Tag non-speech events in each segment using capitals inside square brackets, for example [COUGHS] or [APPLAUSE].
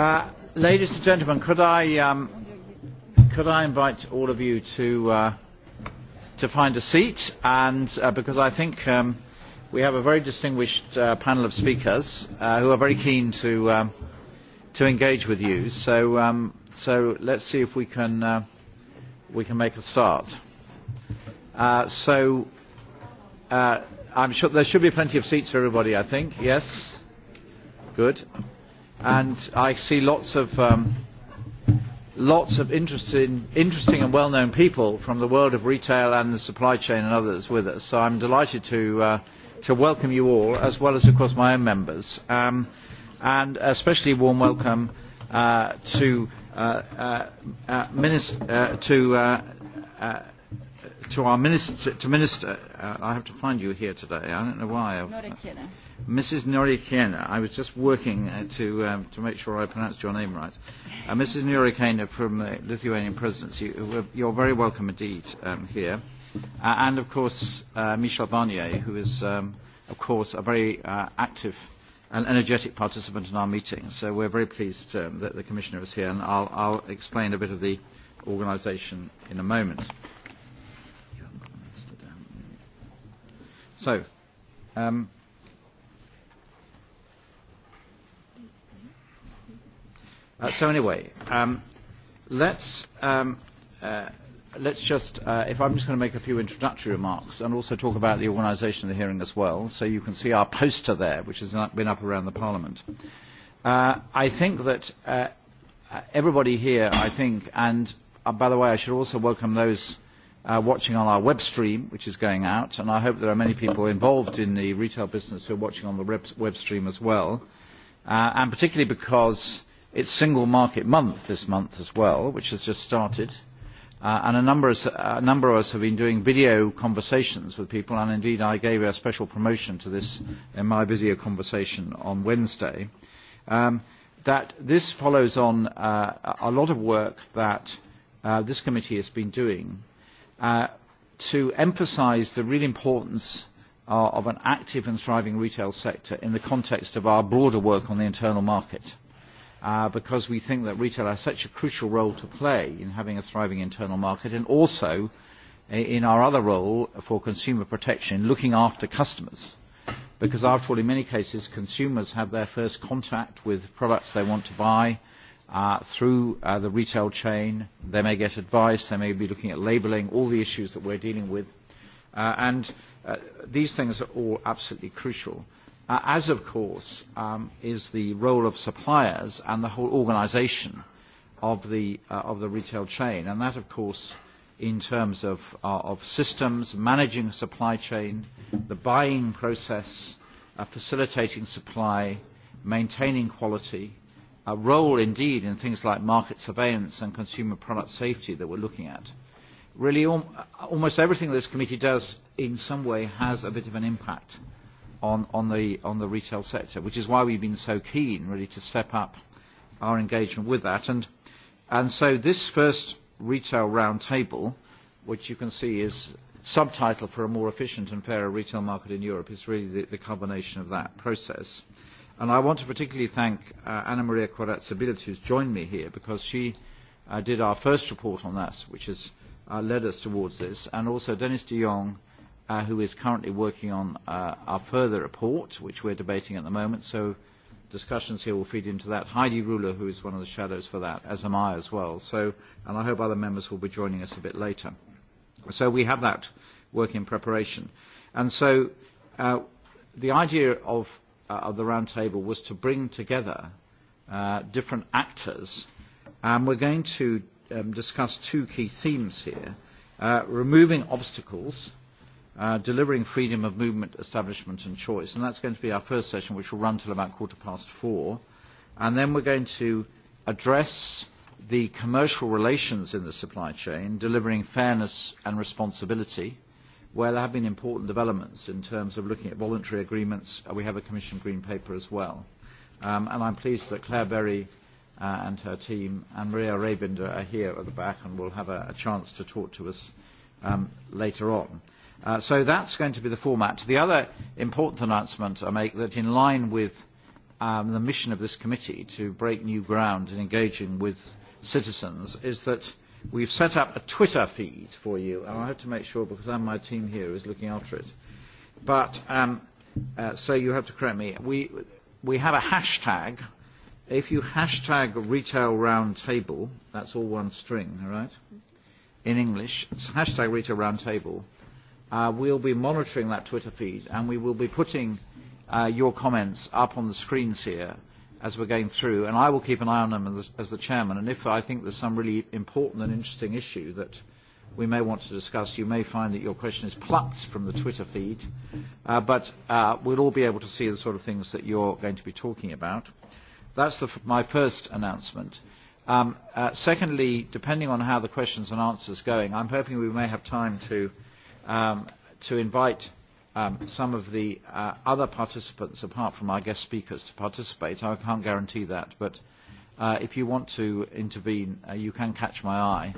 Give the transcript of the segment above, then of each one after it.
Uh, ladies and gentlemen, could I, um, could I invite all of you to, uh, to find a seat? And uh, because I think um, we have a very distinguished uh, panel of speakers uh, who are very keen to, um, to engage with you. So, um, so let's see if we can, uh, we can make a start. Uh, so uh, I'm sure there should be plenty of seats for everybody, I think. Yes? Good and I see lots of um, lots of interesting, interesting and well-known people from the world of retail and the supply chain and others with us. So I'm delighted to uh, to welcome you all, as well as of course my own members, um, and especially warm welcome uh, to uh, uh, uh minister uh, to. Uh, uh, to our minister, to minister, uh, I have to find you here today. I don't know why. Not a Mrs. Norikena, I was just working uh, to, um, to make sure I pronounced your name right. Uh, Mrs. Norikena from the Lithuanian presidency, you're very welcome indeed um, here. Uh, and of course, uh, Michel Barnier, who is, um, of course, a very uh, active and energetic participant in our meeting. So we're very pleased um, that the Commissioner is here, and I'll, I'll explain a bit of the organisation in a moment. So, um, Uh, so anyway, um, let's um, uh, let's just, uh, if I'm just going to make a few introductory remarks and also talk about the organisation of the hearing as well, so you can see our poster there, which has been up around the Parliament. Uh, I think that uh, uh, everybody here, I think, and uh, by the way, I should also welcome those uh, watching on our web stream, which is going out, and I hope there are many people involved in the retail business who are watching on the web, stream as well, uh, and particularly because It's Single Market Month this month as well, which has just started. Uh, and a number, of, a number of us have been doing video conversations with people, and indeed I gave a special promotion to this in my video conversation on Wednesday. Um, that this follows on uh, a lot of work that uh, this committee has been doing uh, to emphasise the real importance uh, of an active and thriving retail sector in the context of our broader work on the internal market. Uh, uh, because we think that retail has such a crucial role to play in having a thriving internal market and also uh, in our other role for consumer protection, looking after customers. Because after all, in many cases, consumers have their first contact with products they want to buy uh, through uh, the retail chain. They may get advice, they may be looking at labeling, all the issues that we're dealing with. Uh, and uh, these things are all absolutely crucial uh, as of course um, is the role of suppliers and the whole organisation of the, uh, of the retail chain. And that of course in terms of, uh, of systems, managing supply chain, the buying process, uh, facilitating supply, maintaining quality, a role indeed in things like market surveillance and consumer product safety that we're looking at. Really, al almost everything this committee does in some way has a bit of an impact on, on, the, on the retail sector, which is why we've been so keen, really, to step up our engagement with that. And, and so this first retail roundtable, which you can see is subtitle for a more efficient and fairer retail market in Europe, is really the, the culmination of that process. And I want to particularly thank uh, Anna Maria Corazza-Bildt, who's joined me here, because she uh, did our first report on that, which has uh, led us towards this, and also Dennis de Jong, uh, who is currently working on uh, our further report, which we're debating at the moment. So discussions here will feed into that. Heidi Ruler, who is one of the shadows for that, as am I as well. So, and I hope other members will be joining us a bit later. So we have that work in preparation. And so uh, the idea of, uh, of the roundtable was to bring together uh, different actors. And um, we're going to um, discuss two key themes here. Uh, removing obstacles uh, delivering freedom of movement, establishment and choice. And that's going to be our first session, which will run till about quarter past four. And then we're going to address the commercial relations in the supply chain, delivering fairness and responsibility, where there have been important developments in terms of looking at voluntary agreements. Uh, we have a Commission Green Paper as well. Um, and I'm pleased that Claire Berry uh, and her team and Maria Rabinder are here at the back and will have a, a chance to talk to us um, later on. Uh, so that's going to be the format. The other important announcement I make that in line with um, the mission of this committee to break new ground in engaging with citizens is that we've set up a Twitter feed for you. And I have to make sure because I'm, my team here is looking after it. But um, uh, so you have to correct me. We, we have a hashtag. If you hashtag retail round table, that's all one string, all right? In English, it's hashtag retail round table uh, we'll be monitoring that Twitter feed and we will be putting uh, your comments up on the screens here as we're going through. And I will keep an eye on them as, as the chairman. And if I think there's some really important and interesting issue that we may want to discuss, you may find that your question is plucked from the Twitter feed. Uh, but uh, we'll all be able to see the sort of things that you're going to be talking about. That's the, f- my first announcement. Um, uh, secondly, depending on how the questions and answers going, I'm hoping we may have time to um, to invite um, some of the uh, other participants, apart from our guest speakers, to participate. I can't guarantee that, but uh, if you want to intervene, uh, you can catch my eye,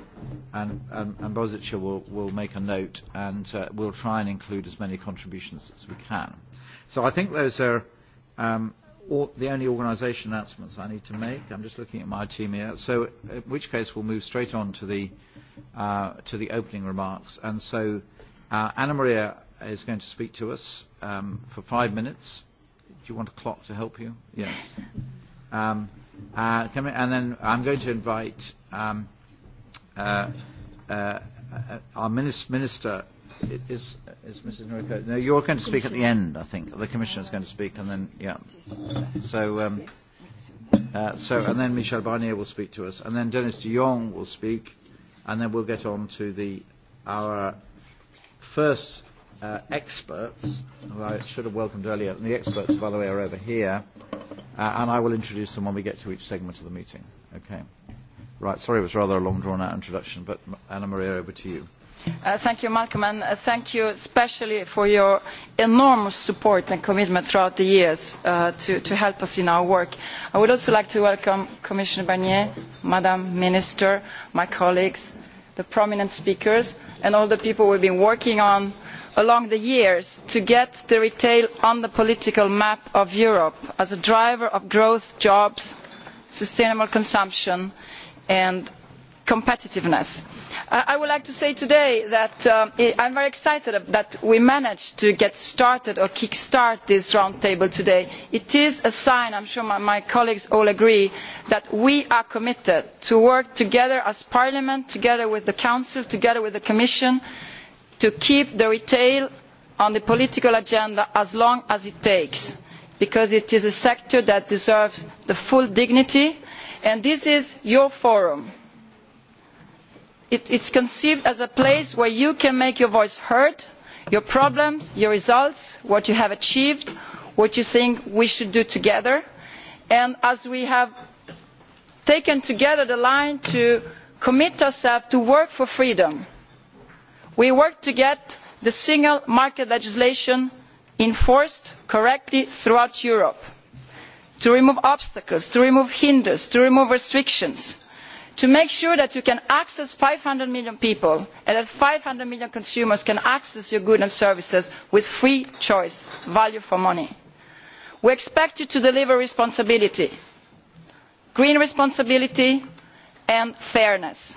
and, and, and Bozica will, will make a note, and uh, we'll try and include as many contributions as we can. So I think those are um, all, the only organisation announcements I need to make. I'm just looking at my team here. So uh, in which case we'll move straight on to the, uh, to the opening remarks. And so Uh, Anna Maria is going to speak to us um, for five minutes. Do you want a clock to help you? Yes. Um, uh, come in, and then I'm going to invite um, uh, uh, uh our minister. Is, is Mrs. Noriko? No, you're going to speak at the end, I think. The commissioner is going to speak, and then yeah. So. Um, Uh, so, and then Michel Barnier will speak to us, and then Dennis de Jong will speak, and then we'll get on to the our first uh, experts, who I should have welcomed earlier, and the experts, by the way, are over here, uh, and I will introduce them when we get to each segment of the meeting. Okay. Right, sorry it was rather a long drawn-out introduction, but Anna Maria, over to you. Uh, thank you malcolm and uh, thank you especially for your enormous support and commitment throughout the years uh, to, to help us in our work. i would also like to welcome commissioner barnier madam minister my colleagues the prominent speakers and all the people we have been working on along the years to get retail on the political map of europe as a driver of growth jobs sustainable consumption and competitiveness. Uh, i would like to say today that uh, i am very excited that we managed to get started or kick start this round table today. it is a sign i am sure my colleagues all agree that we are committed to work together as parliament together with the council together with the commission to keep retail on the political agenda as long as it takes because it is a sector that deserves full dignity and this is your forum it is conceived as a place where you can make your voice heard your problems your results what you have achieved what you think we should do together and as we have taken together the line to commit ourselves to work for freedom we work to get the single market legislation enforced correctly throughout europe to remove obstacles to remove hindrances to remove restrictions to make sure that you can access five hundred million people and that five hundred million consumers can access your goods and services with free choice value for money. we expect you to deliver responsibility green responsibility and fairness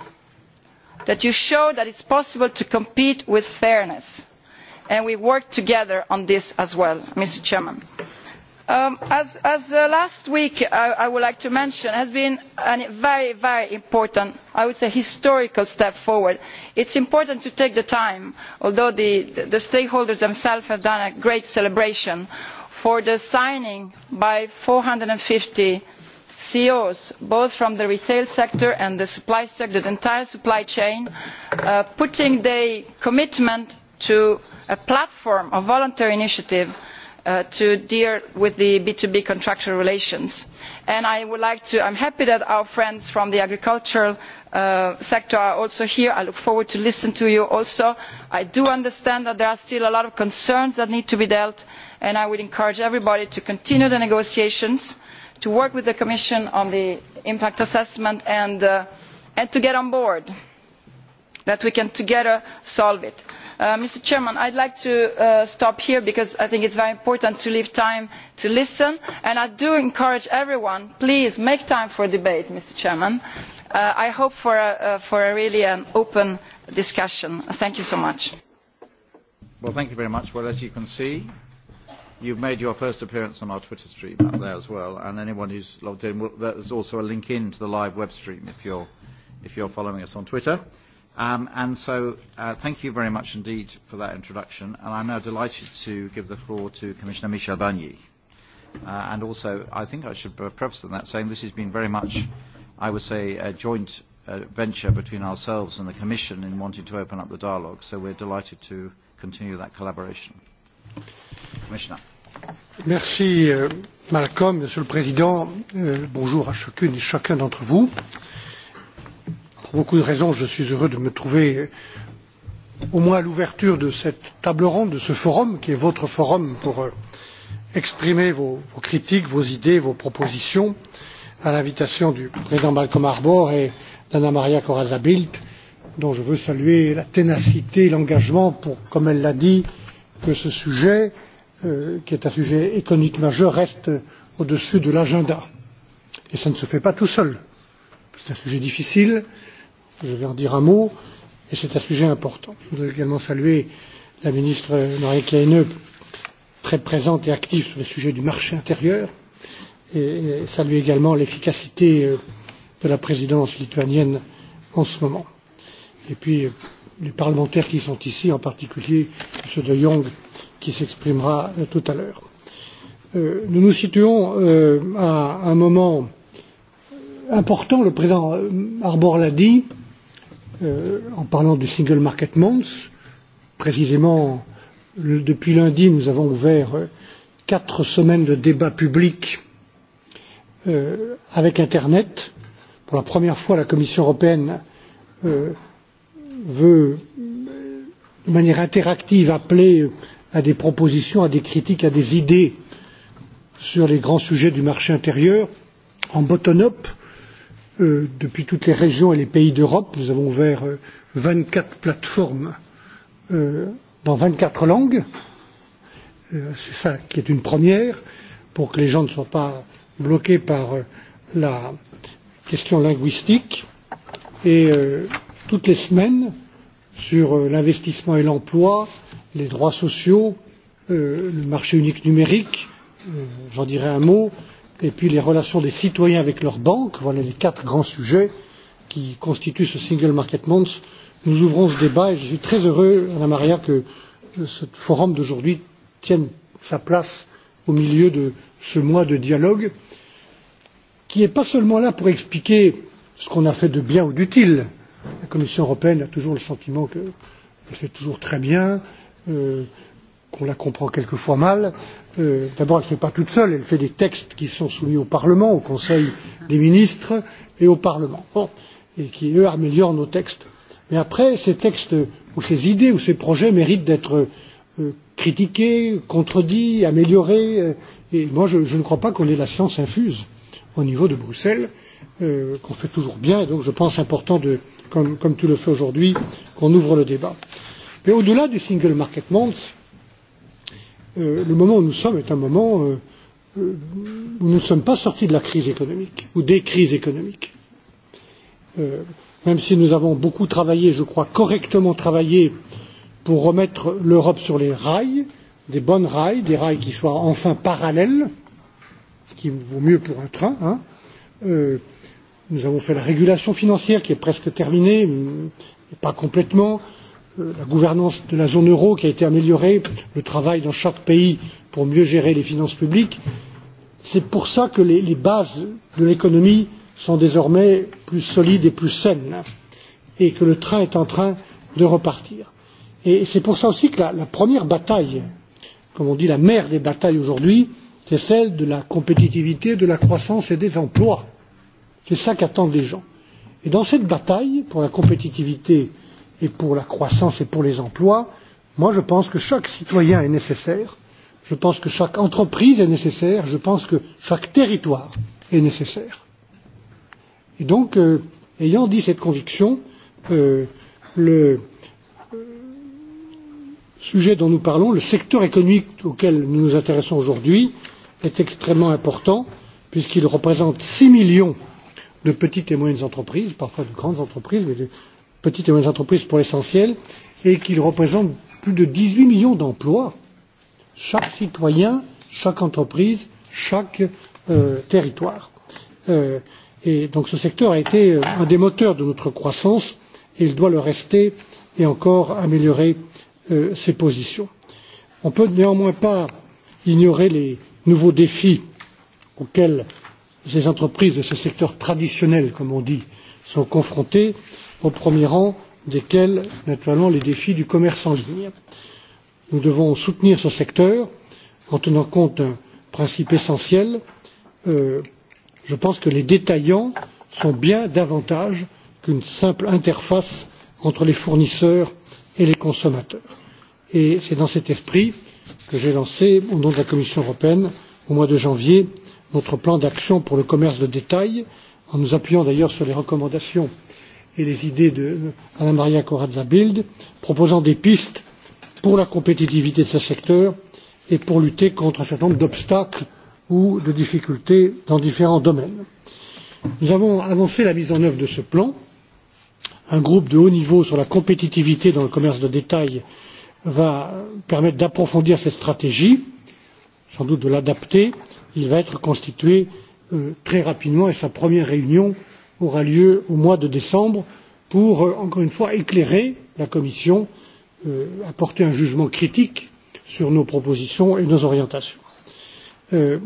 that you show that it is possible to compete with fairness and we work together on this as well mr president. Um, as, uh, last week I, would like to mention has been a very very important i would say historical step forward. it is important to take the time although the, stakeholders themselves have done a great celebration for the signing by four hundred and fifty ceos both from the retail sector and the supply sector the entire supply chain uh, putting their commitment to a platform of voluntary initiative Uh, to deal with the b two b contractual relations i am happy that our friends from the agricultural uh, sector are also here. i look forward to listening to you also. i do understand that there are still a lot of concerns that need to be dealt with and i would encourage everybody to continue the negotiations to work with the commission on the impact assessment and, uh, and to get on board that we can together solve it. mr president i would like to uh, stop here because i think it is very important to leave time to listen and i do encourage everyone please make time for debate. Uh, i hope for, a, uh, really open discussion. thank you so much. Well, thank you very much. Well, as you can see you have made your first appearance on our twitter stream up there as well and anyone who is logged in there is also a link in to the live web stream if you are following us on twitter. Um, and so uh, thank you very much indeed for that introduction. And I'm now delighted to give the floor to Commissioner Michel Barnier. Uh, and also, I think I should preface that saying this has been very much, I would say, a joint uh, venture between ourselves and the Commission in wanting to open up the dialogue. So we're delighted to continue that collaboration. Commissioner. Merci, euh, Malcolm, Monsieur le Président. Euh, bonjour à chacune et chacun d'entre vous pour beaucoup de raisons je suis heureux de me trouver au moins à l'ouverture de cette table ronde de ce forum qui est votre forum pour euh, exprimer vos, critiques vos idées vos propositions à l'invitation du président malcolm harbour et d'anna maria corazza bildt dont je veux saluer la ténacité et l'engagement pour comme elle l'a dit que ce sujet euh, qui est un sujet économique majeur reste au dessus de l'agenda et cela ne se fait pas tout seul. c'est un sujet difficile je vais en dire un mot, et c'est un sujet important. Je voudrais également saluer la ministre Marie Kleine, très présente et active sur le sujet du marché intérieur, et saluer également l'efficacité euh, de la présidence lituanienne en ce moment. Et puis, euh, les parlementaires qui sont ici, en particulier M. De Jong, qui s'exprimera euh, tout à l'heure. Nous nous situons à un moment important, le président Arbor l'a dit, Euh, en parlant du Single Market Month. Précisément, depuis lundi, nous avons ouvert euh, quatre semaines de débats publics euh, avec Internet. Pour la première fois, la Commission européenne veut, de manière interactive, appeler à des propositions, à des critiques, à des idées sur les grands sujets du marché intérieur en bottom-up Euh, depuis toutes les régions et les pays d'Europe. Nous avons ouvert vingt euh, quatre plateformes euh, dans vingt quatre langues. Euh, c'est ça qui est une première pour que les gens ne soient pas bloqués par euh, la question linguistique. Et toutes les semaines, sur l'investissement et l'emploi, les droits sociaux, le marché unique numérique, j'en dirai un mot, et puis les relations des citoyens avec leurs banques voilà les quatre grands sujets qui constituent ce single market month. Nous ouvrons ce débat et je suis très heureux, Anna Maria, que ce forum d'aujourd'hui tienne sa place au milieu de ce mois de dialogue qui n'est pas seulement là pour expliquer ce qu'on a fait de bien ou d'utile. La Commission européenne a toujours le sentiment qu'elle fait toujours très bien. Euh, qu'on la comprend quelquefois mal. Euh, D'abord, elle ne fait pas toute seule, elle fait des textes qui sont soumis au Parlement, au Conseil des ministres et au Parlement, bon, et qui, eux, améliorent nos textes. Mais après, ces textes ou ces idées ou ces projets méritent d'être euh, critiqués, contredits, améliorés. Euh, et moi, je, je ne crois pas qu'on ait la science infuse au niveau de Bruxelles, euh, qu'on fait toujours bien. Et donc, je pense important, de, comme, comme tu le fais aujourd'hui, qu'on ouvre le débat. Mais au-delà du Single Market Month, Euh, le moment où nous sommes est un moment euh, euh, où nous ne sommes pas sortis de la crise économique ou des crises économiques. même si nous avons beaucoup travaillé, je crois correctement travaillé, pour remettre l'Europe sur les rails, des bonnes rails, des rails qui soient enfin parallèles, ce qui vaut mieux pour un train. Hein. Euh, nous avons fait la régulation financière qui est presque terminée, mais pas complètement. Euh, la gouvernance de la zone euro qui a été améliorée, le travail dans chaque pays pour mieux gérer les finances publiques. C'est pour ça que les, les bases de l'économie sont désormais plus solides et plus saines et que le train est en train de repartir. Et c'est pour ça aussi que la, la première bataille, comme on dit la mère des batailles aujourd'hui, c'est celle de la compétitivité, de la croissance et des emplois. C'est ça qu'attendent les gens. Et dans cette bataille pour la compétitivité et pour la croissance et pour les emplois, moi je pense que chaque citoyen est nécessaire, je pense que chaque entreprise est nécessaire, je pense que chaque territoire est nécessaire. Et donc, euh, ayant dit cette conviction, euh, le euh, sujet dont nous parlons, le secteur économique auquel nous nous intéressons aujourd'hui, est extrêmement important puisqu'il représente 6 millions de petites et moyennes entreprises, parfois de grandes entreprises, mais de petites et moyennes entreprises pour l'essentiel et qu'ils représentent plus de dix huit millions d'emplois chaque citoyen chaque entreprise chaque euh, territoire. Euh, et donc ce secteur a été euh, un des moteurs de notre croissance et il doit le rester et encore améliorer euh, ses positions. On ne peut néanmoins pas ignorer les nouveaux défis auxquels ces entreprises de ce secteur traditionnel, comme on dit, sont confrontés au premier rang desquels naturellement les défis du commerce en ligne. nous devons soutenir ce secteur en tenant compte d'un principe essentiel euh, je pense que les détaillants sont bien davantage qu'une simple interface entre les fournisseurs et les consommateurs. et c'est dans cet esprit que j'ai lancé au nom de la commission européenne au mois de janvier notre plan d'action pour le commerce de détail en nous appuyant d'ailleurs sur les recommandations et les idées de Anna Maria Corazza Bild, proposant des pistes pour la compétitivité de ce secteur et pour lutter contre un certain nombre d'obstacles ou de difficultés dans différents domaines. Nous avons annoncé la mise en œuvre de ce plan. Un groupe de haut niveau sur la compétitivité dans le commerce de détail va permettre d'approfondir cette stratégie, sans doute de l'adapter. Il va être constitué euh, Euh, très rapidement et sa première réunion aura lieu au mois de décembre pour, euh, encore une fois, éclairer la Commission, euh, apporter un jugement critique sur nos propositions et nos orientations. Euh,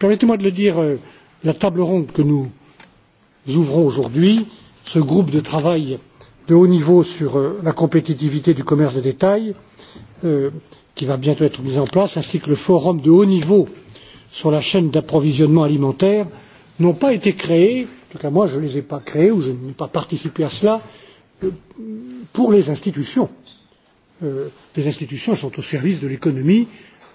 Permettez-moi de le dire, euh, la table ronde que nous ouvrons aujourd'hui, ce groupe de travail de haut niveau sur euh, la compétitivité du commerce de détail, euh, qui va bientôt être mis en place, ainsi que le forum de haut niveau euh, sur la chaîne d'approvisionnement alimentaire n'ont pas été créés. en tout cas moi je ne les ai pas créés, ou je n'ai pas participé à cela euh, pour les institutions. Euh, les institutions sont au service de l'économie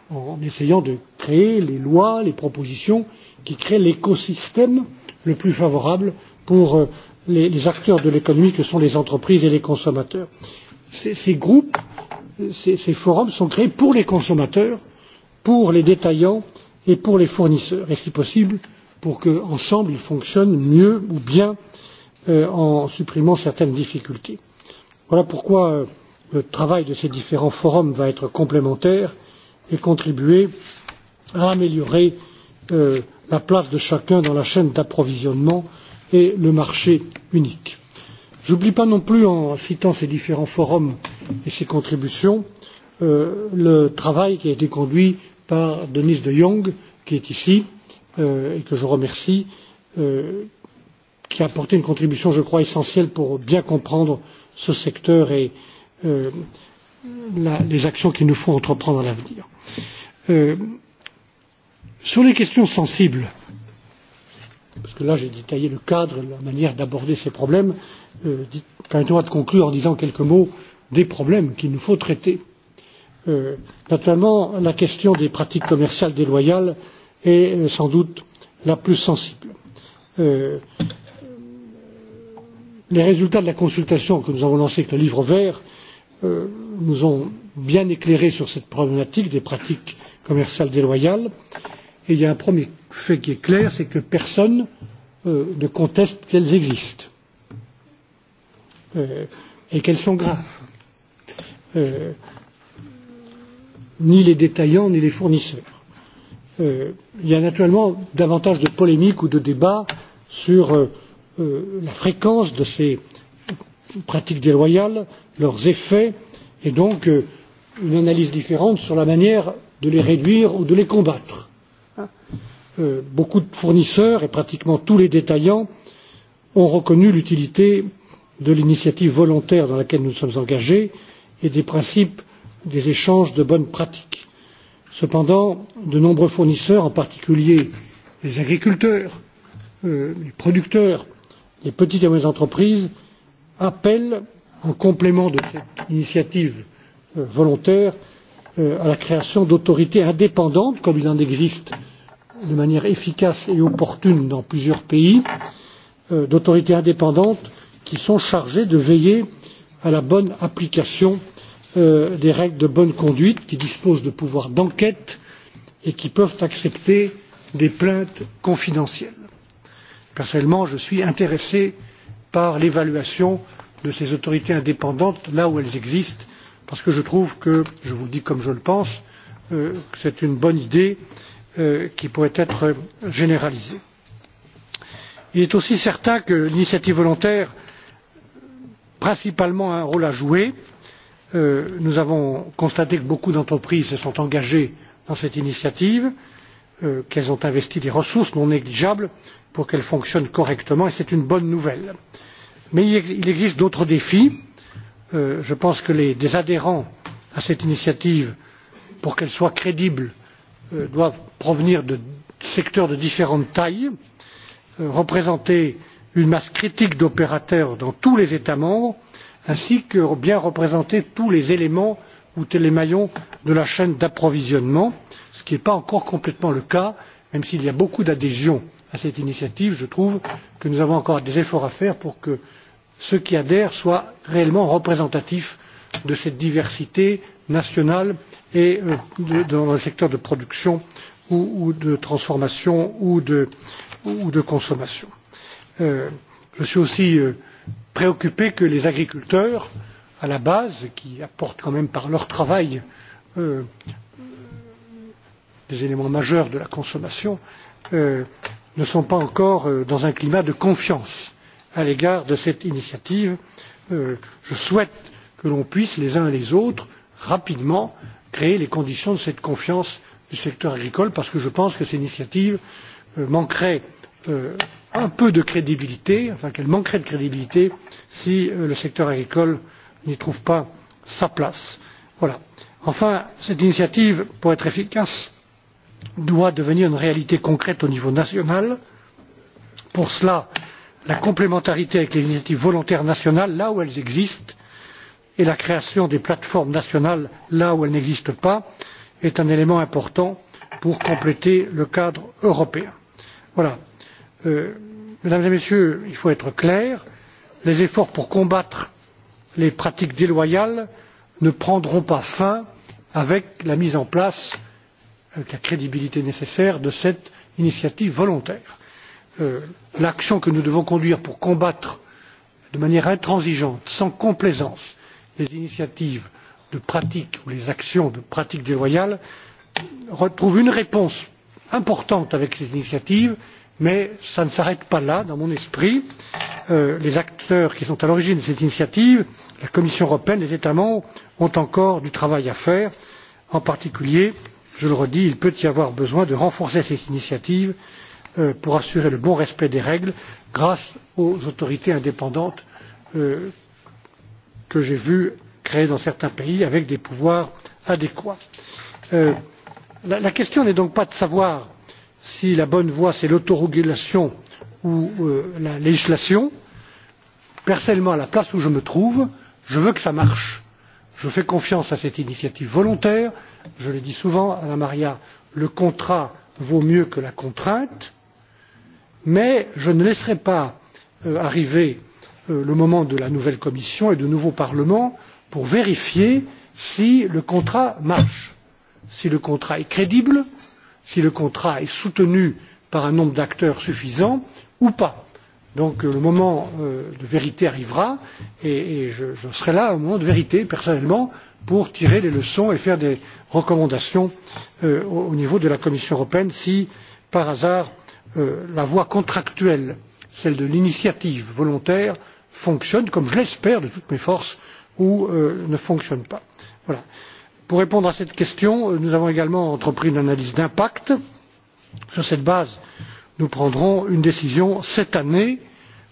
en essayant de créer les lois les propositions qui créent l'écosystème le plus favorable pour euh, les, les acteurs de l'économie que sont les entreprises et les consommateurs. Ces, ces groupes, ces, ces forums sont créés pour les consommateurs, pour les détaillants et pour les fournisseurs et si possible pour qu'ensemble ils fonctionnent mieux ou bien euh, en supprimant certaines difficultés. Voilà pourquoi euh, le travail de ces différents forums va être complémentaire et contribuer à améliorer euh, la place de chacun dans la chaîne d'approvisionnement et le marché unique. Je n'oublie pas non plus, en citant ces différents forums et ces contributions, le travail qui a été conduit par denis de Jong, qui est ici euh, et que je remercie, euh, qui a apporté une contribution, je crois, essentielle pour bien comprendre ce secteur et euh, les actions qu'il nous faut entreprendre à l'avenir. sur les questions sensibles, parce que là j'ai détaillé le cadre, la manière d'aborder ces problèmes, permettez-moi de conclure en disant quelques mots des problèmes qu'il nous faut traiter Euh, naturellement, la question des pratiques commerciales déloyales est euh, sans doute la plus sensible. Euh, les résultats de la consultation que nous avons lancée avec le livre vert nous ont bien éclairés sur cette problématique des pratiques commerciales déloyales et il y a un premier fait qui est clair c'est que personne ne conteste qu'elles existent et qu'elles sont graves. Euh, ni les détaillants ni les fournisseurs. Euh, il y a naturellement davantage de polémiques ou de débats sur euh, euh, la fréquence de ces pratiques déloyales, leurs effets et donc euh, une analyse différente sur la manière de les réduire ou de les combattre. Euh, beaucoup de fournisseurs et pratiquement tous les détaillants ont reconnu l'utilité de l'initiative volontaire dans laquelle nous nous sommes engagés et des principes des échanges de bonnes pratiques. Cependant, de nombreux fournisseurs, en particulier les agriculteurs, euh, les producteurs, les petites et moyennes entreprises, appellent, en complément de cette initiative euh, volontaire, euh, à la création d'autorités indépendantes, comme il en existe de manière efficace et opportune dans plusieurs pays, euh, d'autorités indépendantes qui sont chargées de veiller à la bonne application Euh, des règles de bonne conduite qui disposent de pouvoirs d'enquête et qui peuvent accepter des plaintes confidentielles. personnellement je suis intéressé par l'évaluation de ces autorités indépendantes là où elles existent parce que je trouve que je vous le dis comme je le pense euh, c'est une bonne idée euh, qui pourrait être généralisée. il est aussi certain que l'initiative volontaire a principalement un rôle à jouer Euh, nous avons constaté que beaucoup d'entreprises se sont engagées dans cette initiative euh, qu'elles ont investi des ressources non négligeables pour qu'elle fonctionne correctement et c'est une bonne nouvelle. mais il existe d'autres défis. Euh, je pense que les adhérents à cette initiative pour qu'elle soit crédible doivent provenir de secteurs de différentes tailles représenter une masse critique d'opérateurs dans tous les états membres ainsi que bien représenter tous les éléments ou tous les maillons de la chaîne d'approvisionnement ce qui n'est pas encore complètement le cas même s'il y a beaucoup d'adhésion à cette initiative je trouve que nous avons encore des efforts à faire pour que ceux qui adhèrent soient réellement représentatifs de cette diversité nationale et euh, dans le secteur de production ou de transformation ou de consommation. Euh, je suis aussi euh, préoccupé que les agriculteurs à la base qui apportent quand même par leur travail euh, des éléments majeurs de la consommation euh, ne sont pas encore dans un climat de confiance à l'égard de cette initiative. je souhaite que l'on puisse les uns et les autres rapidement créer les conditions de cette confiance du secteur agricole parce que je pense que ces initiatives manqueraient Euh, un peu de crédibilité enfin qu'elle manquerait de crédibilité si euh, le secteur agricole n'y trouve pas sa place. enfin cette initiative pour être efficace doit devenir une réalité concrète au niveau national. pour cela la complémentarité avec les initiatives volontaires nationales là où elles existent et la création des plateformes nationales là où elles n'existent pas est un élément important pour compléter le cadre européen. voilà Euh, mesdames et messieurs il faut être clair les efforts pour combattre les pratiques déloyales ne prendront pas fin avec la mise en place avec la crédibilité nécessaire de cette initiative volontaire. Euh, l'action que nous devons conduire pour combattre de manière intransigeante sans complaisance les initiatives de pratiques ou les actions de pratiques déloyales trouve une réponse importante avec ces initiatives mais cela ne s'arrête pas là dans mon esprit. Euh, les acteurs qui sont à l'origine de cette initiative la commission européenne les états membres ont encore du travail à faire. en particulier je le redis il peut y avoir besoin de renforcer cette initiative euh, pour assurer le bon respect des règles grâce aux autorités indépendantes euh, que j'ai vues créées dans certains pays avec des pouvoirs adéquats. la question n'est donc pas de savoir si la bonne voie c'est l'autorégulation ou euh, la législation personnellement à la place où je me trouve je veux que ça marche. je fais confiance à cette initiative volontaire je le dis souvent à maria le contrat vaut mieux que la contrainte mais je ne laisserai pas euh, arriver euh, le moment de la nouvelle commission et du nouveau parlement pour vérifier si le contrat marche si le contrat est crédible si le contrat est soutenu par un nombre d'acteurs suffisant ou pas. Euh, le moment euh, de vérité arrivera et, je, serai là au moment de vérité personnellement pour tirer les leçons et faire des recommandations euh, au, niveau de la commission européenne si par hasard la voie contractuelle celle de l'initiative volontaire fonctionne comme je l'espère de toutes mes forces ou ne fonctionne pas. voilà pour répondre à cette question euh, nous avons également entrepris une analyse d'impact. sur cette base nous prendrons une décision cette année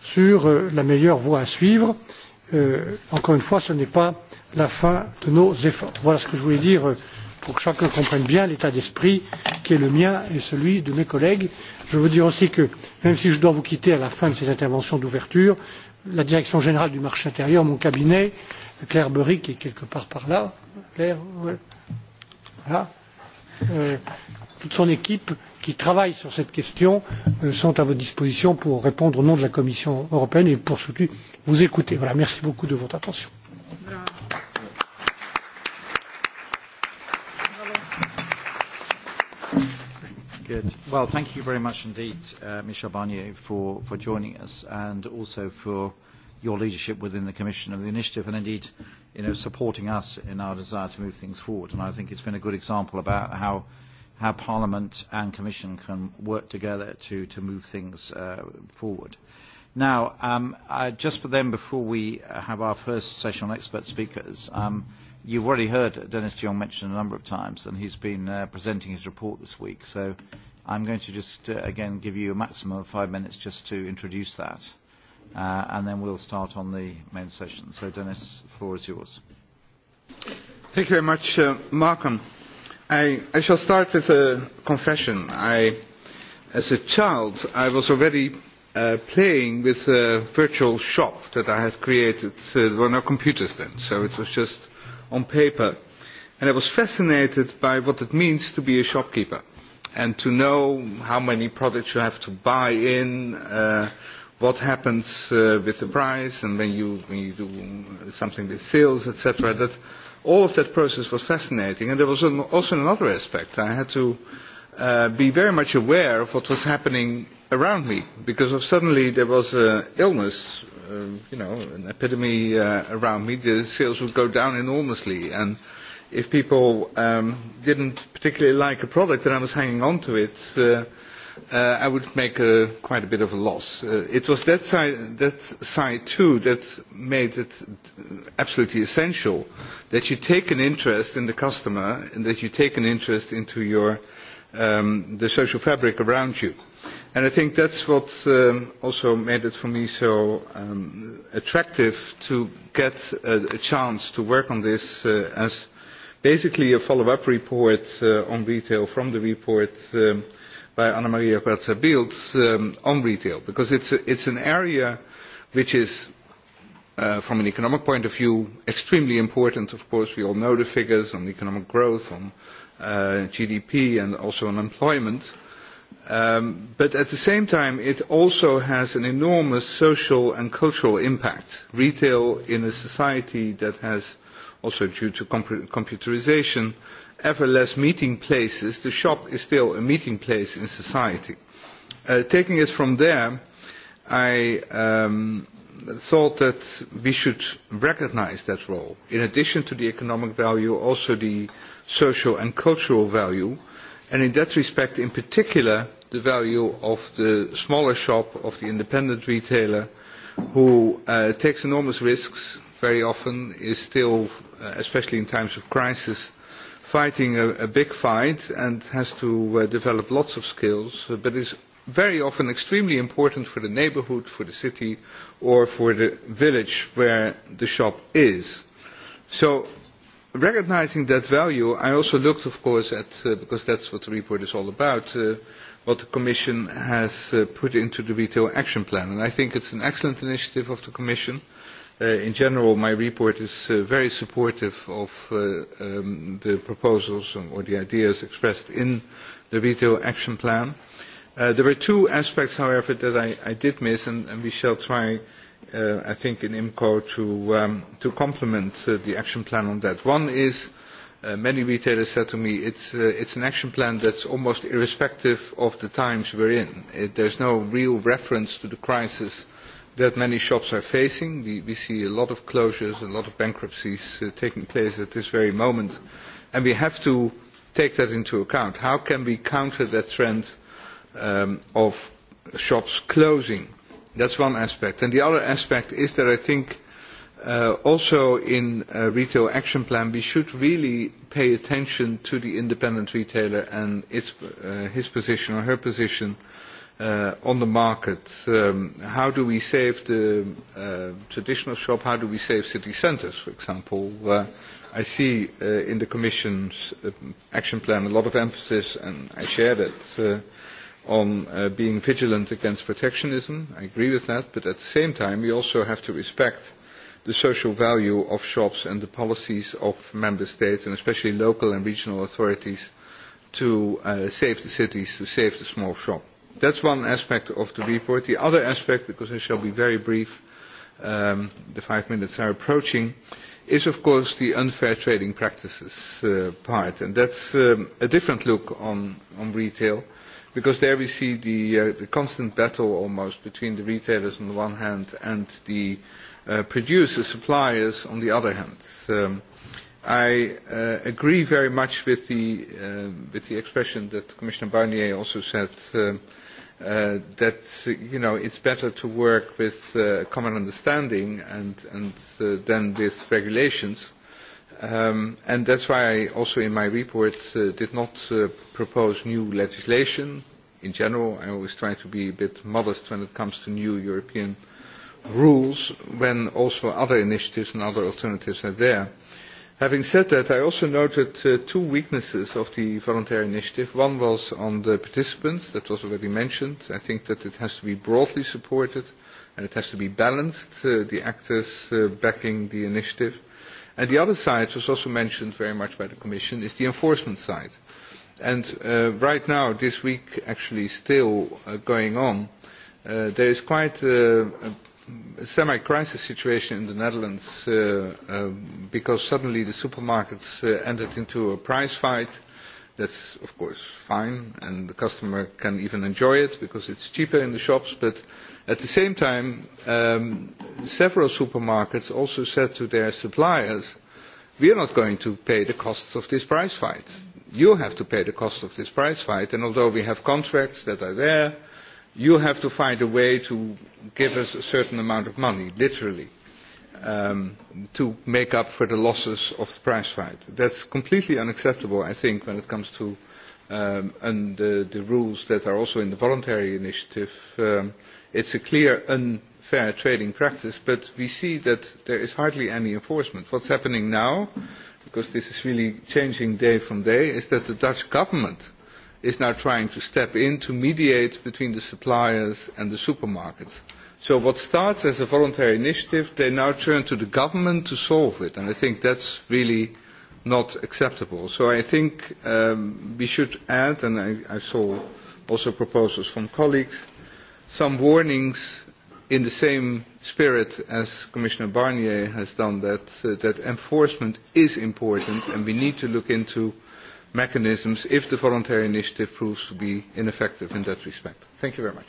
sur euh, la meilleure voie à suivre. Euh, encore une fois ce n'est pas la fin de nos efforts. voilà ce que je voulais dire pour que chacun comprenne bien l'état d'esprit qui est le mien et celui de mes collègues. je veux dire aussi que même si je dois vous quitter à la fin de ces interventions d'ouverture la direction générale du marché intérieur mon cabinet Claire Berry qui est quelque part par là. Claire, ouais. voilà. euh, toute son équipe qui travaille sur cette question euh, sont à votre disposition pour répondre au nom de la Commission européenne et pour surtout vous écouter. Voilà, merci beaucoup de votre attention. Good. Well, thank you very much indeed, uh, Michel Barnier, for, for joining us and also for your leadership within the Commission of the initiative and indeed you know, supporting us in our desire to move things forward. And I think it's been a good example about how, how Parliament and Commission can work together to, to move things uh, forward. Now, um, uh, just for them, before we have our first session on expert speakers, um, you've already heard Dennis Jong mentioned a number of times, and he's been uh, presenting his report this week. So I'm going to just, uh, again, give you a maximum of five minutes just to introduce that. Uh, uh, and then we'll start on the main session. So, Dennis, the floor is yours. Thank you very much, uh, Markham. I, I shall start with a confession. I, as a child, I was already uh, playing with a virtual shop that I had created. Uh, there were no computers then, so it was just on paper. And I was fascinated by what it means to be a shopkeeper and to know how many products you have to buy in, uh, what happens uh, with the price and when you, when you do something with sales, etc. That all of that process was fascinating. And there was an, also another aspect. I had to uh, be very much aware of what was happening around me because of suddenly there was an illness, uh, you know, an epidemic uh, around me. The sales would go down enormously. And if people um, didn't particularly like a product that I was hanging on to it, uh, Uh, I would make quite a bit of a loss. Uh, it was that side, too that made it absolutely essential that you take an interest in the customer and that you take an interest into your, um, the social fabric around you. And I think that's what um, also made it for me so um, attractive to get a, chance to work on this uh, as basically a follow-up report on retail from the report by Anna Maria Corazza Bildt um, on retail, because it is an area which is, uh, from an economic point of view, extremely important. Of course, we all know the figures on economic growth, on uh, GDP, and also on employment. Um, but at the same time, it also has an enormous social and cultural impact. Retail in a society that has, also due to computerisation ever less meeting places, the shop is still a meeting place in society. Uh, taking it from there, I um, thought that we should recognize that role. In addition to the economic value, also the social and cultural value, and in that respect, in particular, the value of the smaller shop, of the independent retailer, who uh, takes enormous risks very often, is still, uh, especially in times of crisis, fighting a, big fight and has to uh, develop lots of skills, uh, but is very often extremely important for the neighbourhood, for the city, or for the village where the shop is. So recognising that value, I also looked, of course, at, uh, because that's what the report is all about, uh, what the Commission has uh, put into the Retail Action Plan. And I think it's an excellent initiative of the Commission. Uh, Uh, in general my report is uh, very supportive of uh, um, the proposals or the ideas expressed in the retail action plan. there were two aspects however that i, did miss and, we shall try i think in imco to, um, complement the action plan on that. one is many retailers said to me it's, it's an action plan that's almost irrespective of the times we're in. It, there's no real reference to the crisis that many shops are facing. We, we see a lot of closures, a lot of bankruptcies uh, taking place at this very moment, and we have to take that into account. How can we counter that trend um, of shops closing? That's one aspect. And the other aspect is that I think uh, also in a Retail Action Plan we should really pay attention to the independent retailer and its, uh, his position or her position uh, uh, on the market, um, how do we save the uh, traditional shop, how do we save city centres, for example? Uh, I see uh, in the Commission's uh, action plan a lot of emphasis, and I share that, uh, on uh, being vigilant against protectionism. I agree with that, but at the same time, we also have to respect the social value of shops and the policies of member states, and especially local and regional authorities, to uh, save the cities, to save the small shop. That's one aspect of the report. The other aspect, because I shall be very brief, um, the five minutes are approaching, is of course the unfair trading practices uh, part. And that's is um, a different look on, retail, because there we see uh, the, constant battle almost between the retailers on the one hand and the uh, producers, suppliers on the other hand. Um, I uh, agree very much with the, expression that Commissioner Barnier also said Uh, that you know it's better to work with uh, common understanding and, and uh, than with regulations. Um, and that's why I also in my report uh, did not uh, propose new legislation. In general, I always try to be a bit modest when it comes to new European rules, when also other initiatives and other alternatives are there having said that i also noted uh, two weaknesses of the voluntary initiative. one was on the participants that was already mentioned. i think that it has to be broadly supported and it has to be balanced uh, the actors uh, backing the initiative. and the other side was also mentioned very much by the commission is the enforcement side. and right now this week actually still going on there is quite a, a semi crisis situation in the netherlands uh, uh, because suddenly the supermarkets uh, entered into a price fight that is of course fine and the customer can even enjoy it because it is cheaper in the shops but at the same time um, several supermarkets also said to their suppliers we are not going to pay the costs of this price fight you have to pay the cost of this price fight and although we have contracts that are there you have to find a way to give us a certain amount of money, literally, um, to make up for the losses of the price fight. That's completely unacceptable, I think, when it comes to um, and the, the rules that are also in the voluntary initiative. Um, it's a clear unfair trading practice, but we see that there is hardly any enforcement. What's happening now, because this is really changing day from day, is that the Dutch government – is now trying to step in to mediate between the suppliers and the supermarkets. So what starts as a voluntary initiative, they now turn to the government to solve it, and I think that's really not acceptable. So I think um, we should add, and I, I saw also proposals from colleagues, some warnings in the same spirit as Commissioner Barnier has done that, uh, that enforcement is important and we need to look into mechanisms if the voluntary initiative proves to be ineffective in that respect. Thank you very much.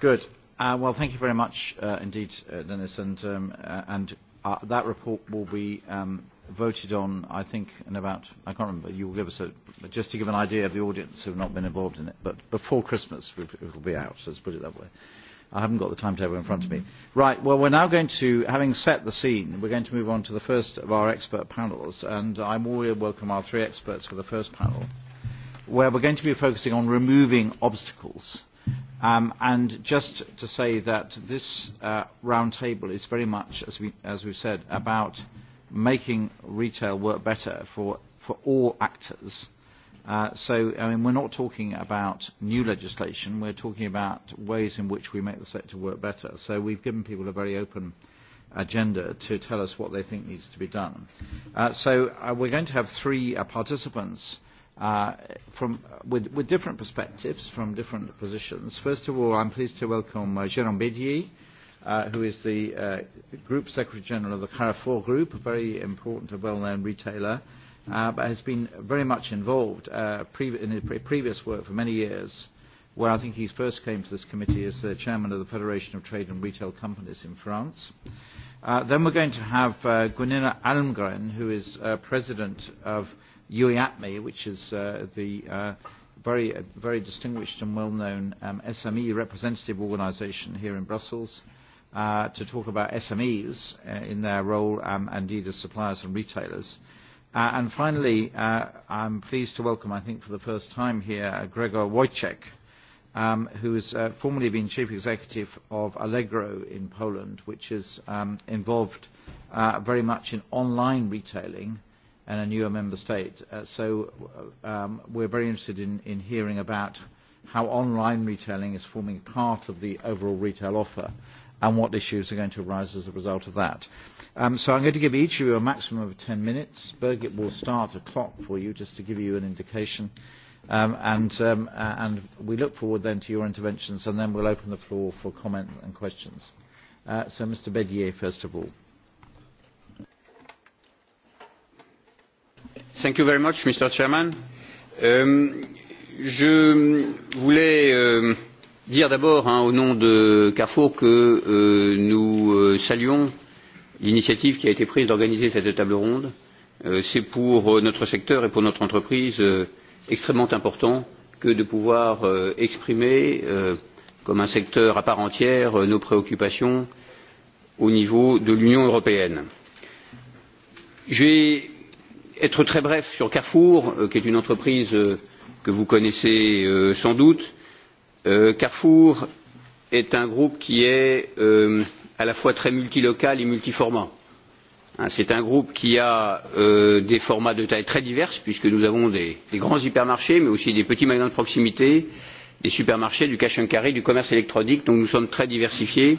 Good. Uh, well, thank you very much uh, indeed, uh, Dennis. And, um, uh, and uh, that report will be um, voted on, I think, in about, I can't remember, you will give us a, just to give an idea of the audience who have not been involved in it, but before Christmas it will be out, let's put it that way. I haven't got the timetable in front of me. Right, well, we're now going to, having set the scene, we're going to move on to the first of our expert panels, and I warmly welcome our three experts for the first panel, where we're going to be focusing on removing obstacles. Um, and just to say that this uh, roundtable is very much, as, we, as we've said, about making retail work better for, for all actors Uh, so, I mean, we're not talking about new legislation. We're talking about ways in which we make the sector work better. So we've given people a very open agenda to tell us what they think needs to be done. Uh, so uh, we're going to have three uh, participants uh, from, with, with different perspectives from different positions. First of all, I'm pleased to welcome uh, Jérôme Bédier, uh, who is the uh, Group Secretary General of the Carrefour Group, a very important and well-known retailer uh, but has been very much involved uh, pre- in his pre- previous work for many years, where I think he first came to this committee as the chairman of the Federation of Trade and Retail Companies in France. Uh, then we're going to have uh, Gunilla Almgren, who is uh, president of UIAPME, e, which is uh, the uh, very, uh, very distinguished and well-known um, SME representative organization here in Brussels, uh, to talk about SMEs uh, in their role um, indeed as suppliers and retailers. Uh, Uh, and finally, uh, I'm pleased to welcome, I think for the first time here, uh, Gregor Wojciech, um, who has uh, formerly been chief executive of Allegro in Poland, which is um, involved uh, very much in online retailing in a newer member state. Uh, so uh, um, we're very interested in, in hearing about how online retailing is forming part of the overall retail offer and what issues are going to arise as a result of that. Uh, Um, so I'm going to give each of you a maximum of 10 minutes. Birgit will start a clock for you just to give you an indication. Um, and, um, uh, and we look forward then to your interventions and then we'll open the floor for comment and questions. Uh, so Mr. Bedier, first of all. Thank you very much, Mr. Chairman. Um, je voulais euh, dire d'abord hein, au nom de Carrefour que euh, nous euh, saluons L'initiative qui a été prise d'organiser cette table ronde, euh, c'est pour euh, notre secteur et pour notre entreprise euh, extrêmement important que de pouvoir exprimer, comme un secteur à part entière, nos préoccupations au niveau de l'Union européenne. Je vais être très bref sur Carrefour, qui est une entreprise que vous connaissez sans doute. Carrefour est un groupe qui est à la fois très multilocal et multiformat. C'est un groupe qui a euh, des formats de taille très diverses, puisque nous avons des, des grands hypermarchés, mais aussi des petits magasins de proximité, des supermarchés, du cash and carry, du commerce électronique, donc nous sommes très diversifiés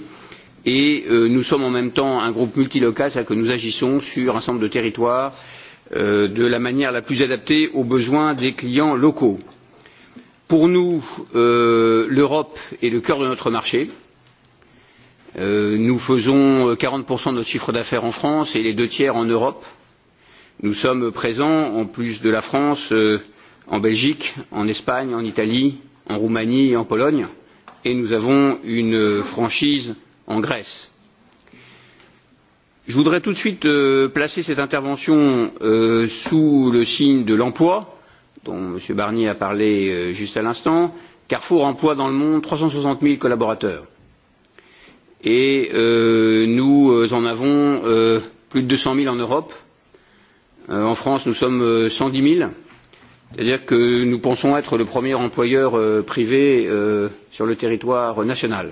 et euh, nous sommes en même temps un groupe multilocal, c'est-à-dire que nous agissons sur un ensemble de territoires euh, de la manière la plus adaptée aux besoins des clients locaux. Pour nous, euh, l'Europe est le cœur de notre marché. Euh, nous faisons euh, quarante de notre chiffre d'affaires en france et les deux tiers en europe. nous sommes présents en plus de la france euh, en belgique en espagne en italie en roumanie et en pologne et nous avons une franchise en grèce. je voudrais tout de suite placer cette intervention sous le signe de l'emploi dont m. barnier a parlé juste à l'instant. carrefour emploie dans le monde trois cent soixante zéro collaborateurs et euh, nous euh, en avons euh, plus de 200 000 en Europe. en France, nous sommes 110 000. C'est-à-dire que nous pensons être le premier employeur privé sur le territoire national.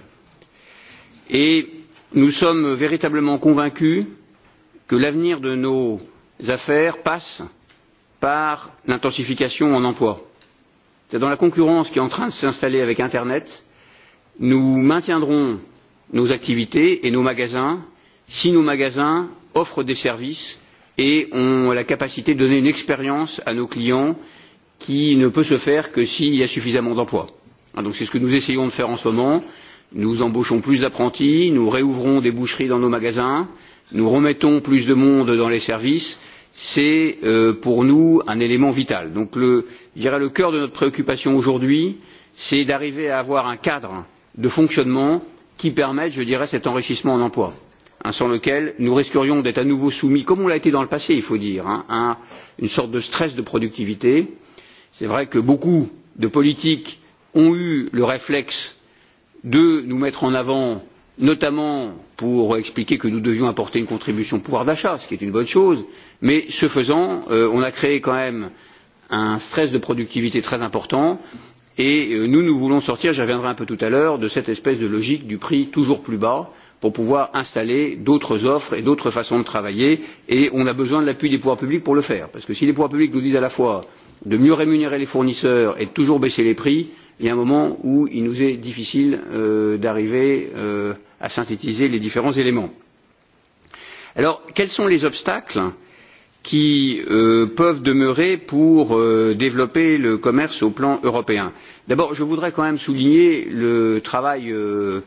Et nous sommes véritablement convaincus que l'avenir de nos affaires passe par l'intensification en emploi. Dans la concurrence qui est en train de s'installer avec Internet, nous maintiendrons nos activités et nos magasins si nos magasins offrent des services et ont la capacité de donner une expérience à nos clients qui ne peut se faire que s'il y a suffisamment d'emplois. Donc c'est ce que nous essayons de faire en ce moment nous embauchons plus d'apprentis nous réouvrons des boucheries dans nos magasins nous remettons plus de monde dans les services c'est euh, pour nous un élément vital. donc le, je dirais le cœur de notre préoccupation aujourd'hui c'est d'arriver à avoir un cadre de fonctionnement qui permettent je dirais cet enrichissement en emplois hein, sans lequel nous risquerions d'être à nouveau soumis comme on l'a été dans le passé il faut dire hein, à une sorte de stress de productivité. c'est vrai que beaucoup de politiques ont eu le réflexe de nous mettre en avant notamment pour expliquer que nous devions apporter une contribution au pouvoir d'achat ce qui est une bonne chose mais ce faisant euh, on a créé quand même un stress de productivité très important et euh, nous nous voulons sortir j'y reviendrai un peu tout à l'heure de cette espèce de logique du prix toujours plus bas pour pouvoir installer d'autres offres et d'autres façons de travailler et on a besoin de l'appui des pouvoirs publics pour le faire parce que si les pouvoirs publics nous disent à la fois de mieux rémunérer les fournisseurs et de toujours baisser les prix il y a un moment où il nous est difficile euh, d'arriver euh, à synthétiser les différents éléments. alors quels sont les obstacles euh, qui euh, peuvent demeurer pour euh, développer le commerce au plan européen. D'abord, je voudrais quand même souligner le travail euh,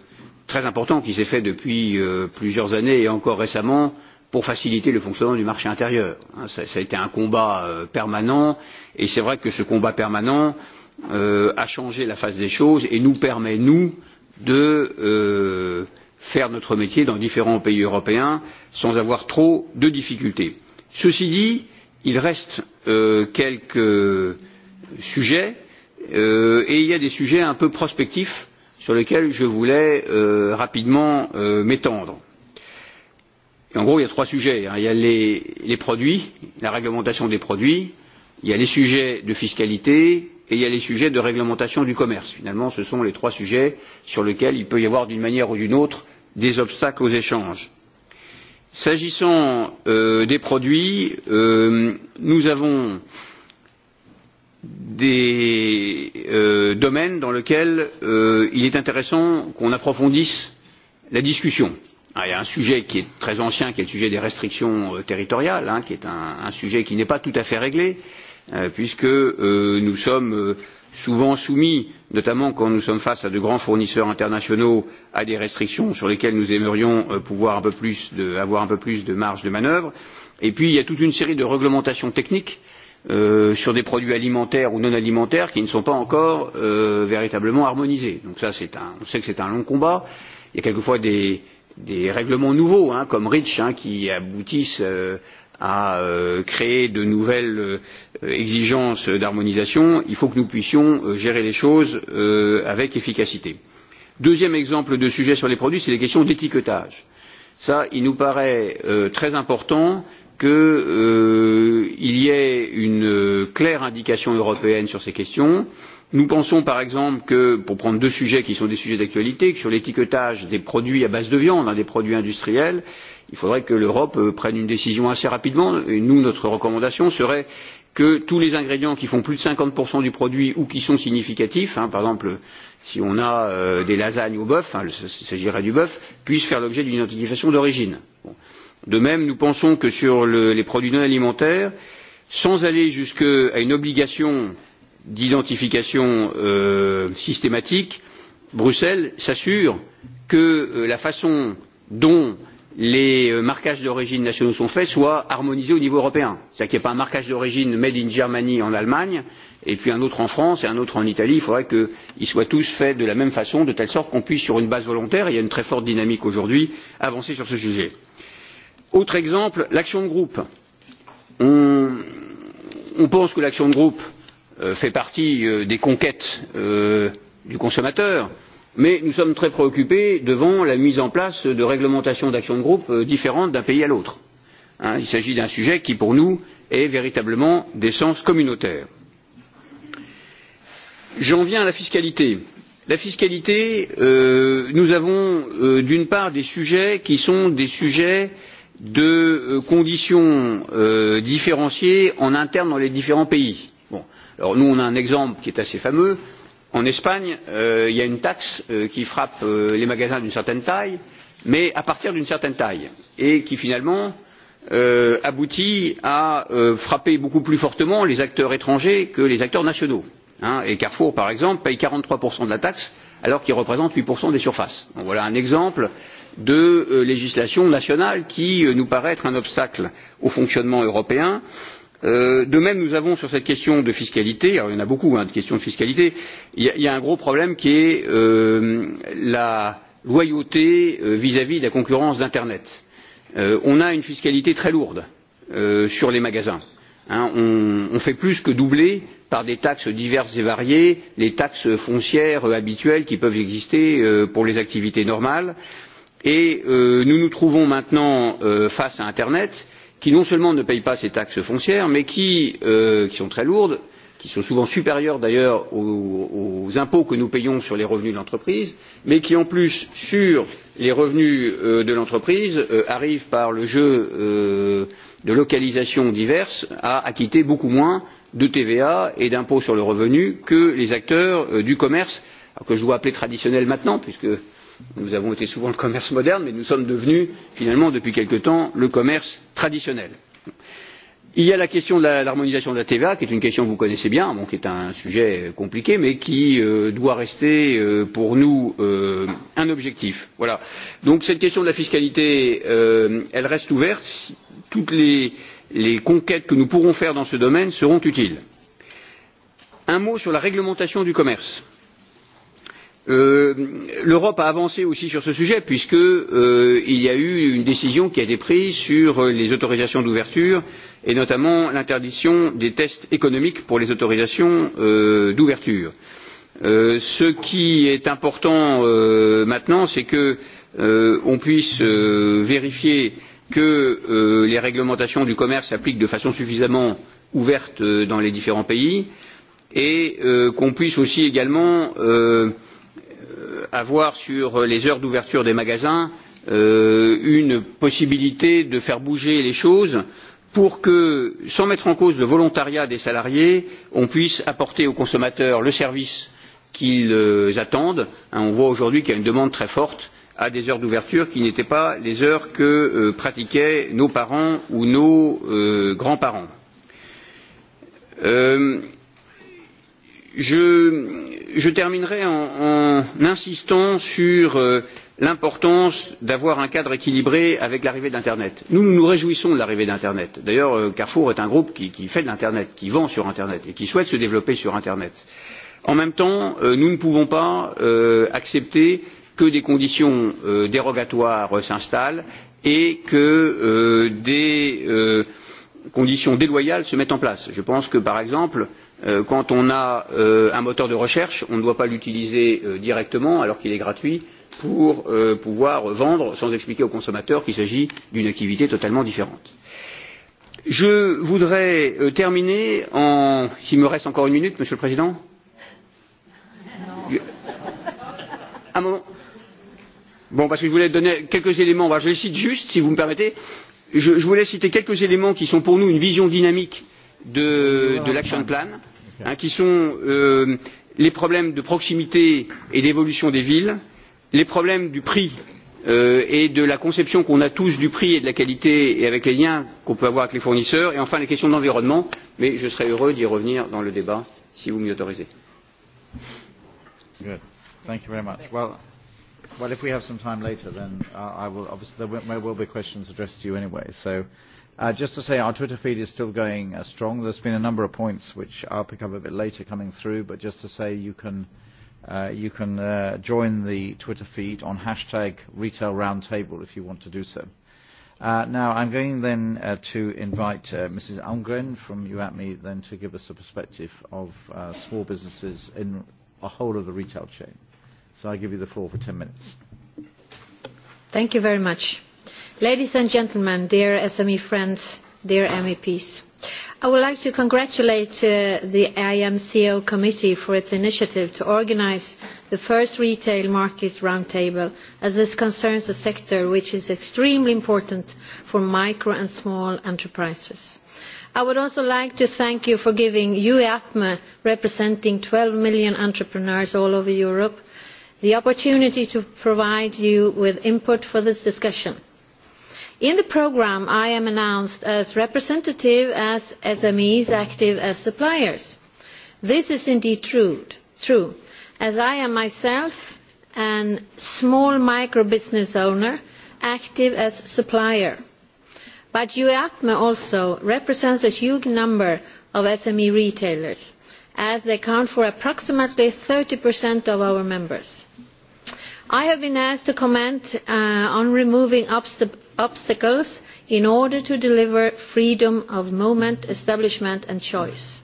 très important qui s'est fait depuis plusieurs années et encore récemment pour faciliter le fonctionnement du marché intérieur. cela a été un combat permanent et c'est vrai que ce combat permanent a changé la face des choses et nous permet, nous, de faire notre métier dans différents pays européens sans avoir trop de difficultés ceci dit il reste euh, quelques sujets euh, et il y a des sujets un peu prospectifs sur lesquels je voulais euh, rapidement euh, m'étendre. en gros il y a trois sujets hein. il y a les, les produits la réglementation des produits il y a les sujets de fiscalité et il y a les sujets de réglementation du commerce. finalement ce sont les trois sujets sur lesquels il peut y avoir d'une manière ou d'une autre des obstacles aux échanges S'agissant euh, des produits, euh, nous avons des euh, domaines dans lesquels il est intéressant qu'on approfondisse la discussion. Ah, il y a un sujet qui est très ancien, qui est le sujet des restrictions territoriales, hein, qui est un, un sujet qui n'est pas tout à fait réglé, euh, puisque euh, nous sommes souvent soumis notamment quand nous sommes face à de grands fournisseurs internationaux à des restrictions sur lesquelles nous aimerions euh, pouvoir avoir un peu plus de marge de manœuvre et puis il y a toute une série de réglementations techniques euh, sur des produits alimentaires ou non alimentaires qui ne sont pas encore euh, véritablement harmonisés. Donc ça, un, on sait que c'est un long combat. Il y a quelquefois des, des règlements nouveaux, hein, comme REACH, hein, qui aboutissent euh, à euh, créer de nouvelles euh, exigences d'harmonisation il faut que nous puissions euh, gérer les choses avec efficacité. deuxième exemple de sujet sur les produits c'est les questions d'étiquetage. Ça, il nous paraît très important qu'il y ait une claire indication européenne sur ces questions. Nous pensons par exemple que, pour prendre deux sujets qui sont des sujets d'actualité, que sur l'étiquetage des produits à base de viande, hein, des produits industriels, il faudrait que l'europe euh, prenne une décision assez rapidement et nous notre recommandation serait que tous les ingrédients qui font plus de cinquante du produit ou qui sont significatifs hein, par exemple si on a euh, des lasagnes au bœuf hein, il s'agirait du bœuf puissent faire l'objet d'une identification d'origine. Bon. de même nous pensons que sur le, les produits non alimentaires sans aller jusqu'à une obligation d'identification euh, systématique bruxelles s'assure que euh, la façon dont les euh, marquages d'origine nationaux sont faits soient harmonisés au niveau européen c'est à dire qu'il n'y ait pas un marquage d'origine made in germany en allemagne et puis un autre en france et un autre en italie il faudrait qu'ils soient tous faits de la même façon de telle sorte qu'on puisse sur une base volontaire il y a une très forte dynamique aujourd'hui avancer sur ce sujet. autre exemple l'action de groupe. on, on pense que l'action de groupe euh, fait partie euh, des conquêtes euh, du consommateur mais nous sommes très préoccupés devant la mise en place de réglementations d'actions de groupe euh, différentes d'un pays à l'autre. il s'agit d'un sujet qui pour nous est véritablement d'essence communautaire. j'en viens à la fiscalité. la fiscalité euh, nous avons euh, d'une part des sujets qui sont des sujets de euh, conditions euh, différenciées en interne dans les différents pays. Bon. Alors nous on a un exemple qui est assez fameux en espagne euh, il y a une taxe euh, qui frappe euh, les magasins d'une certaine taille mais à partir d'une certaine taille et qui finalement aboutit à frapper beaucoup plus fortement les acteurs étrangers que les acteurs nationaux carrefour par exemple paie quarante trois de la taxe alors qu'il représente huit des surfaces. voilà un exemple de législation nationale qui nous paraît être un obstacle au fonctionnement européen Euh, de même, nous avons sur cette question de fiscalité, il y en a beaucoup de questions de fiscalité, un gros problème qui est euh, la loyauté euh, vis-à-vis de la concurrence d'Internet. on a une fiscalité très lourde sur les magasins. on, fait plus que doubler par des taxes diverses et variées les taxes foncières habituelles qui peuvent exister pour les activités normales et nous nous trouvons maintenant face à internet qui qui non seulement ne payent pas ces taxes foncières mais qui, euh, sont très lourdes qui sont souvent supérieures d'ailleurs aux, impôts que nous payons sur les revenus de l'entreprise mais qui en plus sur les revenus euh, de l'entreprise euh, arrivent par le jeu de localisations diverses à acquitter beaucoup moins de tva et d'impôt sur le revenu que les acteurs du commerce que je dois appeler traditionnel maintenant puisque nous avons été souvent le commerce moderne mais nous sommes devenus finalement depuis quelque temps le commerce traditionnel. il y a la question de l'harmonisation de la tva qui est une question que vous connaissez bien bon, qui est un sujet compliqué mais qui euh, doit rester euh, pour nous euh, un objectif. donc cette question de la fiscalité elle reste ouverte. toutes les, les conquêtes que nous pourrons faire dans ce domaine seront utiles. un mot sur la réglementation du commerce Euh, l'europe a avancé aussi sur ce sujet puisqu'il euh, y a eu une décision qui a été prise sur les autorisations d'ouverture et notamment l'interdiction des tests économiques pour les autorisations euh, d'ouverture. ce qui est important maintenant c'est que on puisse vérifier que les réglementations du commerce s'appliquent de façon suffisamment ouverte dans les différents pays et qu'on puisse aussi également Euh, avoir sur les heures d'ouverture des magasins euh, une possibilité de faire bouger les choses pour que sans mettre en cause le volontariat des salariés on puisse apporter aux consommateurs le service qu'ils euh, attendent. Hein, on voit aujourd'hui qu'il y a une demande très forte à des heures d'ouverture qui n'étaient pas les heures que euh, pratiquaient nos parents ou nos euh, grands parents. Euh, je je terminerai en, insistant sur euh, l'importance d'avoir un cadre équilibré avec l'arrivée de l'internet. nous nous réjouissons de l'arrivée d'internet d'ailleurs euh, carrefour est un groupe qui, fait de l'internet qui vend sur internet et qui souhaite se développer sur internet. en même temps euh, nous ne pouvons pas accepter que des conditions dérogatoires s'installent et que des conditions déloyales se mettent en place. je pense que par exemple Euh, quand on a euh, un moteur de recherche on ne doit pas l'utiliser euh, directement alors qu'il est gratuit pour pouvoir vendre sans expliquer au consommateur qu'il s'agit d'une activité totalement différente. je voudrais terminer en s'il me reste encore une minute monsieur le président un moment bon parce que je voulais donner quelques éléments je les cite juste si vous me permettez je voulais citer quelques éléments qui sont pour nous une vision dynamique de, de l'action plan hein, qui sont euh, les problèmes de proximité et d'évolution des villes les problèmes du prix euh, et de la conception qu'on a tous du prix et de la qualité et avec les liens qu'on peut avoir avec les fournisseurs et enfin les questions d'environnement mais je serai heureux d'y revenir dans le débat si vous m'y autorisez. Good. Thank you very much. Well, well, if we have some time later, then uh, I will. Obviously, there will, be questions addressed to you anyway. So Uh, just to say our Twitter feed is still going uh, strong. There's been a number of points which I'll pick up a bit later coming through, but just to say you can, uh, you can uh, join the Twitter feed on hashtag retail roundtable if you want to do so. Uh, now I'm going then uh, to invite uh, Mrs. Almgren from UAPME then to give us a perspective of uh, small businesses in a whole of the retail chain. So I give you the floor for 10 minutes. Thank you very much. Ladies and gentlemen, dear SME friends, dear MEPs, I would like to congratulate uh, the IMCO e committee for its initiative to organise the first retail market roundtable, as this concerns a sector which is extremely important for micro and small enterprises. I would also like to thank you for giving UEAPME, representing 12 million entrepreneurs all over Europe, the opportunity to provide you with input for this discussion In the programme, I am announced as representative as SMEs active as suppliers. This is indeed true, as I am myself a small micro business owner active as supplier. But UEAPME also represents a huge number of SME retailers as they account for approximately 30% of our members. I have been asked to comment uh, on removing obstacles in order to deliver freedom of movement, establishment and choice.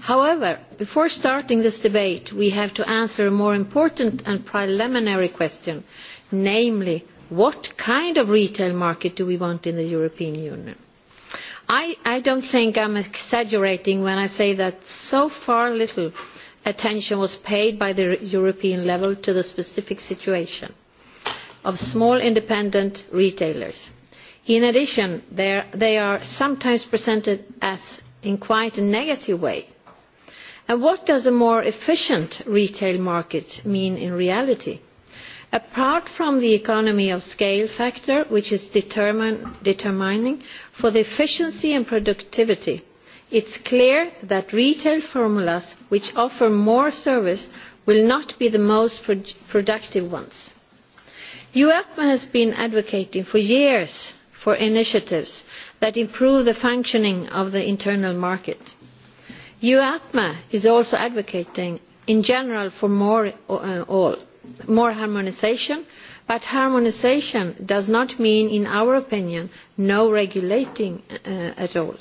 However, before starting this debate, we have to answer a more important and preliminary question, namely, what kind of retail market do we want in the European Union? I, I don't think I'm exaggerating when I say that so far little attention was paid by the European level to the specific situation of small independent retailers. In addition, they are sometimes presented as in quite a negative way. And what does a more efficient retail market mean in reality? Apart from the economy of scale factor, which is determining for the efficiency and productivity, it's clear that retail formulas which offer more service will not be the most productive ones uefa has been advocating for years for initiatives that improve the functioning of the internal market. uefa is also advocating in general for more, uh, more harmonisation but harmonisation does not mean in our opinion no regulating uh, at all.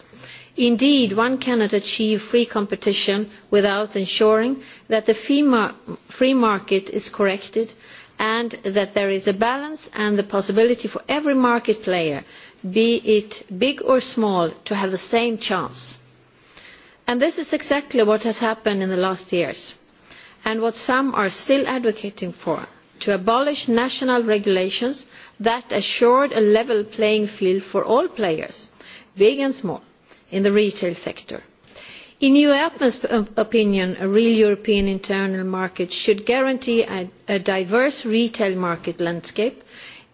indeed one cannot achieve free competition without ensuring that the free market is corrected and that there is a balance and the possibility for every market player, be it big or small, to have the same chance. And this is exactly what has happened in the last years and what some are still advocating for to abolish national regulations that assured a level playing field for all players, big and small, in the retail sector In EU EPA's uh, opinion, a real European internal market should guarantee a diverse retail market landscape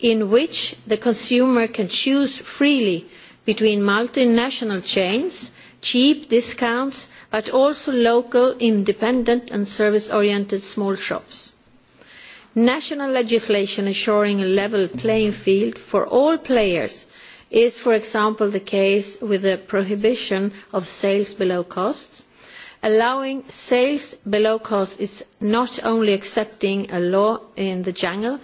in which the consumer can choose freely between multinational chains, cheap discounts, but also local, independent and service-oriented small shops. National legislation ensuring a level playing field for all players is, for example, the case with the prohibition of sales below cost. Allowing sales below cost is not only accepting a law in the jungle,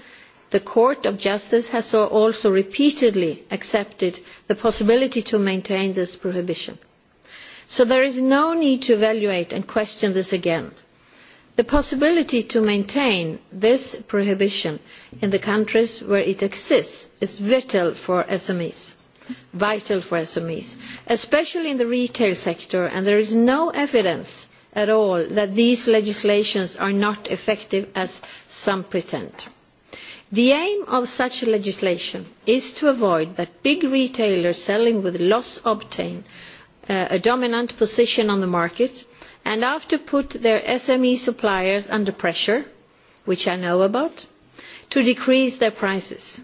the Court of Justice has also repeatedly accepted the possibility to maintain this prohibition. So there is no need to evaluate and question this again. The possibility to maintain this prohibition in the countries where it exists is vital for SMEs vital for SMEs, especially in the retail sector, and there is no evidence at all that these legislations are not effective as some pretend. The aim of such legislation is to avoid that big retailers selling with loss obtain uh, a dominant position on the market and after put their SME suppliers under pressure, which I know about, to decrease their prices,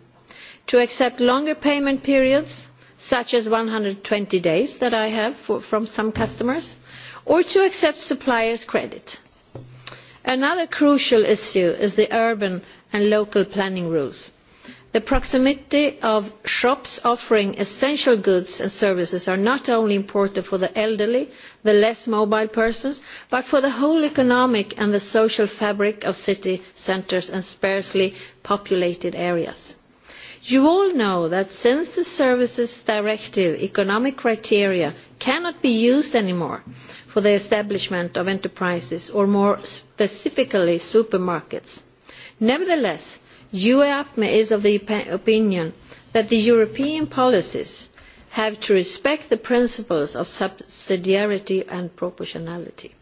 to accept longer payment periods such as one hundred and twenty days that I have from some customers, or to accept suppliers' credit. Another crucial issue is the urban and local planning rules. The proximity of shops offering essential goods and services is not only important for the elderly, the less mobile persons, but for the whole economic and social fabric of city centres and sparsely populated areas You all know that since the Services Directive, economic criteria cannot be used anymore for the establishment of enterprises or more specifically supermarkets. Nevertheless, UEAPME is of the opinion that the European policies have to respect the principles of subsidiarity and proportionality.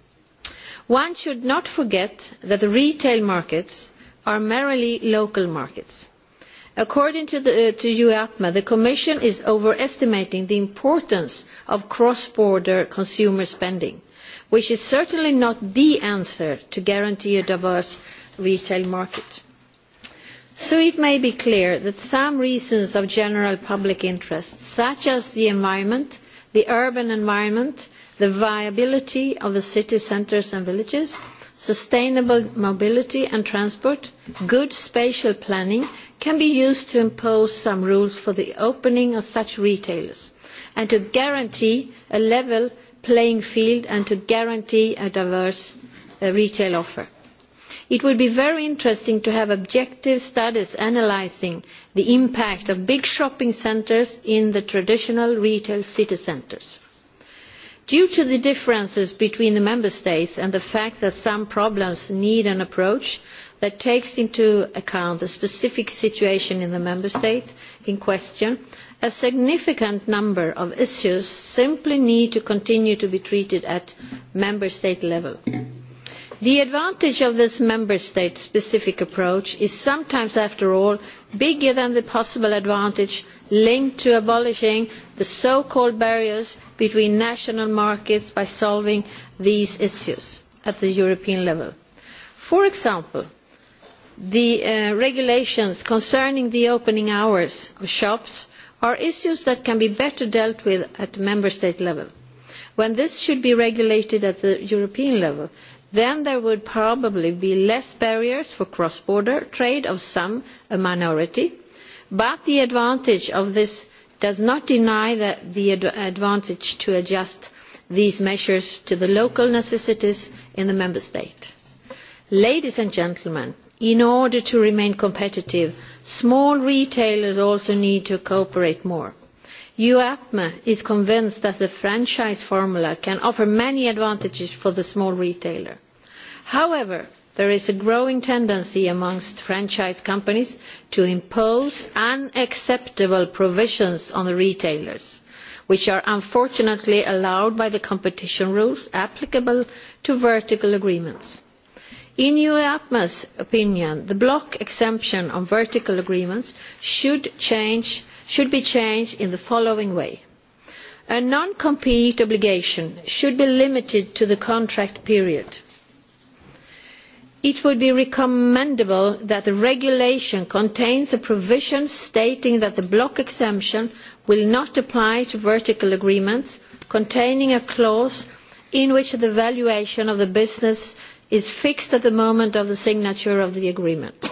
One should not forget that the retail markets are merely local markets According to, Euapma, uh, the Commission is overestimating the importance of cross-border consumer spending, which is certainly not the answer to guarantee a diverse retail market. So it may be clear that some reasons of general public interest, such as the environment, the urban environment, the viability of the city centres and villages, sustainable mobility and transport, good spatial planning, can be used to impose some rules for the opening of such retailers and to guarantee a level playing field and to guarantee a diverse uh, retail offer. It would be very interesting to have objective studies analysing the impact of big shopping centres in the traditional retail city centres. Due to the differences between the member states and the fact that some problems need an approach that takes into account the specific situation in the member state in question, a significant number of issues simply need to continue to be treated at member state level. The advantage of this member state specific approach is sometimes, after all, bigger than the possible advantage linked to abolishing the so-called barriers between national markets by solving these issues at the European level. For example, the uh, regulations concerning the opening hours of shops are issues that can be better dealt with at member state level. when this should be regulated at the european level then there would probably be less barriers for cross border trade of some a minority but the advantage of this does not deny the, the ad advantage to adjust these measures to the local necessities in the member state. ladies and gentlemen in order to remain competitive, small retailers also need to cooperate more. UAPME is convinced that the franchise formula can offer many advantages for the small retailer. However, there is a growing tendency amongst franchise companies to impose unacceptable provisions on the retailers, which are unfortunately allowed by the competition rules applicable to vertical agreements in euapma's opinion the block exemption on vertical agreements should be changed in the following way a non compete obligation should be limited to the contract period. it would be recommendable that the regulation contains a provision stating that the block exemption will not apply to vertical agreements containing a clause in which the valuation of the business is fixed at the moment of the signature of the agreement.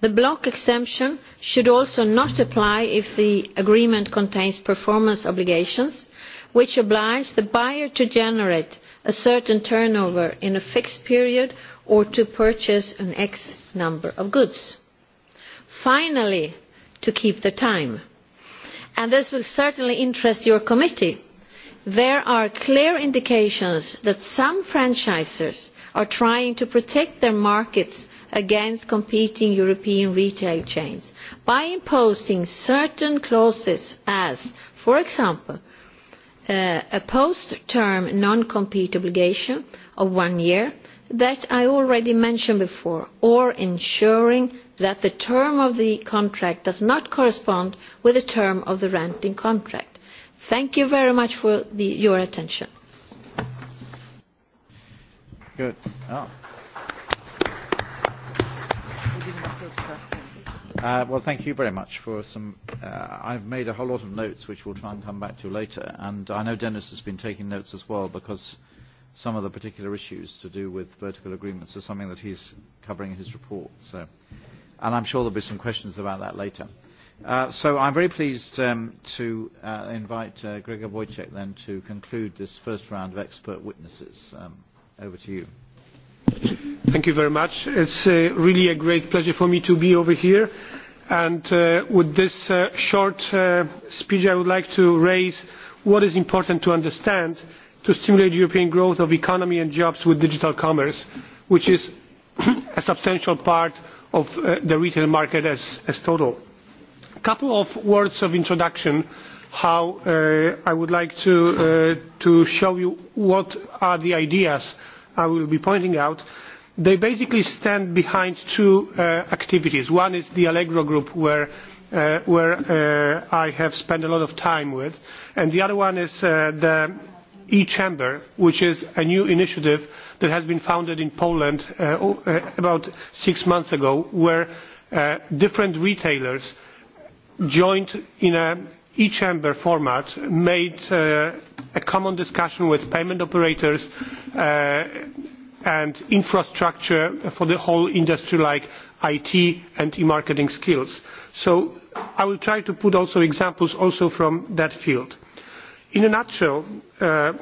The block exemption should also not apply if the agreement contains performance obligations which oblige the buyer to generate a certain turnover in a fixed period or to purchase an X number of goods. Finally, to keep the time, and this will certainly interest your committee, there are clear indications that some franchisers are trying to protect their markets against competing European retail chains by imposing certain clauses as, for example, uh, a post-term non-compete obligation of one year that I already mentioned before, or ensuring that the term of the contract does not correspond with the term of the renting contract Thank you very much for the, your attention. Good. Oh. Uh, well, thank you very much for some. Uh, I've made a whole lot of notes, which we'll try and come back to later. And I know Dennis has been taking notes as well, because some of the particular issues to do with vertical agreements are something that he's covering in his report. So, and I'm sure there'll be some questions about that later. Uh, so I'm very pleased um, to uh, invite uh, Gregor Wojciech then to conclude this first round of expert witnesses. Um, over to you. Thank you very much. It's uh, really a great pleasure for me to be over here. And uh, with this uh, short uh, speech, I would like to raise what is important to understand to stimulate European growth of economy and jobs with digital commerce, which is [CLEARS THROAT] a substantial part of uh, the retail market as, as total couple of words of introduction how uh, I would like to, uh, to show you what are the ideas I will be pointing out. They basically stand behind two uh, activities. One is the Allegro group where, uh, where uh, I have spent a lot of time with and the other one is uh, the e-chamber which is a new initiative that has been founded in Poland uh, uh about six months ago where uh, different retailers joined in an e chamber format made uh, a common discussion with payment operators uh, and infrastructure for the whole industry like it and e marketing skills. so i will try to put also examples also from that field. in a nutshell uh,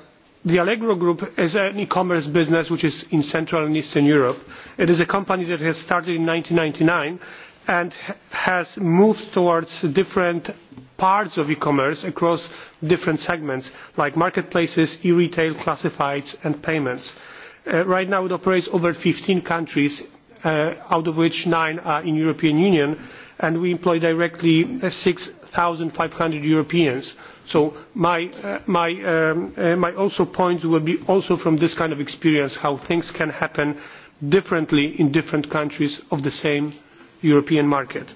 the allegro group is an e commerce business which is in central and eastern europe. it is a company that has started in one thousand nine hundred and ninety nine and has moved towards different parts of e commerce across different segments like marketplaces e retail classifieds and payments. Uh, right now it operates in over fifteen countries uh, out of which nine are in the european union and we employ directly uh, six five hundred europeans so my, uh, my, um, also will be also from this kind of experience how things can happen differently in different countries of the same European market.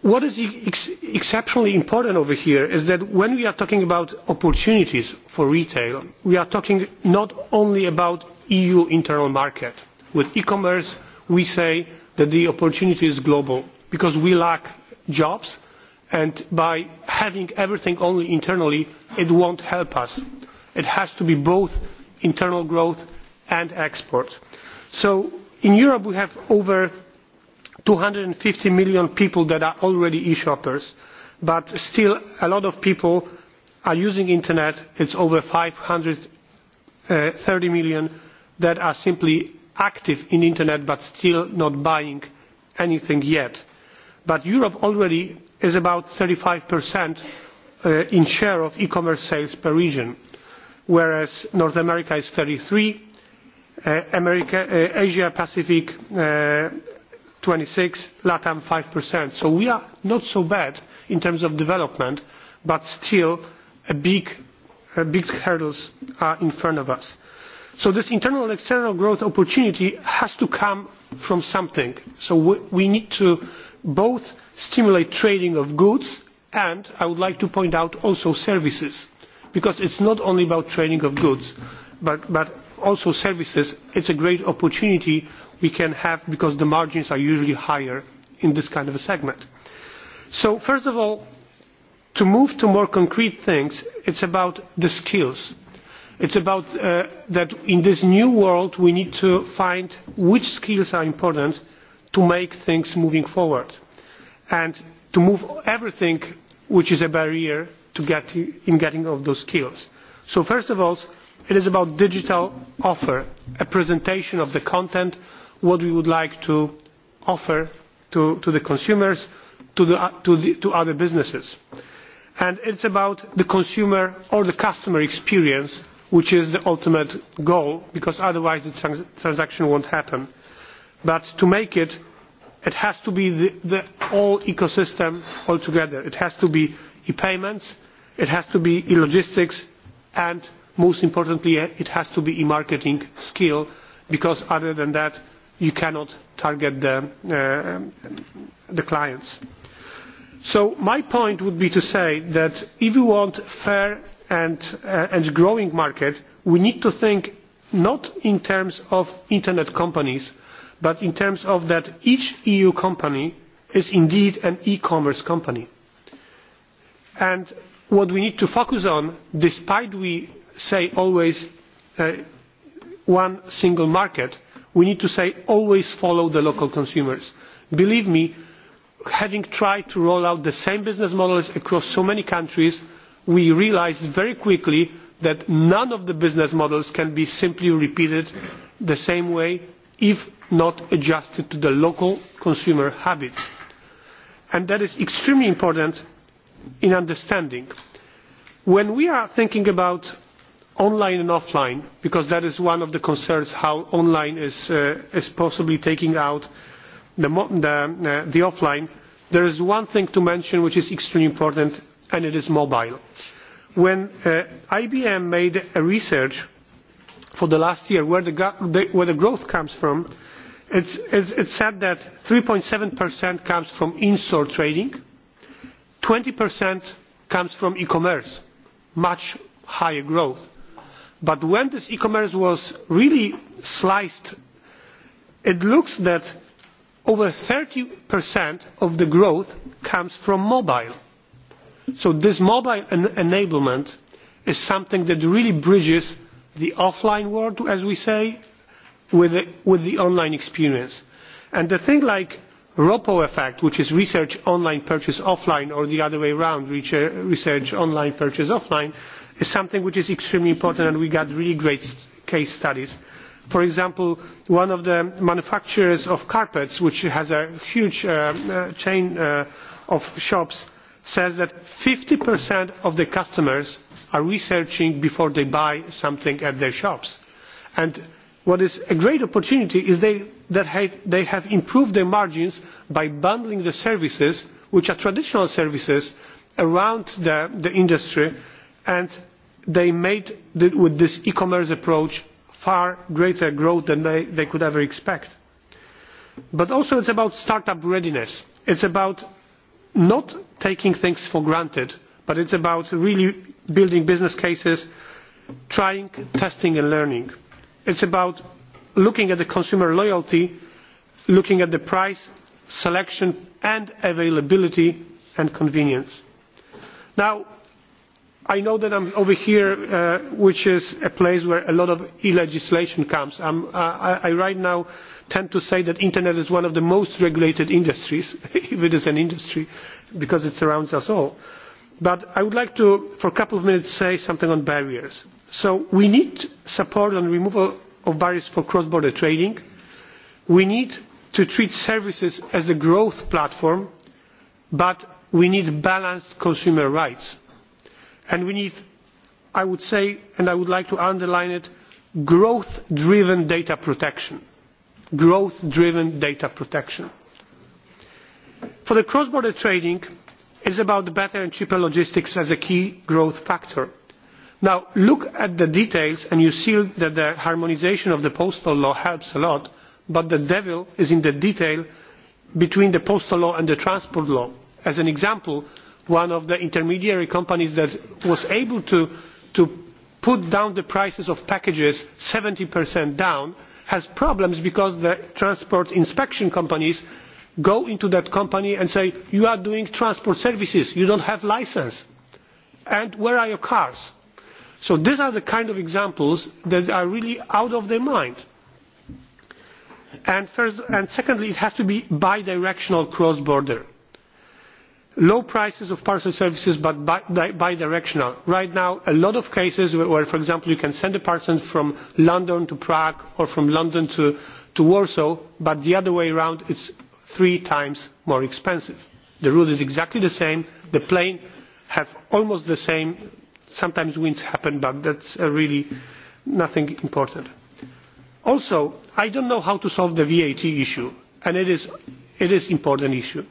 What is ex exceptionally important over here is that when we are talking about opportunities for retail, we are talking not only about EU internal market. With e-commerce, we say that the opportunity is global because we lack jobs and by having everything only internally it will not help us. it has to be both internal growth and export. so in europe we have over two hundred and fifty million people that are already e shoppers but still a lot of people are using the internet it is over five hundred and uh, thirty million that are simply active on the internet but still not buying anything yet. but europe already has about thirty five uh, in share of e commerce sales per region whereas north america is thirty three uh, asia pacific twenty six latam. five so we are not so bad in terms of development but still big, big hurdles are in front of us. so this internal and external growth opportunity has to come from something. so we need to both stimulate trading of goods and i would like to point out also services because it is not only about trading of goods but, but also services. it is a great opportunity we can have because the margins are usually higher in this kind of a segment. So first of all, to move to more concrete things, it's about the skills. It's about uh, that in this new world we need to find which skills are important to make things moving forward and to move everything which is a barrier to get in getting of those skills. So first of all, it is about digital offer, a presentation of the content, what we would like to offer to, the consumers, to, to, other businesses. And is about the consumer or the customer experience, which is the ultimate goal, because otherwise the transaction will not happen. But to make it, it has to be the, whole ecosystem altogether. It has to be e-payments, it has to be e-logistics, and most importantly, it has to be e-marketing skills because other than that, you cannot target the, uh, the clients. So my point would be to say that if we want fair and, uh, and growing market, we need to think not in terms of internet companies, but in terms of that each EU company is indeed an e-commerce company. And what we need to focus on, despite we say always uh, one single market, we need to say always follow the local consumers. believe me having tried to roll out the same business models across so many countries we realised very quickly that none of the business models can be simply repeated the same way if not adjusted to the local consumer habits. And that is extremely important in understanding. When we are thinking online and offline because that is one of the concerns how online is, uh, is possibly taking out the, the, uh, the offline there is one thing to mention which is extremely important and it is mobile. when uh, ibm made a research for the last year where the, where the growth comes from it's, it's, it said that 3.7% comes from in-store trading 20% comes from e-commerce much higher growth but when this e commerce was really sliced it looks that over thirty of the growth comes from mobile. so this mobile enablement is something that really bridges the offline world as we say with the, online experience. and the thing like ropo effect which is research online purchase offline or the other way round, research online purchase offline is something which is extremely important and we got really great case studies. For example, one of the manufacturers of carpets, which has a huge uh, uh, chain uh, of shops, says that fifty of the customers are researching before they buy something at their shops. And what is a great opportunity is that they have improved their margins by bundling the services, which are traditional services, around the industry and they made with this e-commerce approach far greater growth than they, could ever expect. But it is also about start up readiness. It's about not taking things for granted, but it is about really building business cases, trying, testing and learning. it is about looking at the consumer loyalty, looking at the price, selection and availability and convenience i know that i am over here uh, which is a place where a lot of e legislation comes. Uh, I, right now tend to say that the internet is one of the most regulated industries [LAUGHS] if it is an industry because it surrounds us all. but i would like to for a couple of minutes say something on barriers. so we need support on the removal of barriers for cross border trading. we need to treat services as a growth platform but we need balanced consumer rights and we need i would say and i would like to underline it growth driven data protection growth driven data protection for the cross border trading it is about better and cheaper logistics as a key growth factor. Now look at the details and you see that the harmonisation of the postal law helps a lot, but the devil is in the detail between the postal law and the transport law. As an example, one of the intermediary companies that was able to, put down the prices of packages 70% down has problems because the transport inspection companies go into that company and say you are doing transport services you don't have license and where are your cars so these are the kind of examples that are really out of their mind and, secondly it has to be bi-directional cross-border low prices of parcel services but bi directional. right now a lot of cases where for example you can send a parcel from london to prague or from london to, warsaw but the other way round it is three times more expensive. the route is exactly the same the plane has almost the same sometimes winds happen but that is really nothing important. also i do not know how to solve the vat issue and it is, an important issue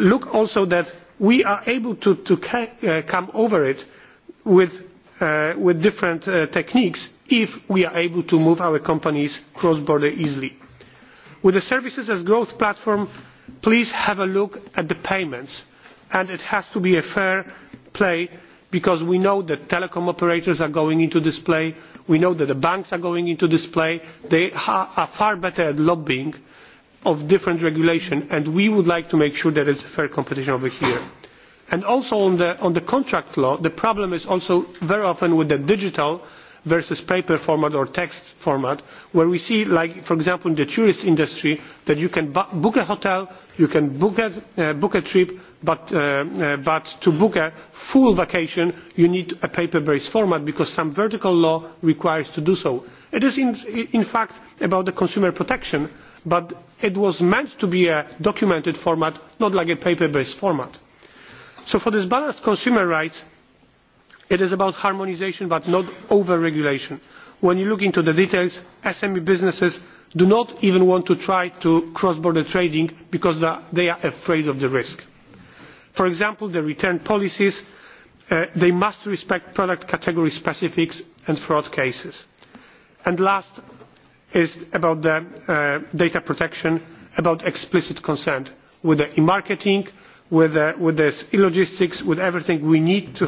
look also that we are able to, uh, come over it with, uh, different uh, techniques if we are able to move our companies cross border easily. with the services as growth platform please have a look at the payments and it has to be fair play because we know that telecom operators are going into this play we know that the banks are going into this play they are far better at lobbying than of different regulation and we would like to make sure that there is fair competition over here. And also on on the contract law, the problem is also very often with the digital versus paper format or text format where we see like for example in the tourist industry that you can book a hotel you can book a, uh, trip uh, uh, but, to book a full vacation you need a paper based format because some vertical law requires you to do so. it is in, fact about consumer protection but it was meant to be a documented format not like a paper based format. so for this balanced consumer rights it is about harmonisation but not over regulation. when you look into the details sme businesses do not even want to try cross border trading because they are afraid of the risk. for example the return policies uh, must respect product category specifics and fraud cases. and last is about uh, data protection about explicit consent. with e marketing with, e logistics with everything we need to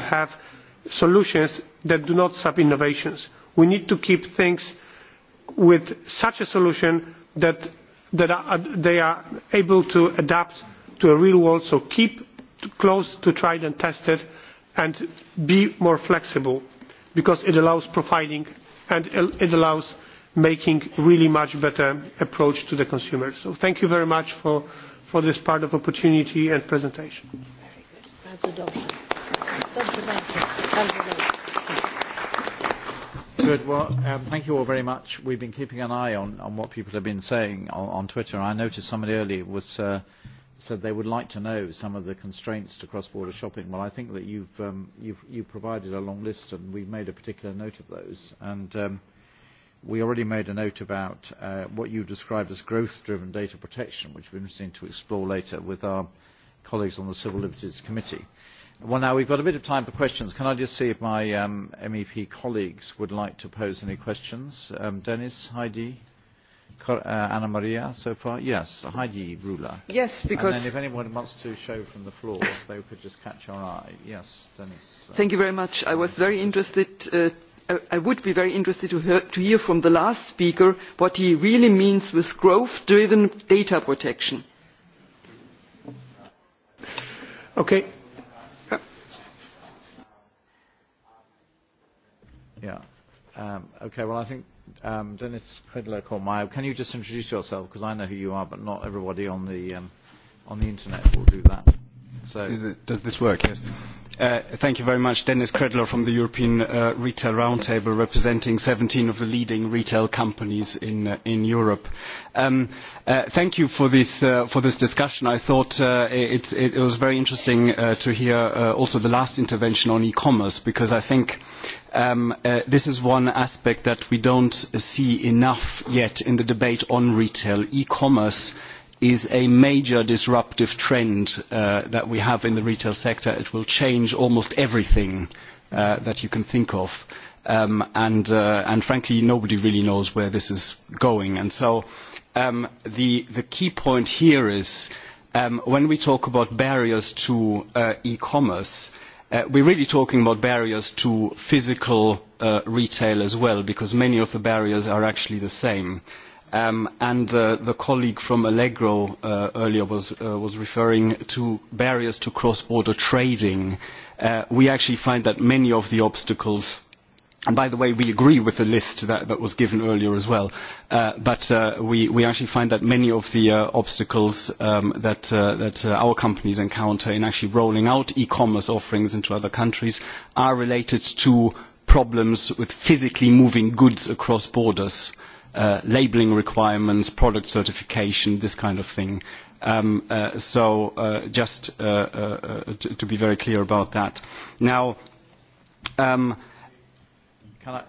solutions that do not sap innovations. we need to keep things with such a solution that, they are able to adapt to a real world so keep close to tried and tested and be more flexible because it allows profiling and it allows making really much better approach to the consumer. So thank you very much for, this part of opportunity and presentation. Thank you. Good. Well, um, thank you all very much. We've been keeping an eye on, on what people have been saying on, on Twitter. I noticed somebody earlier was uh, said they would like to know some of the constraints to cross-border shopping. Well, I think that you've, um, you've, you've provided a long list, and we've made a particular note of those. And um, we already made a note about uh, what you described as growth-driven data protection, which we're interesting to explore later with our colleagues on the Civil Liberties Committee. Well, now we've got a bit of time for questions. Can I just see if my um, MEP colleagues would like to pose any questions? Um, Dennis, Heidi, Cor uh, Anna Maria, so far? Yes, Heidi Rula. Yes, because... And then if anyone wants to show from the floor, if they could just catch our eye. Yes, Dennis. Uh, Thank you very much. I was very interested uh, i would be very interested to hear, to hear from the last speaker what he really means with growth driven data protection. Okay. Yeah. Um, okay, well, I think um, Dennis Quidler Maya. can you just introduce yourself? Because I know who you are, but not everybody on the, um, on the internet will do that. So, Is it, does this work? Yes. Uh, thank you very much. Dennis Kredler from the European uh, Retail Roundtable, representing 17 of the leading retail companies in, uh, in Europe. Um, uh, thank you for this, uh, for this discussion. I thought uh, it, it, it was very interesting uh, to hear uh, also the last intervention on e-commerce, because I think um, uh, this is one aspect that we don't see enough yet in the debate on retail. E-commerce is a major disruptive trend uh, that we have in the retail sector. It will change almost everything uh, that you can think of. Um, and, uh, and frankly, nobody really knows where this is going. And so um, the, the key point here is um, when we talk about barriers to uh, e-commerce, uh, we're really talking about barriers to physical uh, retail as well, because many of the barriers are actually the same. Um, and uh, the colleague from Allegro uh, earlier was, uh, was referring to barriers to cross-border trading. Uh, we actually find that many of the obstacles and by the way, we agree with the list that, that was given earlier as well. Uh, but uh, we, we actually find that many of the uh, obstacles um, that, uh, that uh, our companies encounter in actually rolling out e-commerce offerings into other countries are related to problems with physically moving goods across borders. Uh, uh, labelling requirements, product certification, this kind of thing. Um, uh, so uh, just uh, uh, uh to, to be very clear about that. Now, um, can I,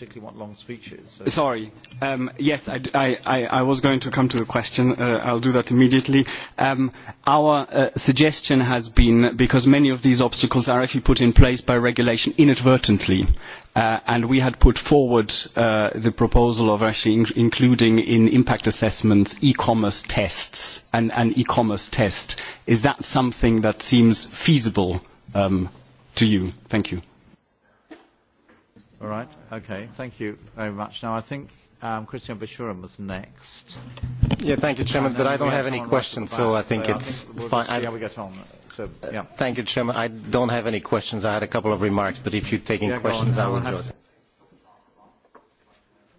particularly want long speeches. So. Sorry. Um, yes, I, I, I was going to come to the question. Uh, I'll do that immediately. Um, our uh, suggestion has been, because many of these obstacles are actually put in place by regulation inadvertently, uh, and we had put forward uh, the proposal of actually in including in impact assessments e-commerce tests and an e-commerce test. Is that something that seems feasible um, to you? Thank you. All right. Okay. Thank you very much. Now, I think um, Christian Bashuram was next. Yeah, thank you, Chairman, but I don't have any questions, right so I think so it's I think fine. Just, yeah, we get on. So, uh, yeah. Uh, thank you, Chairman. I don't have any questions. I had a couple of remarks, but if you're taking yeah, questions, on, I will do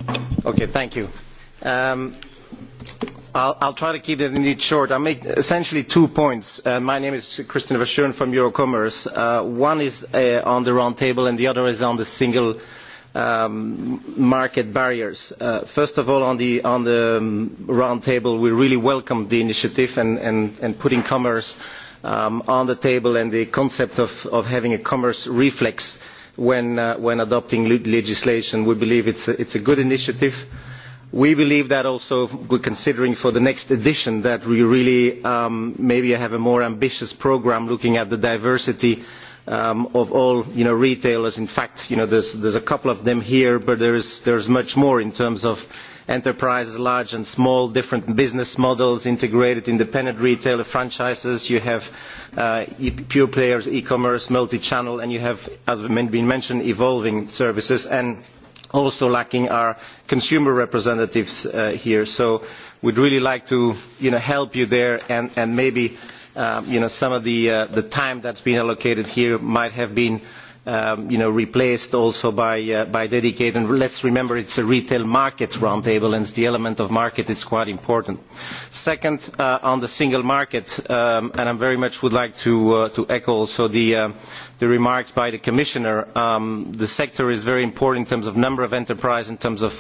it. Okay, thank you. Um, I'll, try to keep it indeed short. I'll make essentially two points. Uh, my name is Christian Verschoon from Eurocommerce. Uh, one is uh, on the round table and the other is on the single um, market barriers. Uh, first of all, on the, um, round table, we really welcome the initiative and, putting commerce um, on the table and the concept of, having a commerce reflex when, adopting legislation. We believe it's a, a good initiative we believe that also considering for the next edition that we really um, maybe have a more ambitious programme looking at the diversity um, of all retailers. In fact, there's, a couple of them here, but there's, much more in terms of enterprises, large and small, different business models, integrated independent retailer franchises. You have uh, e, pure players, e-commerce, multi-channel, and you have, as has been mentioned, evolving services. And also lacking are consumer representatives uh, here. So we'd really like to help you there and, maybe um, some of the, time uh, that time that's been allocated here might have been Um, you know, replaced also by, uh, by dedicated. And let's remember it's a retail market roundtable, and the element of market is quite important. Second, uh, on the single market, um, and I very much would like to, uh, to echo also the, uh, the remarks by the Commissioner. Um, the sector is very important in terms of number of enterprises, in terms of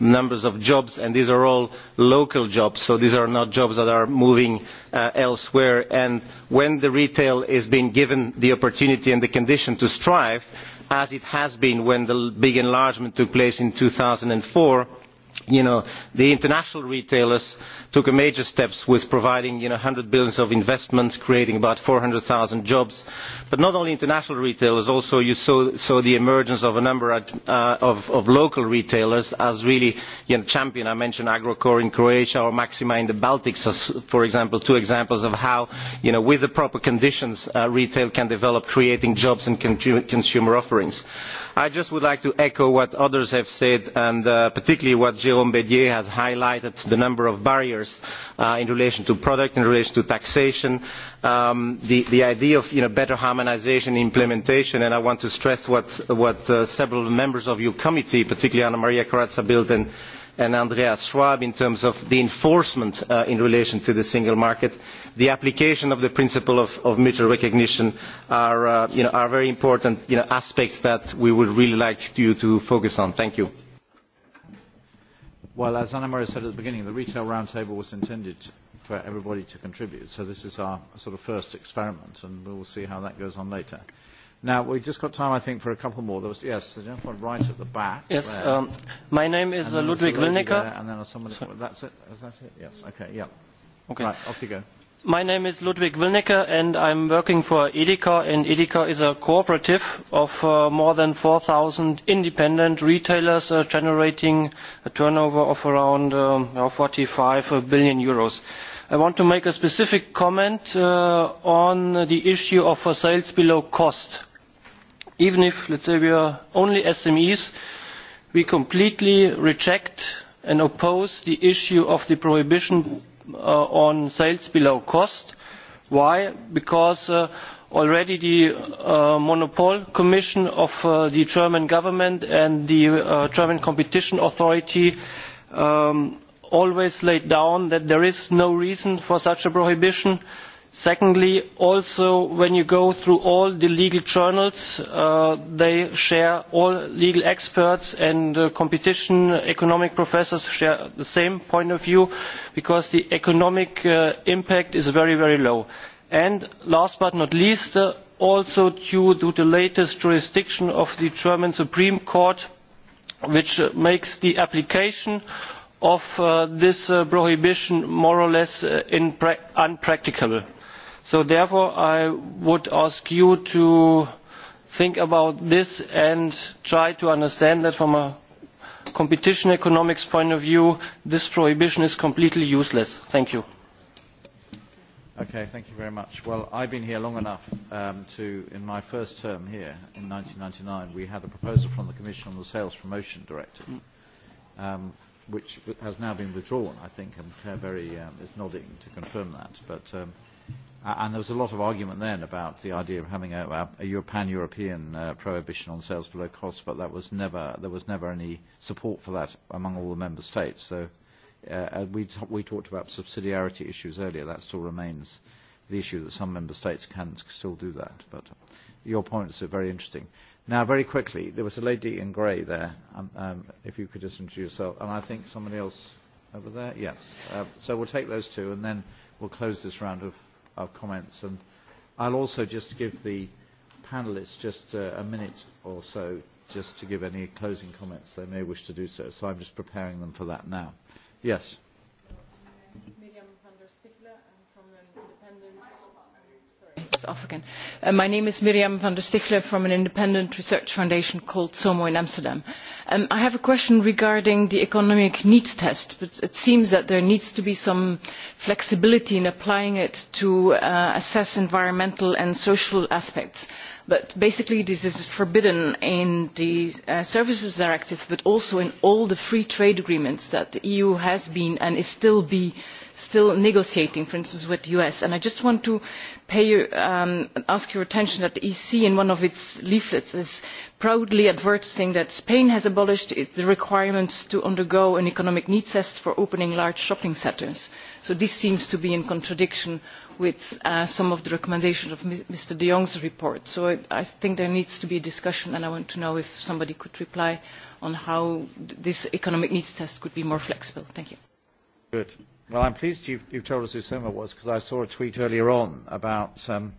numbers of jobs and these are all local jobs so these are not jobs that are moving uh, elsewhere and when the retail is being given the opportunity and the condition to strive as it has been when the big enlargement took place in two thousand and four the international retailers took major steps with providing eur one 100 billion of investments, creating about zero jobs. But not only international retailers, also you saw, saw the emergence of a number of, uh, local retailers as really champions champion. I mentioned Agrokor in Croatia or Maxima in the Baltics as, for example, two examples of how, with the proper conditions, uh, retail can develop, creating jobs and consumer offerings i just would like to echo what others have said and uh, particularly what jrme bedier has highlighted the number of barriers uh, in relation to product in relation to taxation um, the, idea of better harmonisation and implementation and i want to stress what, uh, several members of your committee particularly anna maria corazza bildt and and andreas schwab in terms of the enforcement uh, in relation to the single market the application of the principle of, mutual recognition are, uh, very important aspects that we would really like you to, focus on. thank you. well, as anna murray said at the beginning, the retail roundtable was intended for everybody to contribute, so this is our sort of first experiment, and we will see how that goes on later. Now, we've just got time, I think, for a couple more. There was, yes, the gentleman right at the back. Yes, um, my name is and uh, Ludwig Wilnecker. And then somebody, that's it, is that it? Yes, okay, yeah. Okay. Right, off you go. My name is Ludwig Wilnecker and I'm working for Edeka and Edeka is a cooperative of uh, more than 4,000 independent retailers uh, generating a turnover of around um, 45 billion euros. I want to make a specific comment uh, on the issue of uh, sales below cost even if let's say we are only smes we completely reject and oppose the issue of the prohibition uh, on sales below cost. why? because uh, already the uh, monopol commission of uh, the german government and the german competition authority um, always laid down that there is no reason for such a prohibition and secondly also when you go through all the legal journals uh, they share all legal experts and uh, competition economic professors share the same point of view because the economic uh, impact is very very low and last but not least also due to the latest jurisdiction of the german supreme court which makes the application of this prohibition more or less unpracticable so therefore i would ask you to think about this and try to understand that from a competition economics point of view this prohibition is completely useless. thank you. Okay, thank you very much. Well, I've been here long enough um, to, in my first term here in 1999, we had a proposal from the Commission on the Sales Promotion Directive, mm. um, which has now been withdrawn, I think, and Claire Berry um, is nodding to confirm that. But um, and there was a lot of argument then about the idea of having a, a, a pan-European uh, prohibition on sales below cost, but that was never, there was never any support for that among all the member states. So uh, we, t- we talked about subsidiarity issues earlier. That still remains the issue that some member states can still do that. But your points are very interesting. Now, very quickly, there was a lady in grey there. Um, um, if you could just introduce yourself, and I think somebody else over there. Yes. Uh, so we'll take those two, and then we'll close this round of of comments. And I'll also just give the panelists just uh, a minute or so just to give any closing comments they may wish to do so. So I'm just preparing them for that now. Yes. Maybe african. Uh, my name is miriam van der stichler from an independent research foundation called somo in amsterdam. Um, i have a question regarding the economic needs test but it seems that there needs to be some flexibility in applying it to uh, assess environmental and social aspects but basically this is forbidden in the uh, services directive but also in all the free trade agreements that the eu has been and is still be, still negotiating for instance with the us. And i just want to draw um, your attention to the fact that the ec in one of its leaflets is proudly advertising that spain has abolished the requirements to undergo an economic needs test for opening large shopping centres so this seems to be in contradiction with uh, some of the recommendations of mr de jong's report. so I, think there needs to be a discussion and i want to know if somebody could reply on how this economic needs test could be more flexible. Well, I'm pleased you've, you've told us who Soma was because I saw a tweet earlier on about, um,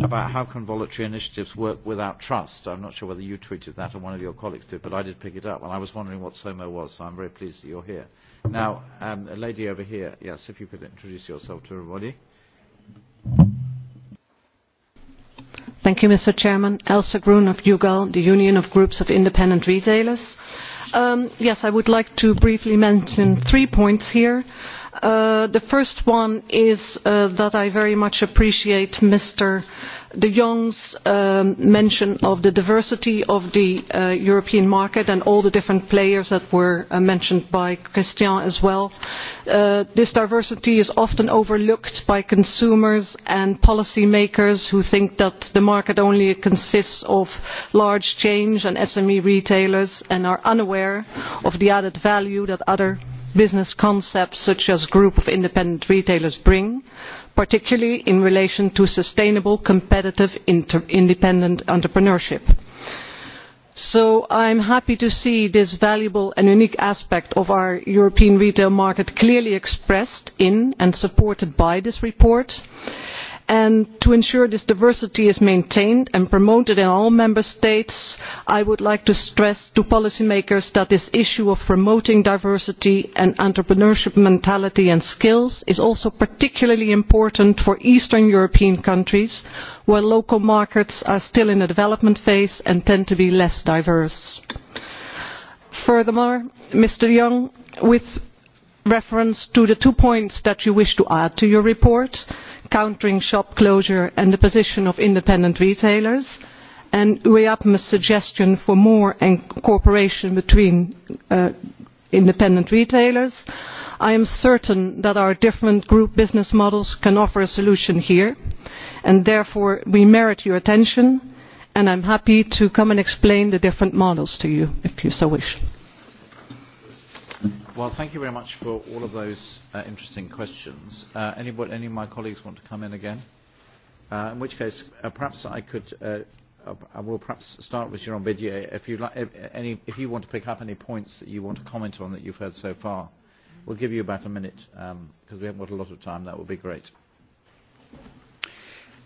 about how can voluntary initiatives work without trust. I'm not sure whether you tweeted that or one of your colleagues did, but I did pick it up and I was wondering what Soma was, so I'm very pleased that you're here. Now, um, a lady over here, yes, if you could introduce yourself to everybody. Thank you, Mr. Chairman. Elsa Grun of UGAL, the Union of Groups of Independent Retailers. Um, yes, I would like to briefly mention three points here. Uh, the first one is uh, that i very much appreciate mr de jong's uh, mention of the diversity of the european market and all the different players that were mentioned by christian as well. this diversity is often overlooked by consumers and policy makers who think that the market only consists of large chains and sme retailers and are unaware of the added value that other business concepts such as the group of independent retailers bring particularly in relation to sustainable competitive independent entrepreneurship. so i am happy to see this valuable and unique aspect of our european retail market clearly expressed in and supported by this report and to ensure this diversity is maintained and promoted in all member states i would like to stress to policymakers that this issue of promoting diversity and entrepreneurship mentality and skills is also particularly important for eastern european countries where local markets are still in the development phase and tend to be less diverse. furthermore mr de jong with reference to the two points that you wish to add to your report countering shop closure and the position of independent retailers and ueapm's suggestion for more cooperation between uh, independent retailers i am certain that our different group business models can offer a solution here and therefore we merit your attention and i am happy to come and explain the different models to you if you so wish. Well, thank you very much for all of those uh, interesting questions. Uh, anybody, any of my colleagues want to come in again? Uh, in which case, uh, perhaps I could, uh, uh, I will perhaps start with Jérôme Bédier. If you'd like, if, any, if you want to pick up any points that you want to comment on that you've heard so far, we'll give you about a minute because um, we haven't got a lot of time. That would be great.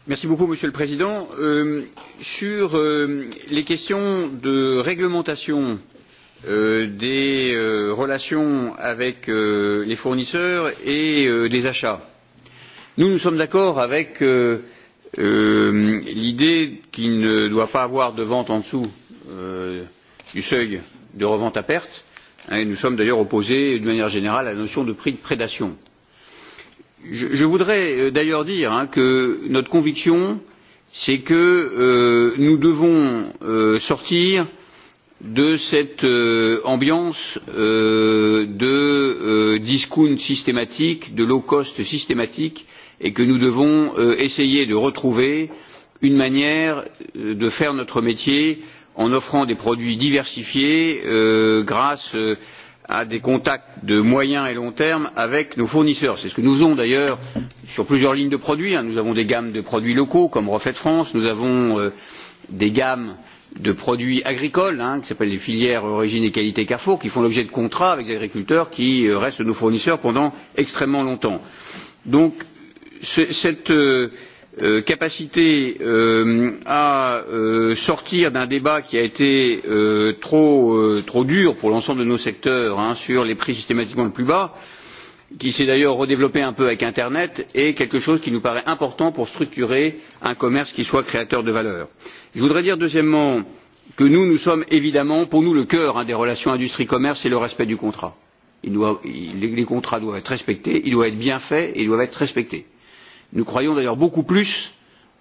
Merci beaucoup, Monsieur le Président. Euh, sur euh, les questions de réglementation euh, Euh, des euh, relations avec euh, les fournisseurs et des achats. nous nous sommes d'accord avec l'idée qu'il ne doit pas y avoir de vente en dessous du seuil de revente à perte et nous sommes d'ailleurs opposés de manière générale à la notion de prix de prédation. je, je voudrais d'ailleurs dire hein, que notre conviction c'est que euh, nous devons euh, sortir euh, de cette euh, ambiance euh, de euh, discount systématique, de low cost systématique, et que nous devons euh, essayer de retrouver une manière euh, de faire notre métier en offrant des produits diversifiés euh, grâce euh, à des contacts de moyen et long terme avec nos fournisseurs. C'est ce que nous faisons d'ailleurs sur plusieurs lignes de produits. Nous avons des gammes de produits locaux comme Reflet de France, nous avons euh, des gammes de produits agricoles hein, qui s'appellent les filières origine et qualité Carrefour, qui font l'objet de contrats avec des agriculteurs qui euh, restent nos fournisseurs pendant extrêmement longtemps. Donc cette euh, euh, capacité euh, à euh, sortir d'un débat qui a été euh, trop, trop dur pour l'ensemble de nos secteurs hein, sur les prix systématiquement le plus bas, qui s'est d'ailleurs redéveloppé un peu avec internet est quelque chose qui nous paraît important pour structurer un commerce qui soit créateur de valeur je voudrais dire deuxièmement que nous nous sommes évidemment pour nous le cœur des relations industrie commerce c'est le respect du contrat. les contrats doivent être respectés ils doivent être bien faits et ils doivent être respectés. nous croyons d'ailleurs beaucoup plus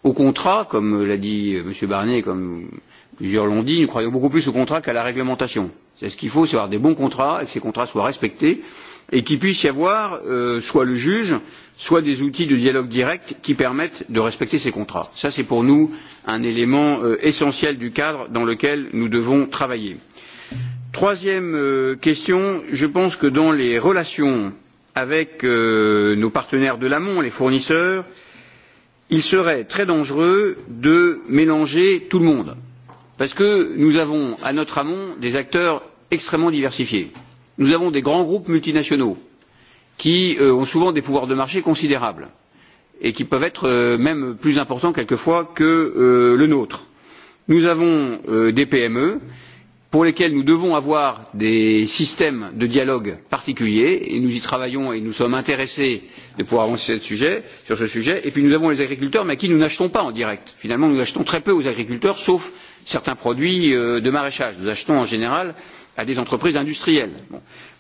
aux contrats comme l'a dit euh, m. barnier et comme plusieurs l'ont dit nous croyons beaucoup plus aux contrats qu'à la réglementation. ce qu'il faut c'est avoir de bons contrats et que ces contrats soient respectés et qu'il puisse y avoir euh, soit le juge soit des outils de dialogue direct qui permettent de respecter ces contrats. c'est pour nous un élément euh, essentiel du cadre dans lequel nous devons travailler. troisième euh, question je pense que dans les relations avec nos partenaires de l'amont les fournisseurs il serait très dangereux de mélanger tout le monde parce que nous avons à notre amont des acteurs extrêmement diversifiés nous avons des grands groupes multinationaux qui euh, ont souvent des pouvoirs de marché considérables et qui peuvent être euh, même plus importants quelquefois que euh, le nôtre. Nous avons des PME pour lesquelles nous devons avoir des systèmes de dialogue particuliers et nous y travaillons et nous sommes intéressés de pouvoir avancer sujet, sur ce sujet et puis nous avons les agriculteurs mais à qui nous n'achetons pas en direct. Finalement nous achetons très peu aux agriculteurs sauf certains produits de maraîchage. Nous achetons en général euh, à des entreprises industrielles.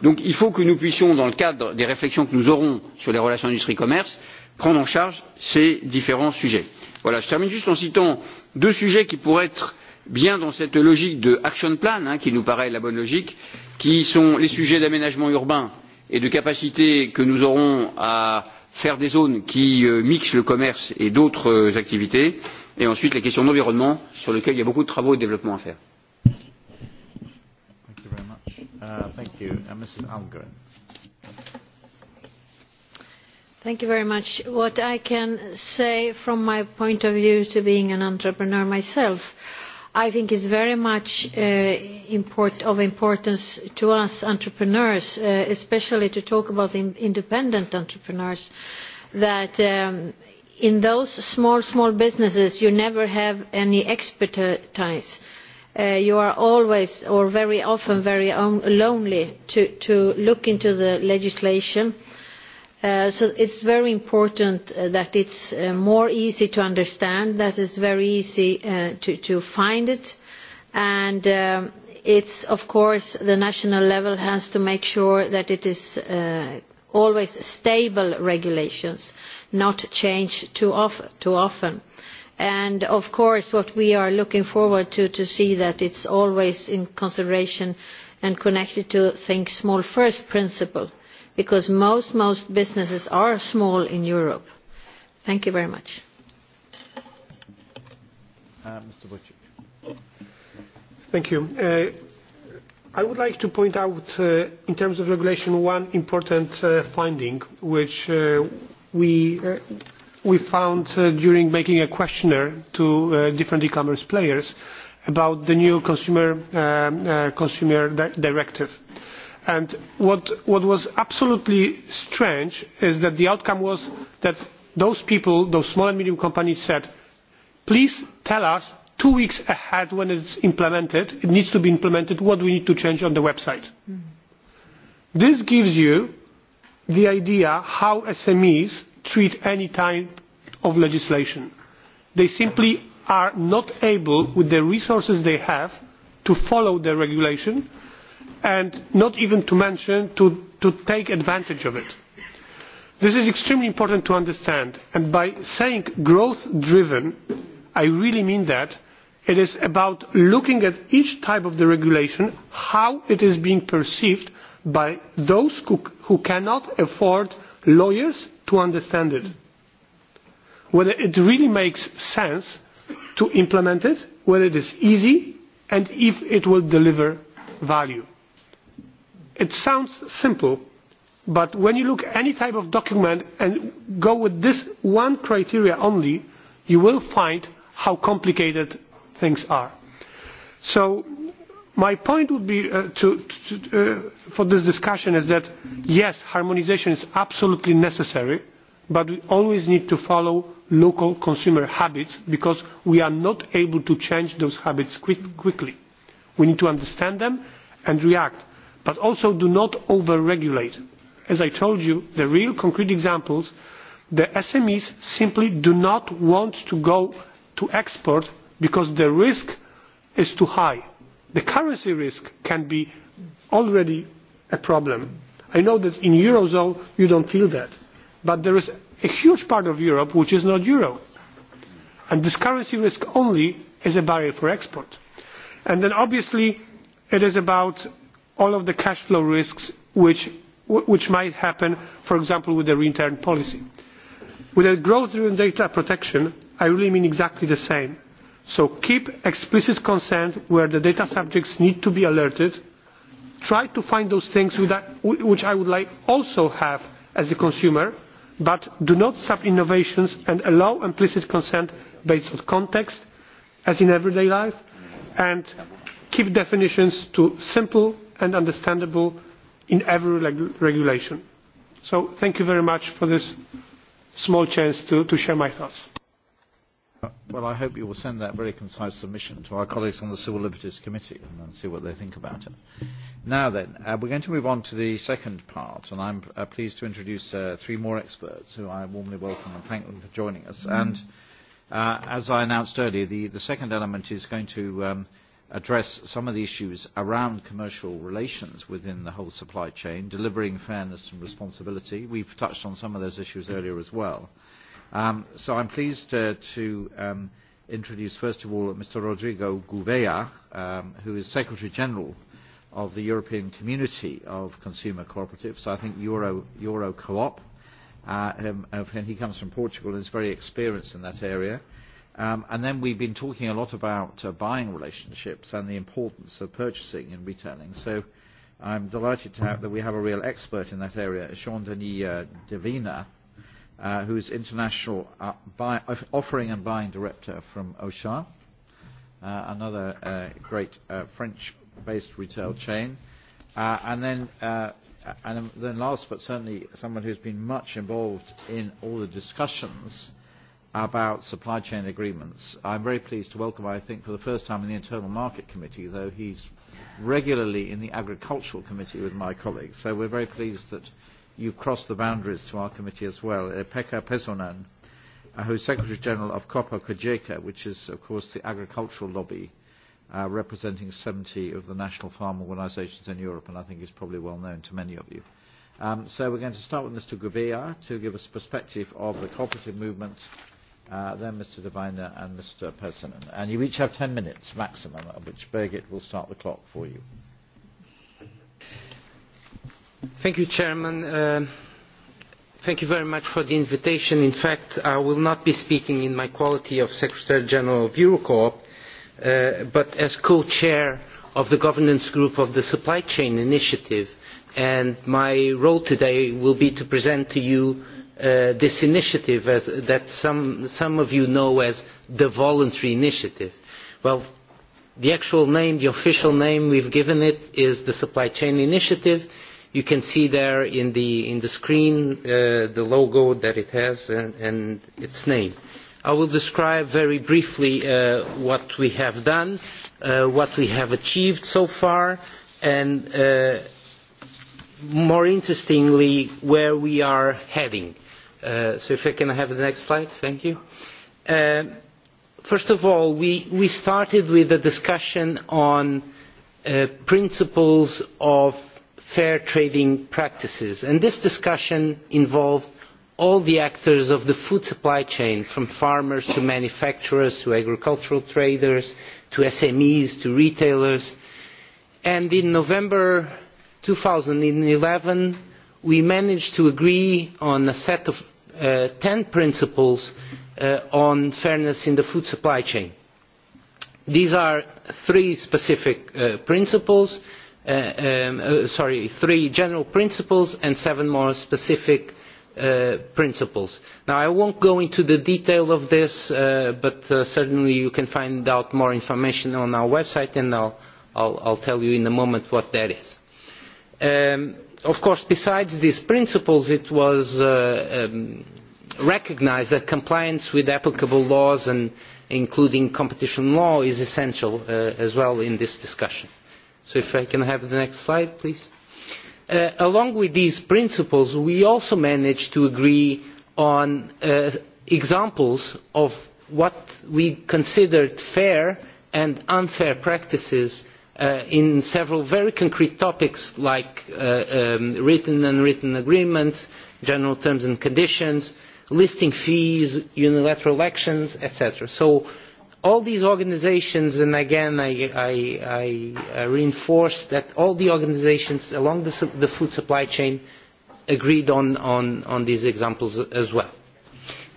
Donc il faut que nous puissions, dans le cadre des réflexions que nous aurons sur les relations industrie commerce, prendre en charge ces différents sujets. Voilà, je termine juste en citant deux sujets qui pourraient être bien dans cette logique de action plan, hein, qui nous paraît la bonne logique, qui sont les sujets d'aménagement urbain et de capacité que nous aurons à faire des zones qui euh, mixent le commerce et d'autres euh, activités, et ensuite les questions d'environnement, sur lesquelles il y a beaucoup de travaux et de développement à faire. Uh, uh, What I can say from my point of view as being an entrepreneur myself, I think it is very much uh, of importance to us entrepreneurs, especially to talk about independent entrepreneurs, that um, in those small, small businesses you never have any expertise Uh, you are always or very often very lonely to, look into the legislation. Uh, so it is very important uh, that it is more easy to understand, that it is very easy to, find it. And um, it's, of course, the national level has to make sure that it is always stable regulations, not changed too often And of course, what we are looking forward to, is to see that it is always in consideration and connected to the think small first principle, because most, most businesses are small in Europe. Thank you very much. Uh, Thank you. Uh, I would like to point out, uh, in terms of regulation, one important uh, finding, which uh, we, uh, we found uh, during making a questionnaire to uh, different e-commerce players about the new consumer, uh, uh, consumer di directive. And what, what was absolutely strange is that the outcome was that those people, those small and medium companies said, please tell us two weeks ahead when it is implemented, it needs to be implemented, what we need to change on the website. Mm -hmm. This gives you the idea how SMEs treat any type of legislation. They simply are not able, with the resources they have, to follow the regulation and not even to mention to, to take advantage of it. This is extremely important to understand and by saying growth driven, I really mean that it is about looking at each type of the regulation, how it is being perceived by those who, who cannot afford lawyers to understand it. Whether it really makes sense to implement it, whether it is easy, and if it will deliver value. It sounds simple, but when you look at any type of document and go with this one criteria only, you will find how complicated things are. So my point would be uh, uh, for this discussion is that yes, harmonisation is absolutely necessary, but we always need to follow local consumer habits because we are not able to change those habits quickly. We need to understand them and react, but also do not over-regulate. As I told you, the real concrete examples, the SMEs simply do not want to go to export because the risk is too high the currency risk can be already a problem. I know that in Eurozone you don't feel that, but there is a huge part of Europe which is not Euro. And this currency risk only is a barrier for export. And then obviously it is about all of the cash flow risks which, which might happen, for example, with the return policy. With a growth-driven data protection, I really mean exactly the same so keep explicit consent where the data subjects need to be alerted try to find those things which i would like also have as a consumer but do not sub innovations and allow implicit consent based on context as in everyday life and keep definitions to simple and understandable in every regulation. so thank you very much for this small chance to share my thoughts. Well, I hope you will send that very concise submission to our colleagues on the Civil Liberties Committee and then see what they think about it. Now then, uh, we're going to move on to the second part, and I'm uh, pleased to introduce uh, three more experts who I warmly welcome and thank them for joining us. And uh, as I announced earlier, the, the second element is going to um, address some of the issues around commercial relations within the whole supply chain, delivering fairness and responsibility. We've touched on some of those issues earlier as well. Um, so I'm pleased uh, to um, introduce, first of all, Mr. Rodrigo Gouveia, um, who is Secretary General of the European Community of Consumer Cooperatives, I think Euro, Euro Co-op. Uh, um, and he comes from Portugal and is very experienced in that area. Um, and then we've been talking a lot about uh, buying relationships and the importance of purchasing in retailing. So I'm delighted to have, that we have a real expert in that area, Jean-Denis uh, Devina, Uh, who is international uh, buy, offering and buying director from Auchan, uh, another uh, great uh, French-based retail chain. Uh, and then, uh, and then last but certainly someone who's been much involved in all the discussions about supply chain agreements. I'm very pleased to welcome, I think, for the first time in the Internal Market Committee, though he's regularly in the Agricultural Committee with my colleagues. So we're very pleased that you cross the boundaries to our committee as well, uh, Pekka Pesonen, uh, who is Secretary General of COPA Kojeka, which is, of course, the agricultural lobby uh, representing 70 of the national farm organisations in Europe, and I think is probably well known to many of you. Um, so we're going to start with Mr. Gouveia to give us a perspective of the cooperative movement, uh, then Mr. Deviner and Mr. Pesonen. And you each have 10 minutes maximum, at which Birgit will start the clock for you. Uh, thank you, very much for the invitation. In fact, I will not be speaking in my quality of Secretary General of Eurocorp, uh, but as co-chair of the governance group of the Supply Chain Initiative. And my role today will be to present to you uh, this initiative as, that some, some of you know as the Voluntary Initiative. Well, the actual name, the official name we've given it is the Supply Chain Initiative You can see there in the, in the screen uh, the logo that it has and, and its name. I will describe very briefly uh, what we have done, uh, what we have achieved so far, and uh, more interestingly, where we are heading. Uh, so if I can have the next slide, thank you. Uh, first of all, we, we started with a discussion on uh, principles of fair trading practices and this discussion involved all the actors of the food supply chain from farmers to manufacturers to agricultural traders to smes to retailers and in november two thousand and eleven we managed to agree on a set of uh, ten principles uh, on fairness in the food supply chain. these are three specific uh, principles Uh, um, uh, sorry, three general principles and seven more specific uh, principles. i will not go into the detail of this, but certainly you can find out more information on our website, and i will tell you in a moment what that is. Um, of course, besides these principles, it was um, recognised that compliance with applicable laws, including competition law, is essential as well in this discussion. So if I can have the next slide, please. Uh, along with these principles, we also managed to agree on uh, examples of what we considered fair and unfair practices uh, in several very concrete topics like uh, um, written and unwritten agreements, general terms and conditions, listing fees, unilateral actions, etc. So all these organisations and again I, I, I reinforce that all the organisations along the, the food supply chain agreed on, on, on these examples as well.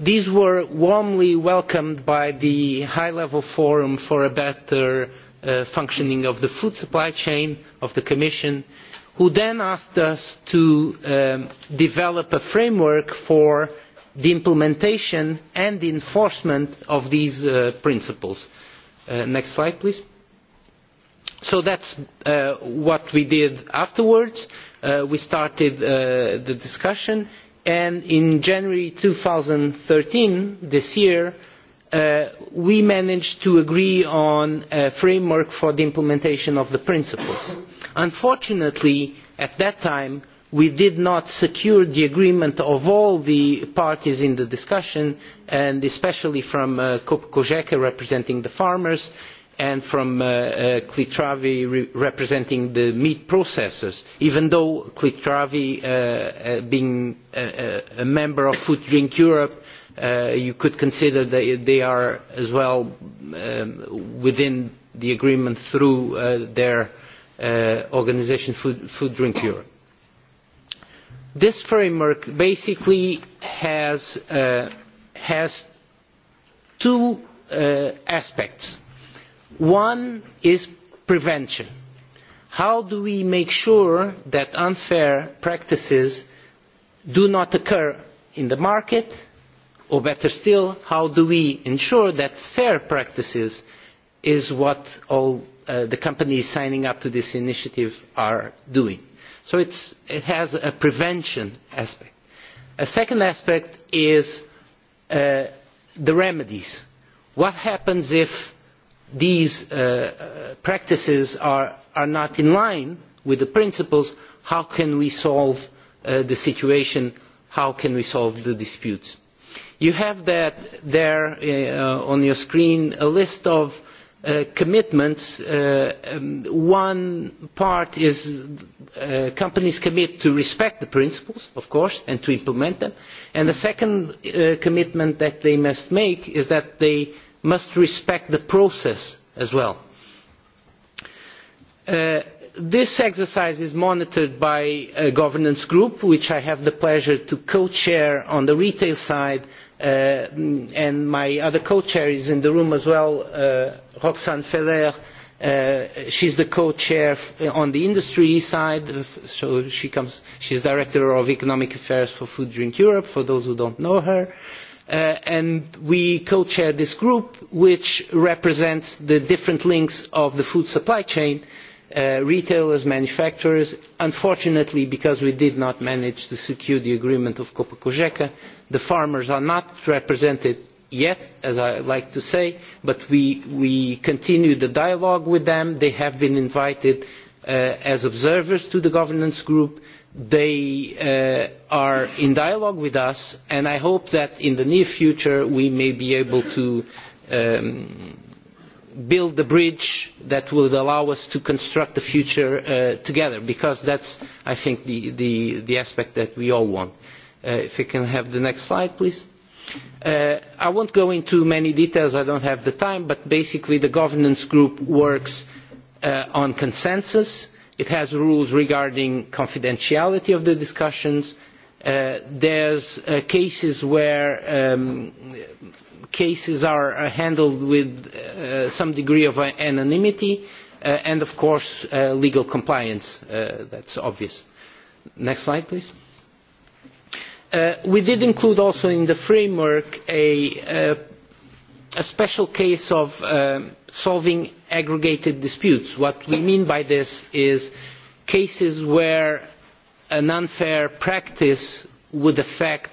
These were warmly welcomed by the High Level Forum for a Better uh, Functioning of the Food Supply Chain of the Commission, who then asked us to um, develop a framework for uh, the implementation and the enforcement of these uh, principles. Uh, next slide, please. So that's uh, what we did afterwards. Uh, we started uh, the discussion, and in January 2013, this year, uh, we managed to agree on a framework for the implementation of the principles. Unfortunately, at that time, we did not secure the agreement of all the parties in the discussion and especially from uh, representing the farmers and from uh, uh Clitravi representing the meat processors, even though Clitravi, uh, uh, being a, member of Food Drink Europe, you could consider that they are as well um, within the agreement through their organisation Food Drink Europe this framework basically has, uh, two uh, aspects. One is prevention. How do we make sure that unfair practices do not occur in the market? Or better still, how do we ensure that fair practices is what all uh, the companies signing up to this initiative are doing? So it has a prevention aspect. A second aspect is uh, the remedies. What happens if these uh, practices are, are not in line with the principles? How can we solve uh, the situation? How can we solve the disputes? You have that there uh, on your screen a list of Uh, commitments uh, um, one part is uh, companies commit to respect the principles of course and to implement them and the second commitment that they must make is that they must respect the process as well. this exercise is monitored by a governance group which i have the pleasure to co chair on the retail side Uh, and my other co chair is in the room as well uh, roxane ferrer uh, she is the co chair on the industry side so she is director of economic affairs for food drink europe for those who do not know her and we co chair this group which represents the different links of the food supply chain retailers, manufacturers. Unfortunately, because we did not manage to secure the agreement of Copa Cogeca, the farmers are not represented yet as i like to say but we, we continue the dialogue with them they have been invited uh, as observers to the governance group they uh, are in dialogue with us and i hope that in the near future we may be able to um, build the bridge that will allow us to construct the future uh, together because that's i think the, the, the aspect that we all want. Uh, if we can have the next slide, please. Uh, I won't go into many details, I don't have the time, but basically the governance group works uh, on consensus. It has rules regarding confidentiality of the discussions. Uh, there's uh, cases where um, cases are uh, handled with uh, some degree of uh, anonymity uh, and of course uh, legal compliance. that's obvious. Next slide, please. Uh, we did include also in the framework a, uh, special case of um, solving aggregated disputes. What we mean by this is cases where an unfair practice would affect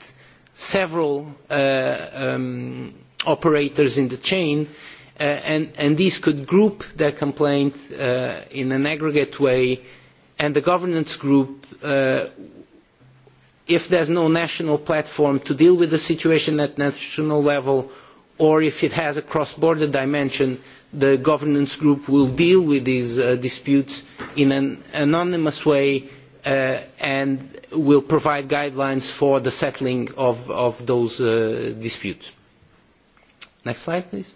several uh, um, operators in the chain and, and these could group their complaint in an aggregate way and the governance group if there is no national platform to deal with the situation at national level or if it has a cross border dimension the governance group will deal with these uh, disputes in an anonymous way uh, and will provide guidelines for the settling of, of those uh, disputes. Next slide, please.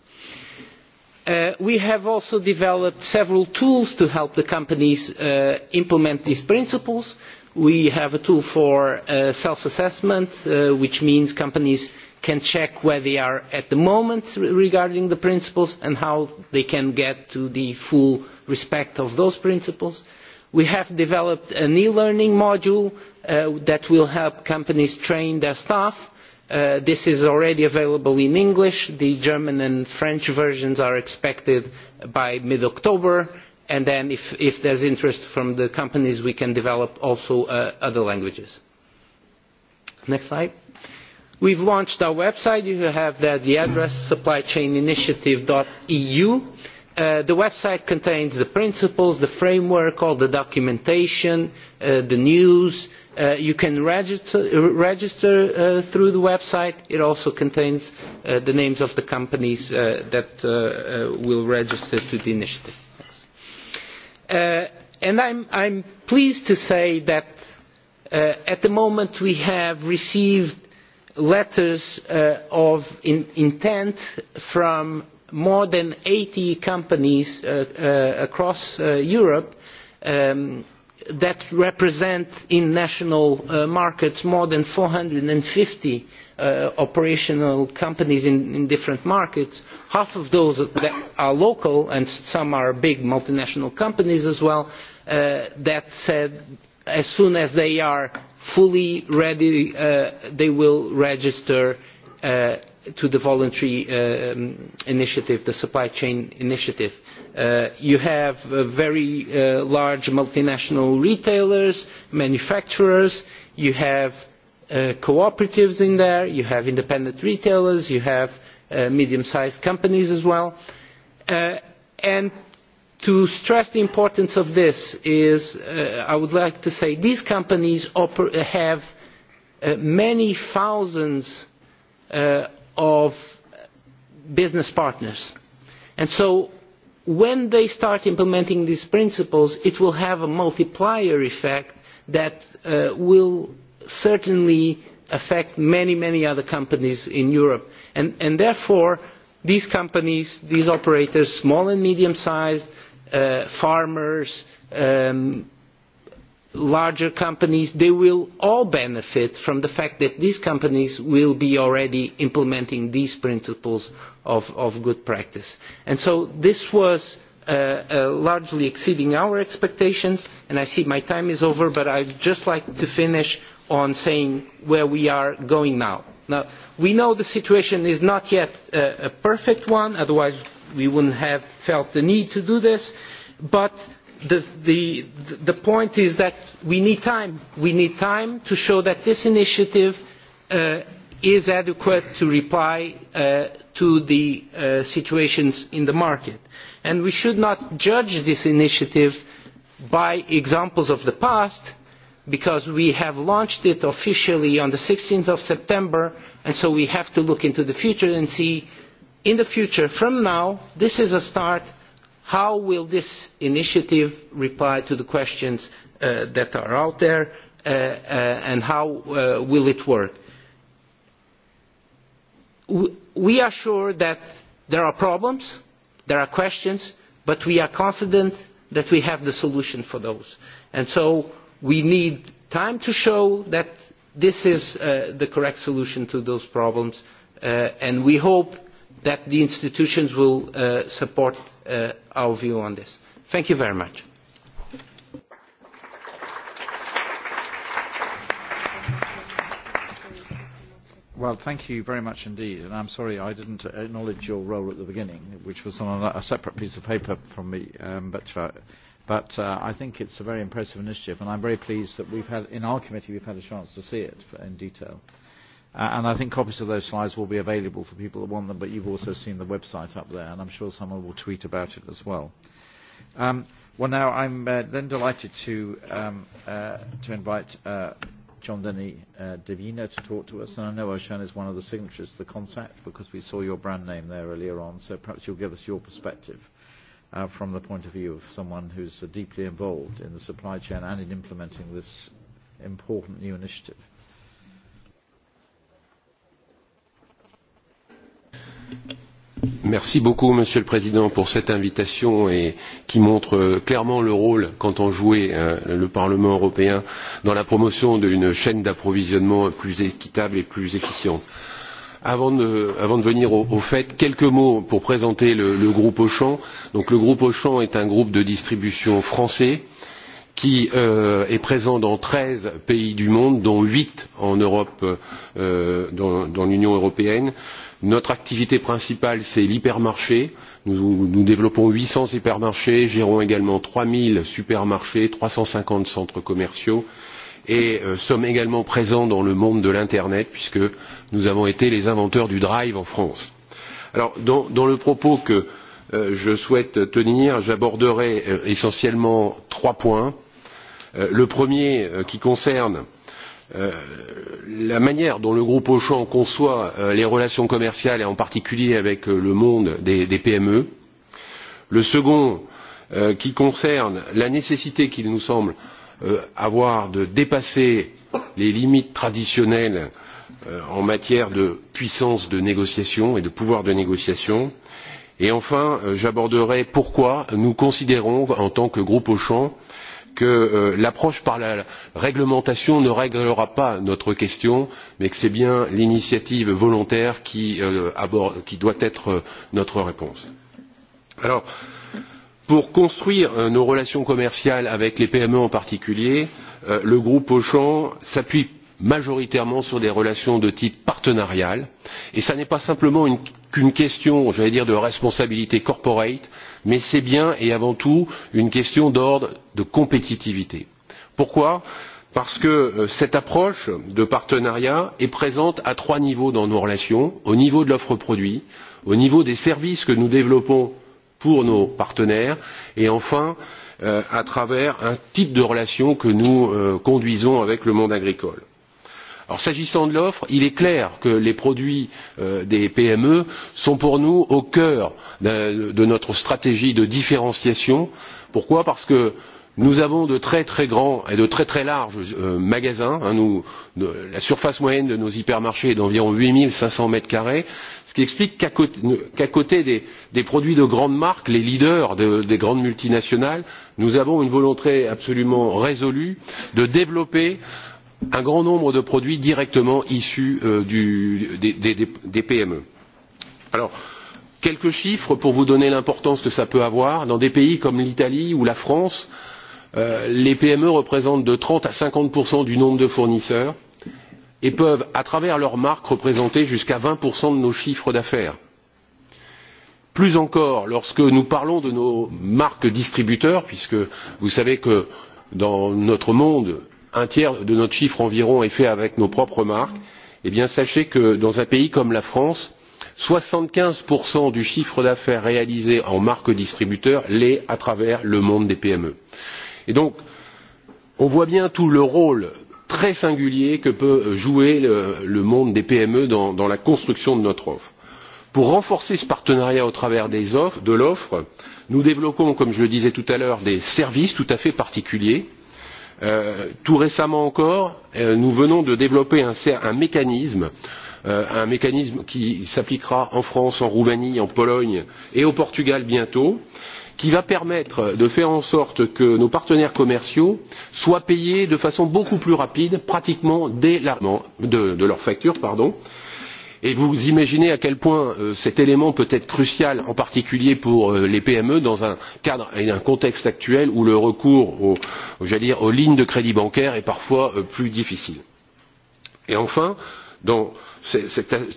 Uh, we have also developed several tools to help the companies uh, implement these principles we have a tool for uh, self-assessment, uh, which means companies can check where they are at the moment regarding the principles and how they can get to the full respect of those principles. We have developed an e-learning module uh, that will help companies train their staff. Uh, this is already available in English. The German and French versions are expected by mid-October and then if, there is interest from the companies, we can develop also uh, other languages. Next slide. We've launched our website. You have there the address supplychaininitiative.eu. Uh, the website contains the principles, the framework, all the documentation, uh, the news. Uh, you can register, register uh, through the website. It also contains uh, the names of the companies uh, that uh, uh, will register to the initiative. Uh, and i am pleased to say that uh, at the moment we have received letters uh, of intent from more than eighty companies across europe um, that represent in national markets more than four hundred and fifty Uh, operational companies in, in different markets. Half of those that are local and some are big multinational companies as well. Uh, that said, as soon as they are fully ready, uh, they will register uh, to the voluntary um, initiative, the supply chain initiative. Uh, you have uh, very uh, large multinational retailers, manufacturers, you have Uh, cooperatives in there, you have independent retailers, you have uh, medium-sized companies as well. Uh, and to stress the importance of this is, uh, I would like to say, these companies have uh, many thousands uh, of business partners. And so when they start implementing these principles, it will have a multiplier effect that uh, will certainly affect many, many other companies in Europe. And, and therefore, these companies, these operators, small and medium-sized, uh, farmers, um, larger companies, they will all benefit from the fact that these companies will be already implementing these principles of, of good practice. And so this was uh, uh, largely exceeding our expectations, and I see my time is over, but I'd just like to finish on saying where we are going now. Now, we know the situation is not yet a, uh, a perfect one, otherwise we wouldn't have felt the need to do this, but the, the, the point is that we need time. We need time to show that this initiative uh, is adequate to reply uh, to the uh, situations in the market. And we should not judge this initiative by examples of the past, because we have launched it officially on the 16th of September, and so we have to look into the future and see in the future, from now, this is a start, how will this initiative reply to the questions uh, that are out there, uh, uh, and how uh, will it work? We are sure that there are problems, there are questions, but we are confident that we have the solution for those. And so we need time to show that this is uh, the correct solution to those problems uh, and we hope that the institutions will uh, support uh, our view on this. Thank you very much. Well, thank you very much indeed, and I'm sorry I didn't acknowledge your role at the beginning, which was on a, separate piece of paper from me, um, but uh, But uh, I think it's a very impressive initiative, and I'm very pleased that we've had, in our committee, we've had a chance to see it in detail. Uh, and I think copies of those slides will be available for people that want them, but you've also seen the website up there, and I'm sure someone will tweet about it as well. Um, well, now I'm uh, then delighted to, um, uh, to invite uh, John Denny uh, Davina to talk to us, and I know Oshan is one of the signatories to the concept because we saw your brand name there earlier on, so perhaps you'll give us your perspective uh, from the point of view of someone who's uh, deeply involved in the supply chain and in implementing this important new initiative. Merci beaucoup, Monsieur le Président, pour cette invitation et qui montre euh, clairement le rôle qu'entend jouer euh, le Parlement européen dans la promotion d'une chaîne d'approvisionnement plus équitable et plus efficiente avant de, avant de venir au, au fait quelques mots pour présenter le, le groupe auchan. Donc, le groupe auchan est un groupe de distribution français qui euh, est présent dans treize pays du monde dont huit en europe euh, dans, dans l'union européenne. notre activité principale c'est l'hypermarché nous, nous développons huit cents hypermarchés gérons également trois zéro supermarchés trois cent cinquante centres commerciaux et euh, sommes également présents dans le monde de l'internet puisque nous avons été les inventeurs du drive en france. Alors, dans, dans le propos que euh, je souhaite tenir j'aborderai euh, essentiellement trois points euh, le premier euh, qui concerne euh, la manière dont le groupe auchan conçoit les relations commerciales et en particulier avec le monde des, des pme le second qui concerne la nécessité qu'il nous semble Euh, avoir de dépasser les limites traditionnelles euh, en matière de puissance de négociation et de pouvoir de négociation et enfin euh, j'aborderai pourquoi nous considérons en tant que groupe auchan que l'approche par la réglementation ne réglera pas notre question mais que c'est bien l'initiative volontaire qui, qui doit être notre réponse. alors pour construire euh, nos relations commerciales avec les pme en particulier euh, le groupe auchan s'appuie majoritairement sur des relations de type partenarial et ce n'est pas simplement qu'une question j'allais dire de responsabilité corporate mais c'est bien et avant tout une question d'ordre de compétitivité. pourquoi? parce que euh, cette approche de partenariat est présente à trois niveaux dans nos relations au niveau de l'offre produit au niveau des services que nous développons pour nos partenaires et enfin euh, à travers un type de relation que nous euh, conduisons avec le monde agricole. S'agissant de l'offre, il est clair que les produits euh, des PME sont pour nous au cœur de, notre stratégie de différenciation. Pourquoi Parce que nous avons de très très grands et de très très larges euh, magasins hein, nous, de, la surface moyenne de nos hypermarchés est d'environ huit cinq cents mètres carrés ce qui explique qu'à côté, qu côté des, des produits de grandes marques les leaders de, des grandes multinationales nous avons une volonté absolument résolue de développer un grand nombre de produits directement issus euh, du, des, des, des pme. alors quelques chiffres pour vous donner l'importance que cela peut avoir dans des pays comme l'italie ou la france on Euh, les pme représentent de trente à cinquante du nombre de fournisseurs et peuvent à travers leurs marques, représenter jusqu'à vingt de nos chiffres d'affaires. plus encore lorsque nous parlons de nos marques distributeurs puisque vous savez que dans notre monde un tiers de notre chiffre environ est fait avec nos propres marques eh bien sachez que dans un pays comme la france soixante quinze du chiffre d'affaires réalisé en marques distributeurs l'est à travers le monde des pme et donc on voit bien tout le rôle très singulier que peut jouer le, monde des pme dans, la construction de notre offre. pour renforcer ce partenariat au travers de l'offre nous développons comme je le disais tout à l'heure des services tout à fait particuliers. Euh, tout récemment encore euh, nous venons de développer un, mécanisme euh, un mécanisme qui s'appliquera en france en roumanie en pologne et au portugal bientôt qui qui va permettre de faire en sorte que nos partenaires commerciaux soient payés de façon beaucoup plus rapide pratiquement dès l'arrêt de, de leur facture pardon, et vous imaginez à quel point euh, cet élément peut être crucial en particulier pour euh, les pme dans un cadre et un contexte actuel où le recours aux, dire, aux lignes de crédit bancaire est parfois euh, plus difficile. et enfin dans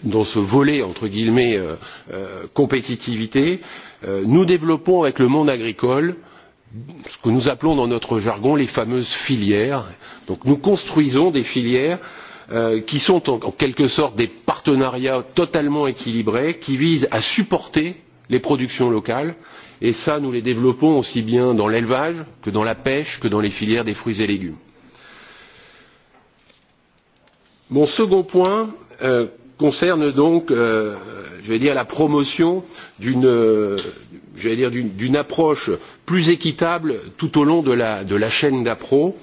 dans ce volet entre guillemets euh, euh, compétitivité euh, nous développons avec le monde agricole ce que nous appelons dans notre jargon les fameuses filières. Donc nous construisons des filières qui sont en, en quelque sorte des partenariats totalement équilibrés qui visent à supporter les productions locales et ça nous les développons aussi bien dans l'élevage que dans la pêche que dans les filières des fruits et légumes. Mon second point Euh, concerne donc euh, je vais dire la promotion euh, d'une approche plus équitable tout au long de la, de la chaîne d'appro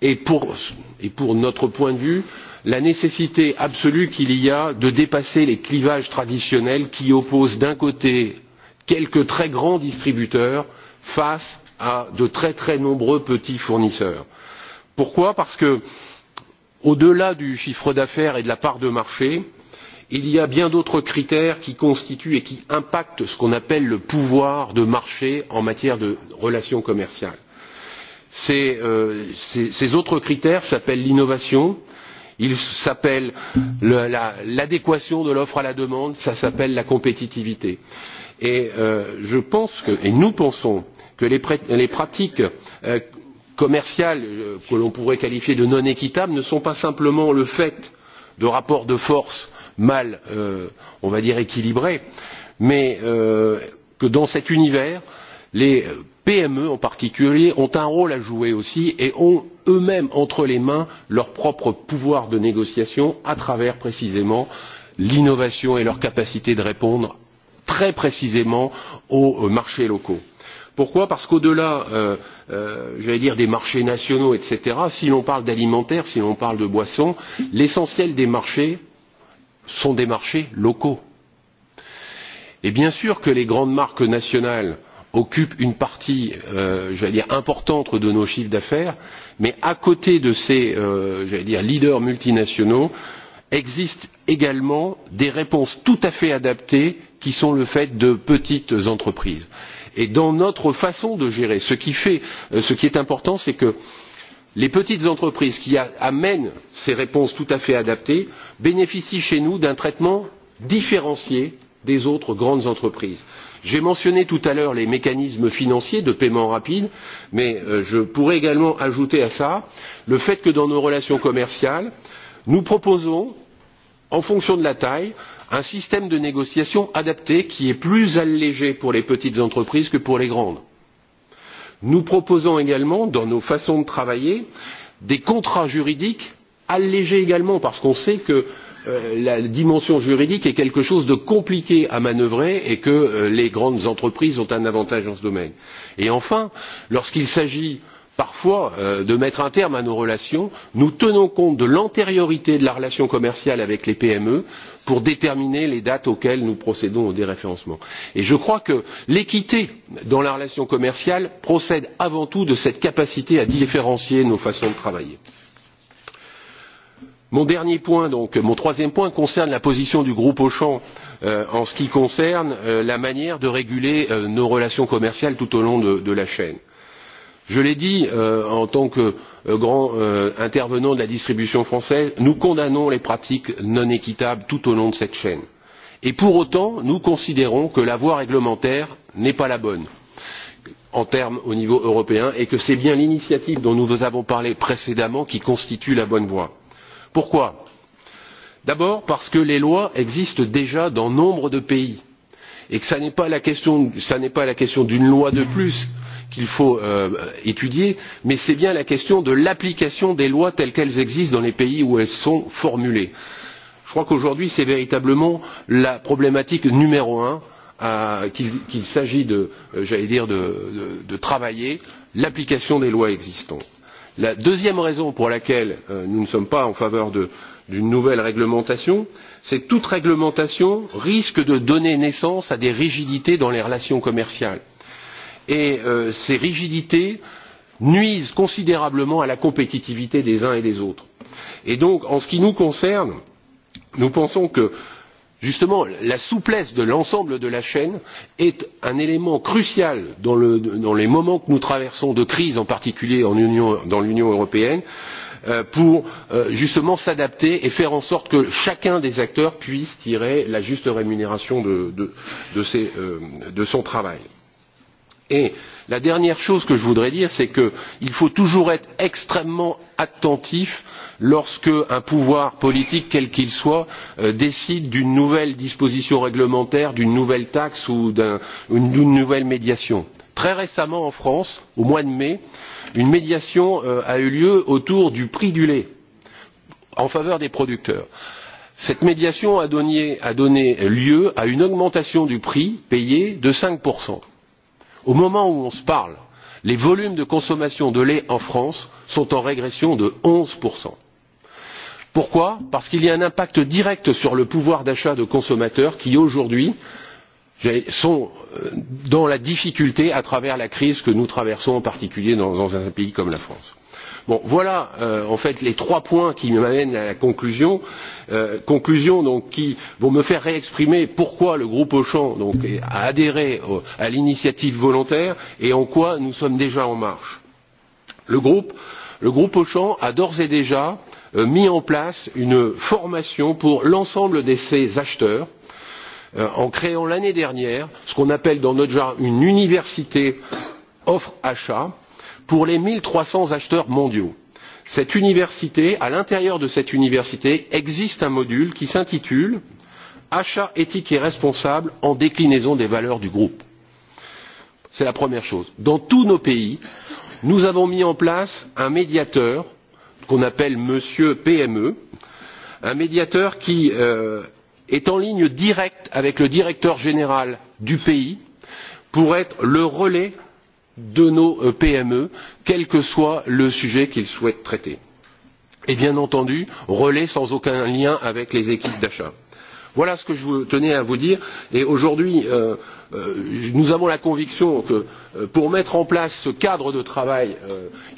et pour, et pour notre point de vue la nécessité absolue qu'il y a de dépasser les clivages traditionnels qui opposent d'un côté quelques très grands distributeurs face à de très très nombreux petits fournisseurs. pourquoi? parce que au delà du chiffre d'affaires et de la part de marché il y a bien d'autres critères qui constituent et qui impactent ce qu'on appelle le pouvoir de marché en matière de relations commerciales. ces, euh, ces, ces autres critères s'appellent l'innovation ils s'appellent l'adéquation la, de l'offre à la demande ça s'appelle la compétitivité et euh, je pense que et nous pensons que les, les pratiques euh, commerciales euh, que l'on pourrait qualifier de non équitables ne sont pas simplement le fait de rapports de force mal euh, on va dire équilibrés mais euh, que dans cet univers les pme en particulier ont un rôle à jouer aussi et ont eux mêmes entre les mains leur propre pouvoir de négociation à travers précisément l'innovation et leur capacité de répondre très précisément aux euh, marchés locaux. Pourquoi Parce qu'au delà, euh, euh, j'allais dire, des marchés nationaux, etc., si l'on parle d'alimentaire, si l'on parle de boissons, l'essentiel des marchés sont des marchés locaux. Et bien sûr que les grandes marques nationales occupent une partie, euh, j'allais dire, importante de nos chiffres d'affaires, mais à côté de ces, euh, j'allais dire, leaders multinationaux, existent également des réponses tout à fait adaptées qui sont le fait de petites entreprises et dans notre façon de gérer. ce qui, fait, euh, ce qui est important c'est que les petites entreprises qui amènent ces réponses tout à fait adaptées bénéficient chez nous d'un traitement différencié des autres grandes entreprises. j'ai mentionné tout à l'heure les mécanismes financiers de paiement rapide mais euh, je pourrais également ajouter à ça le fait que dans nos relations commerciales nous proposons en fonction de la taille un système de négociation adapté qui est plus allégé pour les petites entreprises que pour les grandes. nous proposons également dans nos façons de travailler des contrats juridiques allégés également parce qu'on sait que euh, la dimension juridique est quelque chose de compliqué à manœuvrer et que euh, les grandes entreprises ont un avantage dans ce domaine. et enfin lorsqu'il s'agit parfois euh, de mettre un terme à nos relations nous tenons compte de l'antériorité de la relation commerciale avec les pme pour déterminer les dates auxquelles nous procédons au déréférencement. Et je crois que l'équité dans la relation commerciale procède avant tout de cette capacité à différencier nos façons de travailler. Mon dernier point, donc, mon troisième point concerne la position du groupe Auchan euh, en ce qui concerne euh, la manière de réguler euh, nos relations commerciales tout au long de, de la chaîne je l'ai dit euh, en tant que euh, grand euh, intervenant de la distribution française nous condamnons les pratiques non équitables tout au long de cette chaîne et pour autant nous considérons que la voie réglementaire n'est pas la bonne en termes au niveau européen et que c'est bien l'initiative dont nous vous avons parlé précédemment qui constitue la bonne voie. pourquoi? d'abord parce que les lois existent déjà dans nombre de pays et que ce n'est pas la question d'une loi de plus qu'il faut euh, étudier mais c'est bien la question de l'application des lois telles qu'elles existent dans les pays où elles sont formulées. je crois qu'aujourd'hui c'est véritablement la problématique numéro un qu'il qu s'agit de euh, j'allais dire de, de, de travailler l'application des lois existantes. la deuxième raison pour laquelle euh, nous ne sommes pas en faveur d'une nouvelle réglementation c'est que toute réglementation risque de donner naissance à des rigidités dans les relations commerciales et euh, ces rigidités nuisent considérablement à la compétitivité des uns et des autres. en ce qui nous concerne nous pensons que justement la souplesse de l'ensemble de la chaîne est un élément crucial dans, les moments que nous traversons de crise en particulier dans l'union européenne euh, pour euh, justement s'adapter et faire en sorte que chacun des acteurs puisse tirer la juste rémunération de son travail et la dernière chose que je voudrais dire c'est qu'il faut toujours être extrêmement attentif lorsque un pouvoir politique quel qu'il soit euh, décide d'une nouvelle disposition réglementaire d'une nouvelle taxe ou d'une un, nouvelle médiation. très récemment en france au mois de mai une médiation euh, a eu lieu autour du prix du lait en faveur des producteurs cette médiation a donné, a donné lieu à une augmentation du prix payé de cinq au moment où on se parle les volumes de consommation de lait en france sont en régression de onze pourquoi? parce qu'il y a un impact direct sur le pouvoir d'achat de consommateurs qui aujourd'hui sont euh, dans la difficulté à travers la crise que nous traversons en particulier dans un pays comme la france voilà euh, en fait les trois points qui m'amènent à la conclusion. Euh, conclusion donc qui vont me faire réexprimer pourquoi le groupe Auchan donc, a adhéré à l'initiative volontaire et en quoi nous sommes déjà en marche. Le groupe, le groupe Auchan a d'ores et déjà euh, mis en place une formation pour l'ensemble de ses acheteurs en créant l'année dernière ce qu'on appelle dans notre jargon une université offre achat pour les un trois cents acheteurs mondiaux. à l'intérieur de cette université existe un module qui s'intitule achat éthique et responsable en déclinaison des valeurs du groupe. C'est la première chose. Dans tous nos pays, nous avons mis en place un médiateur qu'on appelle Monsieur PME, un médiateur qui euh, est en ligne directe avec le directeur général du pays pour être le relais de nos euh, pme quel que soit le sujet qu'ils souhaitent traiter et bien entendu relais sans aucun lien avec les équipes d'achat. voilà ce que je tenais à vous dire et aujourd'hui euh, euh, nous avons la conviction que pour mettre en place ce cadre de travail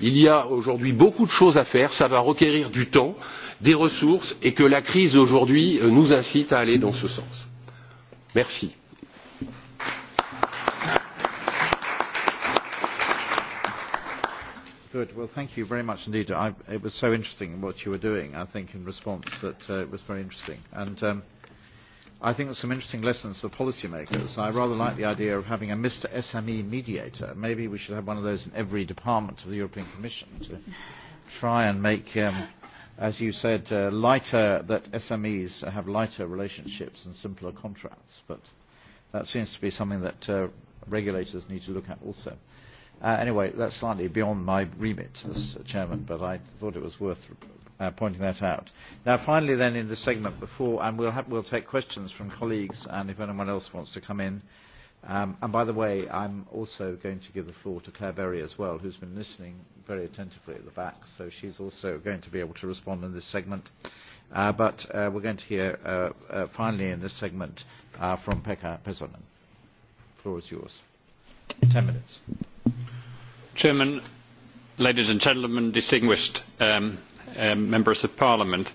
il y a aujourd'hui beaucoup de choses à faire cela va requérir du temps des ressources et que la crise aujourd'hui nous incite à aller dans ce sens. merci. Good. Well, thank you very much indeed. I, it was so interesting what you were doing, I think, in response that uh, it was very interesting. And um, I think there's some interesting lessons for policymakers. I rather like the idea of having a Mr. SME mediator. Maybe we should have one of those in every department of the European Commission to try and make, um, as you said, uh, lighter, that SMEs have lighter relationships and simpler contracts. But that seems to be something that uh, regulators need to look at also. Uh, anyway, that's slightly beyond my remit as chairman, but I thought it was worth uh, pointing that out. Now, finally, then, in the segment before, and we'll, have, we'll take questions from colleagues and if anyone else wants to come in. Um, and by the way, I'm also going to give the floor to Claire Berry as well, who's been listening very attentively at the back, so she's also going to be able to respond in this segment. Uh, but uh, we're going to hear uh, uh, finally in this segment uh, from Pekka Pesonen. The floor is yours. Ten minutes. Chairman, ladies and gentlemen, distinguished um, um, members of parliament,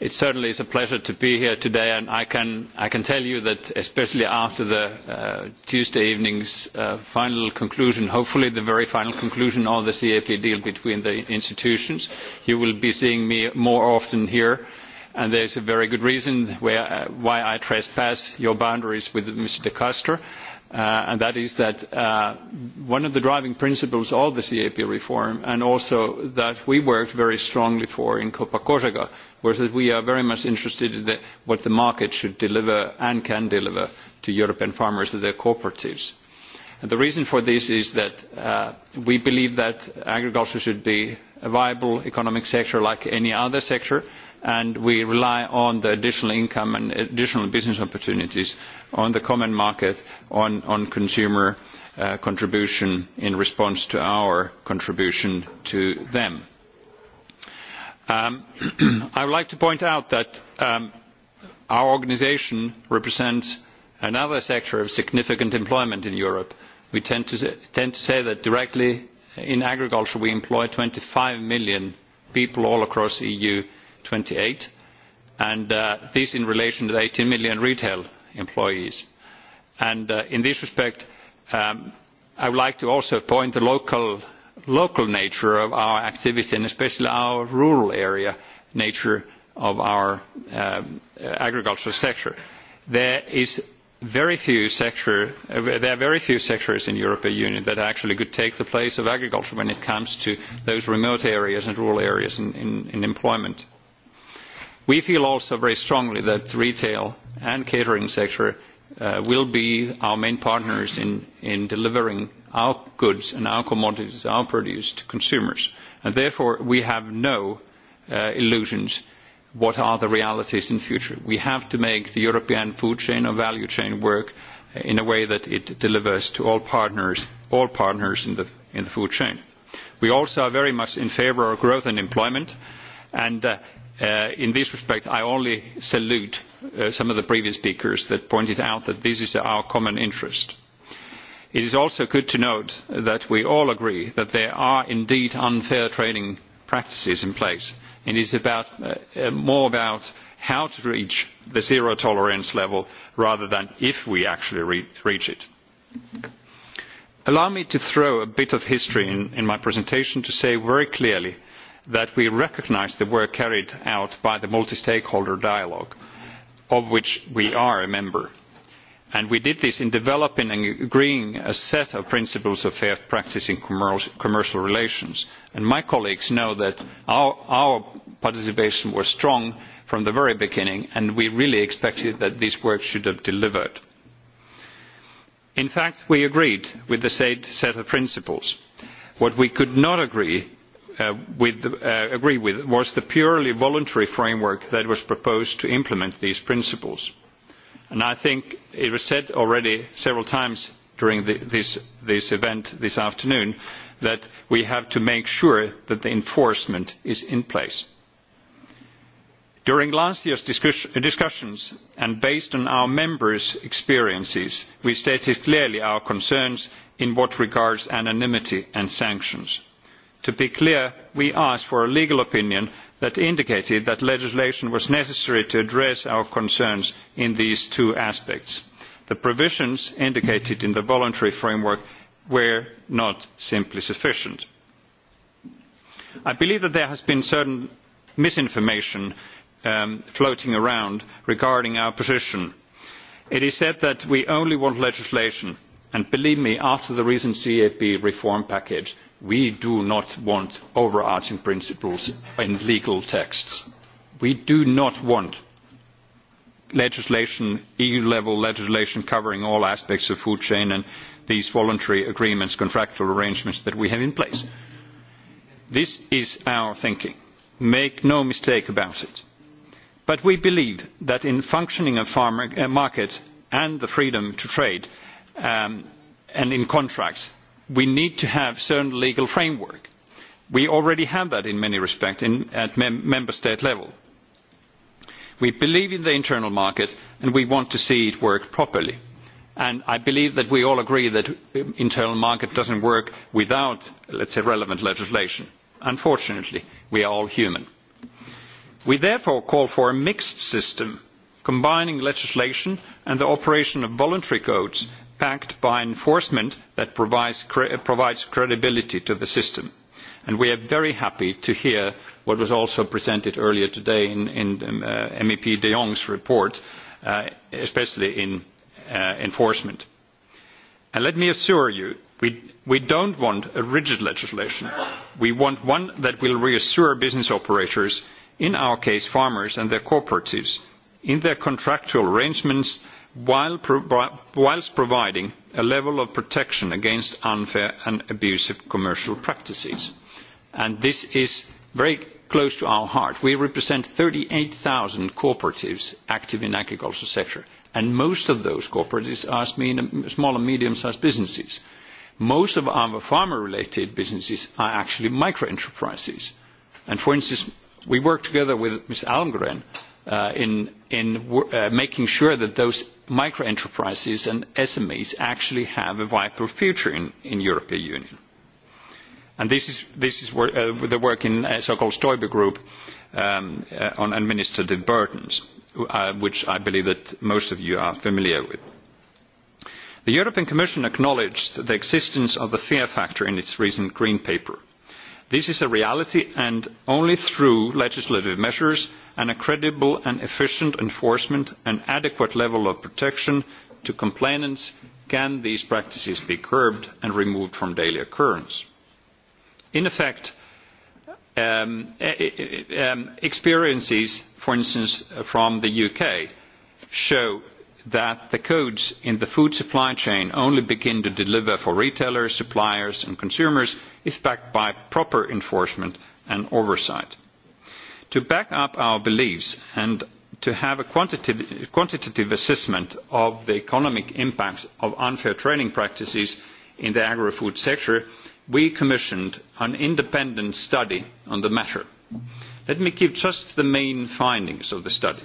it certainly is a pleasure to be here today and I can, tell you that especially after uh, Tuesday evening's uh, final conclusion, hopefully the very final conclusion on the CAP deal between the institutions, you will be seeing me more often here and there is a very good reason uh, why I trespass your boundaries with Mr. De Castro Uh, and that is that uh, one of the driving principles of the CAP reform, and also that we worked very strongly for in Copa Corsica, was that we are very much interested in what the market should deliver and can deliver to European farmers and their cooperatives. And the reason for this is that uh, we believe that agriculture should be a viable economic sector like any other sector, and we rely on the additional income and additional business opportunities on the common market, and on consumer uh, contribution in response to our contribution to them. Um, [CLEARS THROAT] I would like to point out that um, our organisation represents another sector of significant employment in Europe. We tend to, say, tend to say that directly in agriculture we employ 25 million people all across the EU 28, and uh, this in relation to the 18 million retail employees. And uh, in this respect, um, I would like to also point the local, local nature of our activity and especially our rural area nature of our um, agricultural sector. Uh, there are very few sectors in the European Union that actually could take the place of agriculture when it comes to those remote areas and rural areas in employment we feel also very strongly that retail and catering sector uh, will be our main partners in, delivering our goods and our commodities, our produce to consumers. And therefore, we have no uh, illusions what are the realities in future. We have to make the European food chain or value chain work in a way that it delivers to all partners, all partners in the, food chain. We also are very much in favor of growth and employment, and uh, Uh, in this respect, I only salute uh, some of the previous speakers that pointed out that this is our common interest. It is also good to note that we all agree that there are indeed unfair trading practices in place. and It is about, uh, uh, more about how to reach the zero tolerance level rather than if we actually re reach it. Allow me to throw a bit of history in, in my presentation to say very clearly uh, that we recognise the work carried out by the multi-stakeholder dialogue, of which we are a member. And we did this in developing and agreeing a set of principles of fair practice in commercial relations. And my colleagues know that our, our participation was strong from the very beginning, and we really expected that this work should have delivered. In fact, we agreed with the said set of principles. What we could not agree Uh, with, uh, agree with was the purely voluntary framework that was proposed to implement these principles. And I think it was said already several times during the, this, this event this afternoon that we have to make sure that the enforcement is in place. During last year's discuss discussions, and based on our members' experiences, we stated clearly our concerns in what regards anonymity and sanctions to be clear we asked for a legal opinion that indicated that legislation was necessary to address our concerns in these two aspects. the provisions indicated in the voluntary framework were not simply sufficient. i believe that there has been certain misinformation um, floating around regarding our position. it is said that we only want legislation and believe me after the recent cap reform package we do not want overarching principles in legal texts. We do not want legislation, EU-level legislation covering all aspects of food chain and these voluntary agreements, contractual arrangements that we have in place. This is our thinking. Make no mistake about it. But we believe that in functioning of farm uh, markets and the freedom to trade um, and in contracts, we need to have certain legal framework. We already have that in many respects in, at mem member state level. We believe in the internal market and we want to see it work properly. And I believe that we all agree that um, internal market doesn't work without, let's say, relevant legislation. Unfortunately, we are all human. We therefore call for a mixed system combining legislation and the operation of voluntary codes backed by enforcement that provides, cre uh, provides credibility to the system. And we are very happy to hear what was also presented earlier today in, in um, uh, MEP de Jong's report, uh, especially in uh, enforcement. And let me assure you, we, we don't want a rigid legislation. We want one that will reassure business operators, in our case farmers and their cooperatives, in their contractual arrangements whilst providing a level of protection against unfair and abusive commercial practices. And this is very close to our heart. We represent thirty eight zero cooperatives active in the agricultural sector, and most of those cooperatives are small and medium-sized businesses. Most of our farmer-related businesses are actually micro-enterprises. And for instance, we work together with Ms. Almgren Uh, in, uh, making sure that those micro enterprises and SMEs actually have a viable future in, European Union. And this is, uh, the work in so-called Stoiber Group um, on administrative burdens, which I believe that most of you are familiar with. The European Commission acknowledged the existence of the fear factor in its recent green paper – This is a reality and only through legislative measures and a credible and efficient enforcement and adequate level of protection to complainants can these practices be curbed and removed from daily occurrence. In effect, um, e, e, e, um experiences, for instance, from the UK show that the codes in the food supply chain only begin to deliver for retailers, suppliers and consumers if backed by proper enforcement and oversight. To back up our beliefs and to have a quantitative, quantitative assessment of the economic impact of unfair trading practices in the agri-food sector, we commissioned an independent study on the matter. Let me give just the main findings of the study.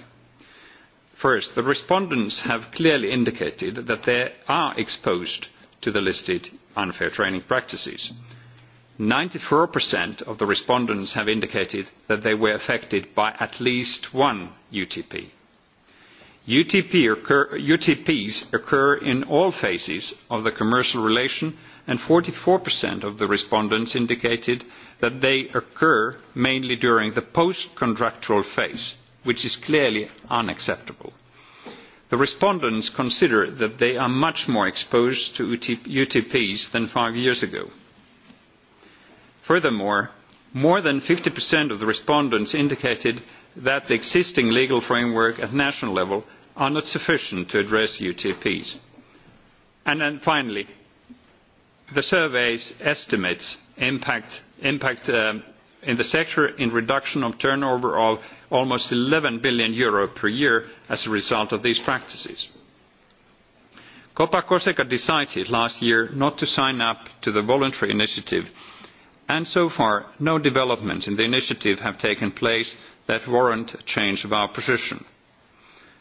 First, the respondents have clearly indicated that they are exposed to the listed unfair training practices. 94% of the respondents have indicated that they were affected by at least one UTP. UTP occur, UTPs occur in all phases of the commercial relation, and 44% of the respondents indicated that they occur mainly during the post-contractual phase which is clearly unacceptable. The respondents consider that they are much more exposed to UTPs than five years ago. Furthermore, more than 50% of the respondents indicated that the existing legal framework at national level are not sufficient to address UTPs. And then finally, the survey's estimates impact, impact um, in the sector in reduction of turnover of almost 11 billion euro per year as a result of these practices. Copa Corsica decided last year not to sign up to the voluntary initiative, and so far, no developments in the initiative have taken place that warrant a change of our position.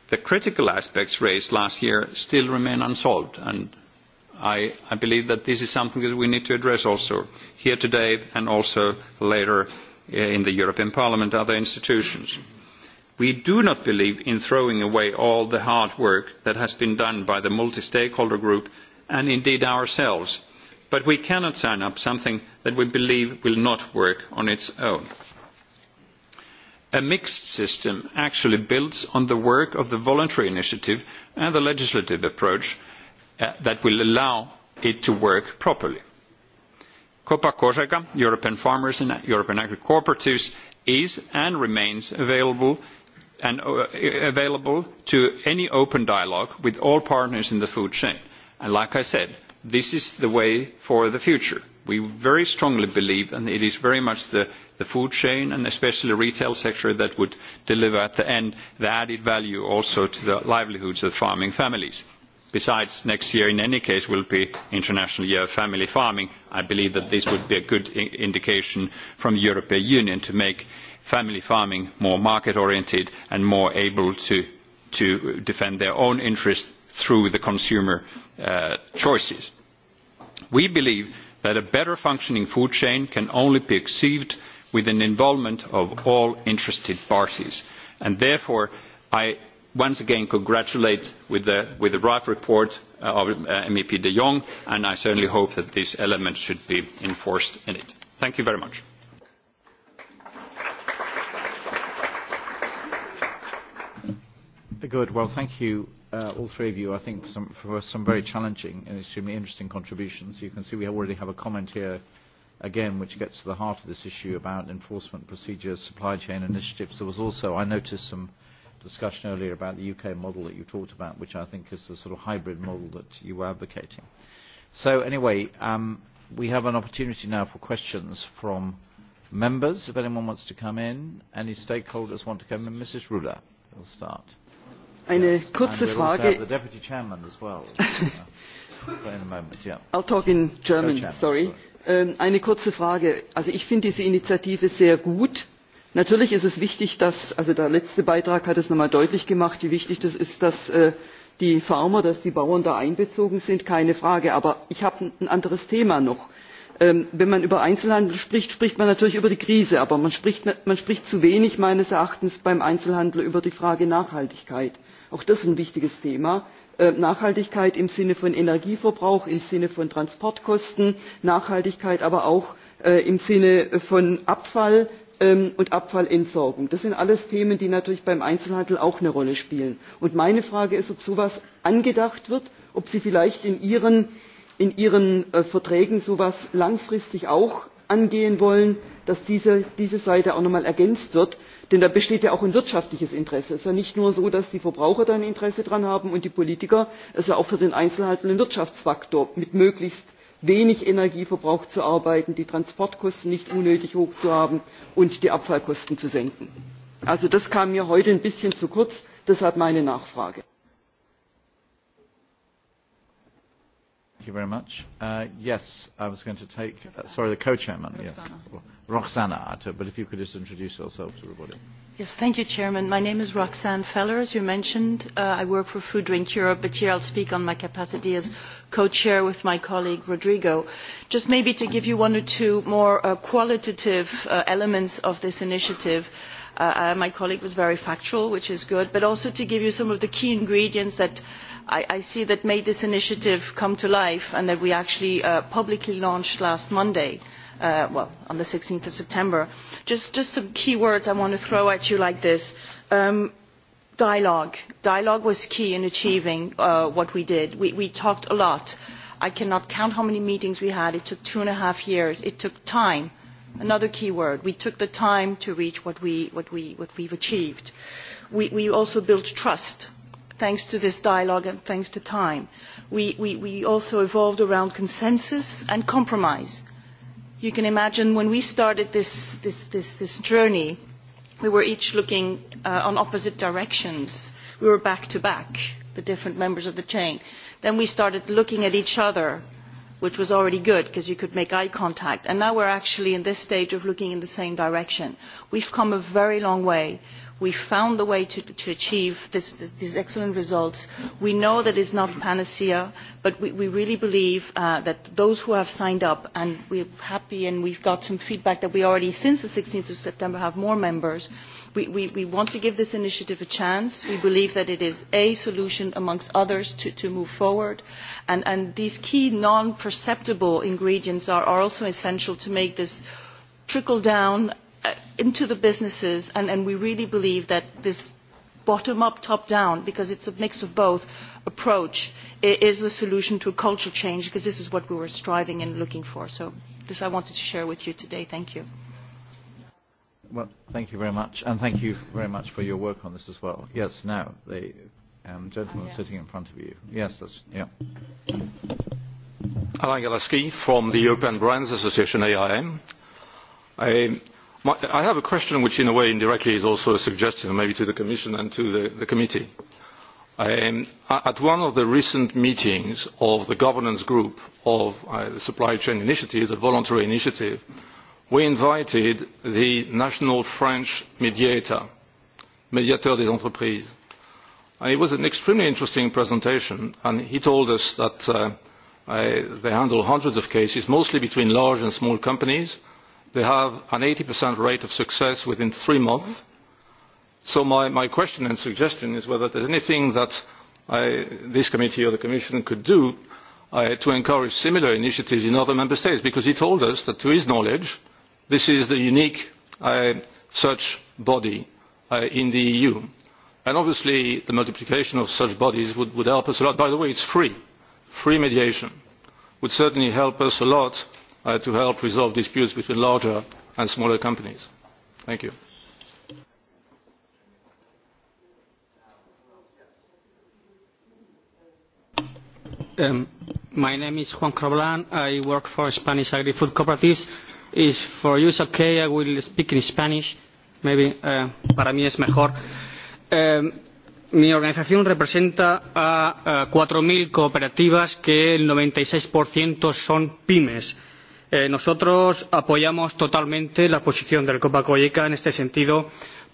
The critical aspects raised last year still remain unsolved, and i, believe that this is something that we need to address also here today and also later eh, in the European Parliament and other institutions. We do not believe in throwing away all the hard work that has been done by the multi-stakeholder group and indeed ourselves, but we cannot sign up to something that we believe will not work on its own. A mixed system actually builds on the work of the voluntary initiative and the legislative approach Uh, that will allow it to work properly. Copa Cogeca, European farmers and European agri cooperatives, is and remains available and uh, available to any open dialogue with all partners in the food chain. And like I said, this is the way for the future. We very strongly believe, and it is very much the, the food chain and especially the retail sector that would deliver at the end the added value also to the livelihoods of farming families besides next year in any case will be international year of family farming i believe that this would be a good indication from the european union to make family farming more market oriented and more able to, to defend their own interests through the consumer uh, choices we believe that a better functioning food chain can only be achieved with an involvement of all interested parties and therefore i once again congratulate with the, draft the report uh, of uh, MEP de Jong, and I certainly hope that these elements should be enforced in it. Thank you very much. Good. Well, thank you, uh, all three of you, I think, for some, for some very challenging and extremely interesting contributions. You can see we already have a comment here, again, which gets to the heart of this issue about enforcement procedures, supply chain initiatives. There was also, I noticed, some discussion earlier about the UK model that you talked about, which I think is the sort of hybrid model that you were advocating. So anyway, um, we have an opportunity now for questions from members, if anyone wants to come in, any stakeholders want to come in. Mrs. Ruler, we'll start. Eine yes. kurze and we'll Frage. the deputy chairman as well. [LAUGHS] Uh, in a moment, yeah. I'll talk in German, no, sorry. sorry. Ähm, eine kurze Frage. Also ich finde diese Initiative sehr gut natürlich ist es wichtig dass also der letzte beitrag hat es noch einmal deutlich gemacht wie wichtig es ist dass äh, die farmer dass die bauern da einbezogen sind keine frage. aber ich habe noch ein anderes thema ähm, wenn man über einzelhandel spricht spricht man natürlich über die krise aber man spricht, man spricht zu wenig meines erachtens beim einzelhandel über die frage nachhaltigkeit. auch das ist ein wichtiges thema ähm, nachhaltigkeit im sinne von energieverbrauch im sinne von transportkosten nachhaltigkeit aber auch äh, im sinne von abfall Ähm, und abfallentsorgung das sind alles themen die natürlich beim einzelhandel auch eine rolle spielen. meine frage ist ob so etwas angedacht wird ob sie vielleicht in ihren, äh, verträgen so etwas langfristig auch angehen wollen dass diese seite auch noch einmal ergänzt wird denn da besteht ja auch ein wirtschaftliches interesse. es ist ja nicht nur so dass die verbraucher da ein interesse daran haben und die politiker es ist ja auch für den einzelhandel ein wirtschaftsfaktor mit möglichst wenig energieverbrauch zu arbeiten die transportkosten nicht unnötig hoch zu haben und die abfallkosten zu senken. also das kam mir heute ein bisschen zu kurz deshalb meine nachfrage. Uh, to uh, Roxana but if you could just introduce yourself to everybody. Yes, thank you, Chairman. My name is Roxanne Feller, as you mentioned. Uh, I work for Food Drink Europe, but here I'll speak on my capacity as co-chair with my colleague Rodrigo. Just maybe to give you one or two more uh, qualitative uh, elements of this initiative. Uh, uh my colleague was very factual, which is good, but also to give you some of the key ingredients that I, I see that made this initiative come to life and that we actually uh, publicly launched last Monday uh, well, on the 16th of September. Just, just some key words I want to throw at you like this. Um, dialogue. Dialogue was key in achieving uh, what we did. We, we talked a lot. I cannot count how many meetings we had. It took two and a half years. It took time. Another key word. We took the time to reach what, we, what, we, what we've achieved. We, we also built trust thanks to this dialogue and thanks to time. We, we, we also evolved around consensus and compromise. Uh, you can imagine when we started this, this, this, this journey, we were each looking uh, on opposite directions. We were back to back, the different members of the chain. Then we started looking at each other, which was already good because you could make eye contact. And now we're actually in this stage of looking in the same direction. We've come a very long way we found the way to, achieve these excellent results. We know that is not panacea, but we, really believe uh, that those who have signed up, and we are happy and we've got some feedback that we already, since the 16th of September, have more members. We, want to give this initiative a chance. We believe that it is a solution amongst others to, move forward. And, these key non-perceptible ingredients are also essential to make this trickle down Uh, into the businesses and, we really believe that this bottom up top down because it is a mix of both approach is the solution to culture change because this is what we were striving and looking for. so this i wanted to share with you today. thank you. Well, thank you very much, and thank you very much for your work on this as well. Yes, now the um, gentleman oh, yeah. sitting in front of you. Yes, that's yeah. Alain Galaski from the European Brands Association AIM. I i have a question which in a way indirectly is also a suggestion maybe to the Commission and to the, the committee. Um, at one of the recent meetings of the governance group of uh, the supply chain initiative, the voluntary initiative, we invited the national French mediator, Mediateur des entreprises. And it was an extremely interesting presentation, and he told us that uh, uh, they handle hundreds of cases, mostly between large and small companies, they have an 80% rate of success within three months. So my, my question and suggestion is whether there's anything that I, this committee or the Commission could do uh, to encourage similar initiatives in other member states, because he told us that to his knowledge, this is the unique uh, search body uh, in the EU. And obviously the multiplication of such bodies would, would help us a lot. By the way, it's free. Free mediation would certainly help us a lot Uh, to help resolve disputes between larger and smaller companies. Thank you. Um, my name is Juan Croblan. I work for Spanish Agri-Food Cooperatives. If for you it's okay, I will speak in Spanish. Maybe uh, para mí es mejor. Um, mi organización representa a cuatro mil cooperativas que el noventa son pymes Eh, nosotros apoyamos totalmente la posición del copacoeca en este sentido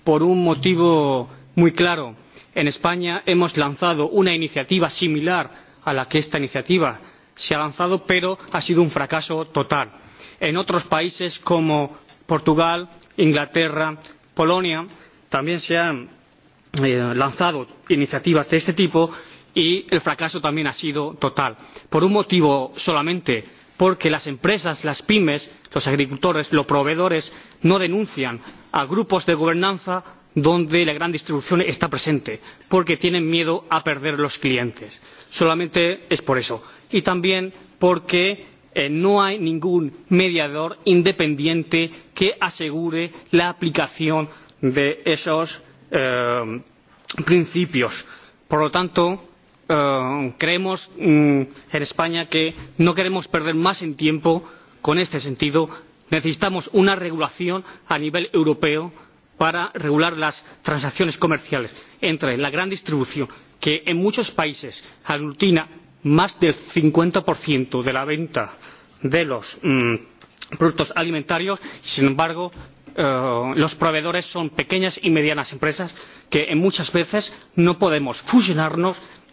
por un motivo muy claro en españa hemos lanzado una iniciativa similar a la que esta iniciativa se ha lanzado pero ha sido un fracaso total. en otros países como portugal inglaterra polonia también se han eh, lanzado iniciativas de este tipo y el fracaso también ha sido total por un motivo solamente porque las empresas las pymes los agricultores los proveedores no denuncian a grupos de gobernanza donde la gran distribución está presente porque tienen miedo a perder los clientes solamente es por eso y también porque eh, no hay ningún mediador independiente que asegure la aplicación de esos eh, principios. por lo tanto Eh, creemos mm, en españa que no queremos perder más en tiempo con este sentido necesitamos una regulación a nivel europeo para regular las transacciones comerciales entre la gran distribución que en muchos países aglutina más del cincuenta de la venta de los mm, productos alimentarios y sin embargo eh, los proveedores son pequeñas y medianas empresas que muchas veces no podemos fusionarnos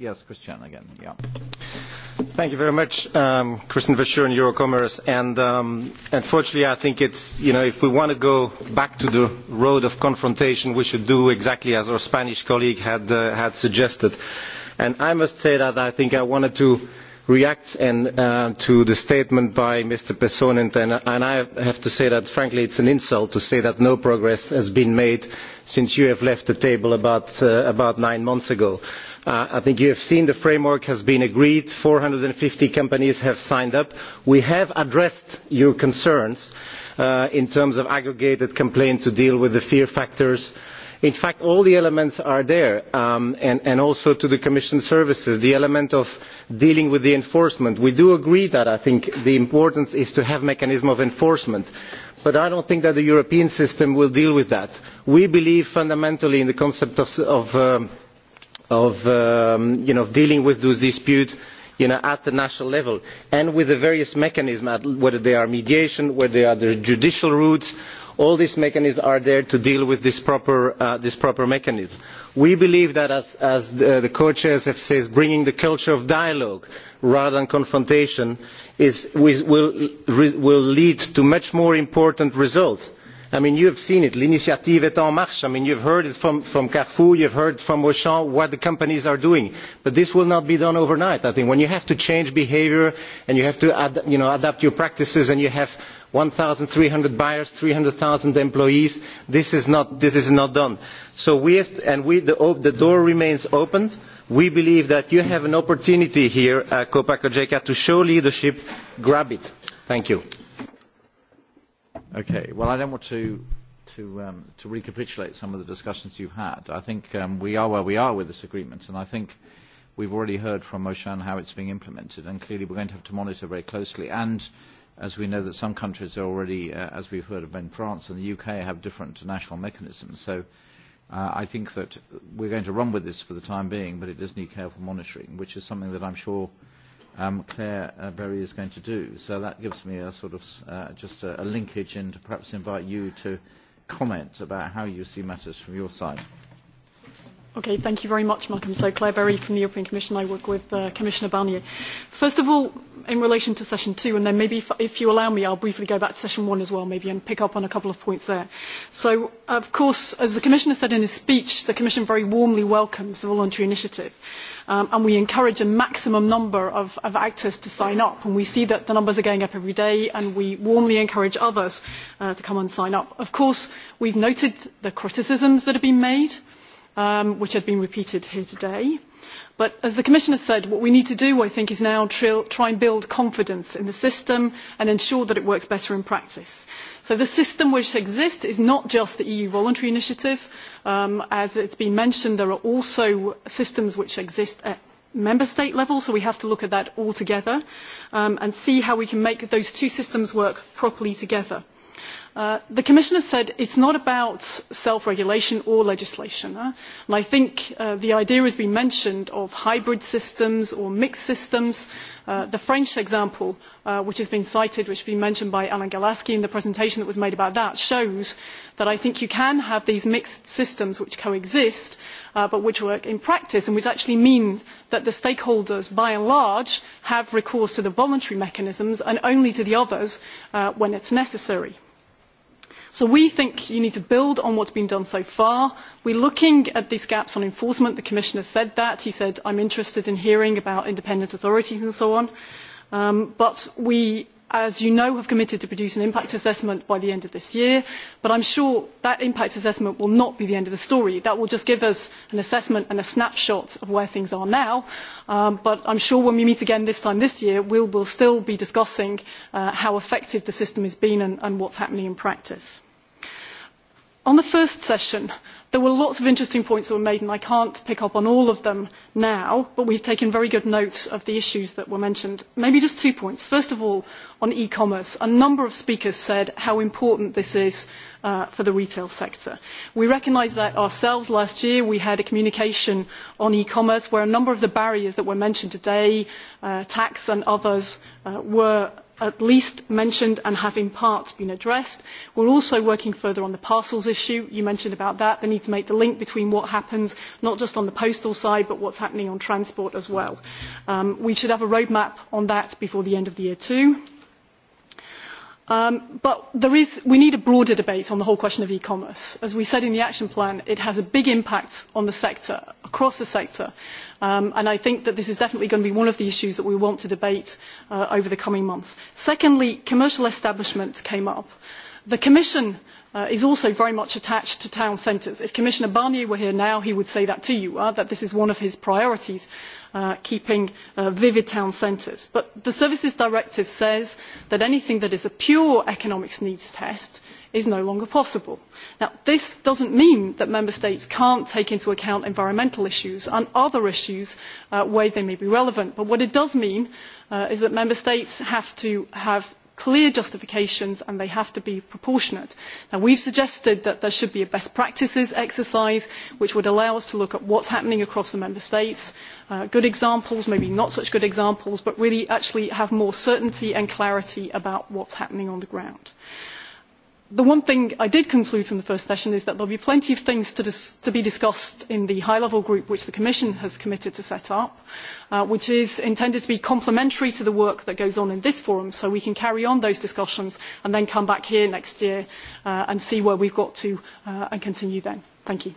Yes, Christian again. Yeah. Thank you very much, um, Christian and Eurocommerce. And um, unfortunately, I think it's, you know, if we want to go back to the road of confrontation, we should do exactly as our Spanish colleague had, uh, had suggested. And I must say that I think I wanted to react and, uh, to the statement by Mr. Pessonen, and, and I have to say that, frankly, it's an insult to say that no progress has been made since you have left the table about, uh, about nine months ago. Uh, Uh, I think you have seen the framework has been agreed. 450 companies have signed up. We have addressed your concerns uh, in terms of aggregated complaint to deal with the fear factors in fact all the elements are there um, and, also to the commission services the element of dealing with the enforcement we do agree that i think the importance is to have a mechanism of enforcement but i do not think that the european system will deal with that. we believe fundamentally in the concept of, um, of um, you know, dealing with those disputes you know, at the national level and with the various mechanisms, whether they are mediation, whether they are the judicial routes, all these mechanisms are there to deal with this proper, uh, this proper mechanism. We believe that, as, as the, the co-chairs have said, bringing the culture of dialogue rather than confrontation is, will, will lead to much more important results you have seen it. L'initiative est en marche. I mean, you've heard from, carrefour you have heard from Auchan what the companies are doing. But this will not be done overnight, I think. When you have to change behaviour and you have to adapt your practices and you have one three hundred buyers, 300,000 employees, this is not, this is not done. So the, door remains open we believe that you have an opportunity here copa cogeca to show leadership grab it. Okay. Well, I don't want to to um, to recapitulate some of the discussions you've had. I think um, we are where we are with this agreement, and I think we've already heard from Moshan how it's being implemented, and clearly we're going to have to monitor very closely. And as we know that some countries are already, uh, as we've heard of in France and the UK, have different national mechanisms. So uh, I think that we're going to run with this for the time being, but it does need careful monitoring, which is something that I'm sure – um, Claire uh, Berry is going to do. So that gives me a sort of uh, just a, a linkage and to perhaps invite you to comment about how you see matters from your side. Okay, thank you very much, Malcolm. So Claire Berry from the European Commission. I work with uh, Commissioner Barnier. First of all, in relation to session two, and then maybe if, if you allow me, I'll briefly go back to session one as well, maybe, and pick up on a couple of points there. So, of course, as the Commissioner said in his speech, the Commission very warmly welcomes the voluntary initiative. Um, and we encourage a maximum number of, of actors to sign up. And we see that the numbers are going up every day, and we warmly encourage others uh, to come and sign up. Of course, we've noted the criticisms that have been made um, which have been repeated here today. But as the Commissioner said, what we need to do, I think, is now try and build confidence in the system and ensure that it works better in practice. So the system which exists is not just the EU voluntary initiative. Um, as it's been mentioned, there are also systems which exist at member state level, so we have to look at that all together um, and see how we can make those two systems work properly together. Uh, the commissioner said it is not about self-regulation or legislation. And I think uh, the idea has been mentioned of hybrid systems or mixed systems. Uh, the French example, which has been cited, which has been mentioned by alain Galaski in the presentation that was made about that, shows that I think you can have these mixed systems which coexist, but which work in practice and which actually mean that the stakeholders, by and large, have recourse to the voluntary mechanisms and only to the others when it is necessary so we think you need to build on what has been done so far. we are looking at these gaps on enforcement the commissioner said that he said i am interested in hearing about independent authorities and so on um, but we as you know have committed to produce an impact assessment by the end of this year but i am sure that impact assessment will not be the end of the story. that will just give us an assessment and a snapshot of where things are now um, but i am sure when we meet again this time this year we will still be discussing uh, how effective the system has been and what is happening in practice on the first session there were lots of interesting points that were made and i cannot pick up on all of them now but we have taken very good note of the issues that were mentioned. maybe just two points. first of all on e commerce a number of speakers said how important this is uh, for the retail sector. we recognised that ourselves last year. we had a communication on e commerce where a number of the barriers that were mentioned today uh, tax and others uh, were at least mentioned and have in part been addressed. we are also working further on the parcels issue you mentioned about that the need to make the link between what happens not just on the postal side but what is happening on transport as well. Um, we should have a roadmap on that before the end of the year too Um, but we need a broader debate on the whole question of e commerce. as we said in the action plan it has a big impact on the sector across the sector um, and i think that this is definitely going to be one of the issues that we want to debate uh, over the coming months. secondly commercial establishments came up. the commission has Uh, is also very much attached to town centres. if commissioner barnier were here now he would say that to you uh, that this is one of his priorities uh, keeping vivid town centres. but the services directive says that anything that is a pure economic needs test is no longer possible. Now, this does not mean that member states cannot take into account environmental issues and other issues where they may be relevant but what it does mean is that member states have to have clear justifications and they have to be proportionate. we we've suggested that there should be a best practices exercise which would allow us to look at what's happening across the member states, uh, good examples, maybe not such good examples, but really actually have more certainty and clarity about what's happening on the ground the one thing i did conclude from the first session is that there will be plenty of things to, dis to be discussed in the high level group which the commission has committed to set up uh, which is intended to be complementary to the work that goes on in this forum so we can carry on those discussions and then come back here next year uh, and see where we have got to uh, and continue then. thank you.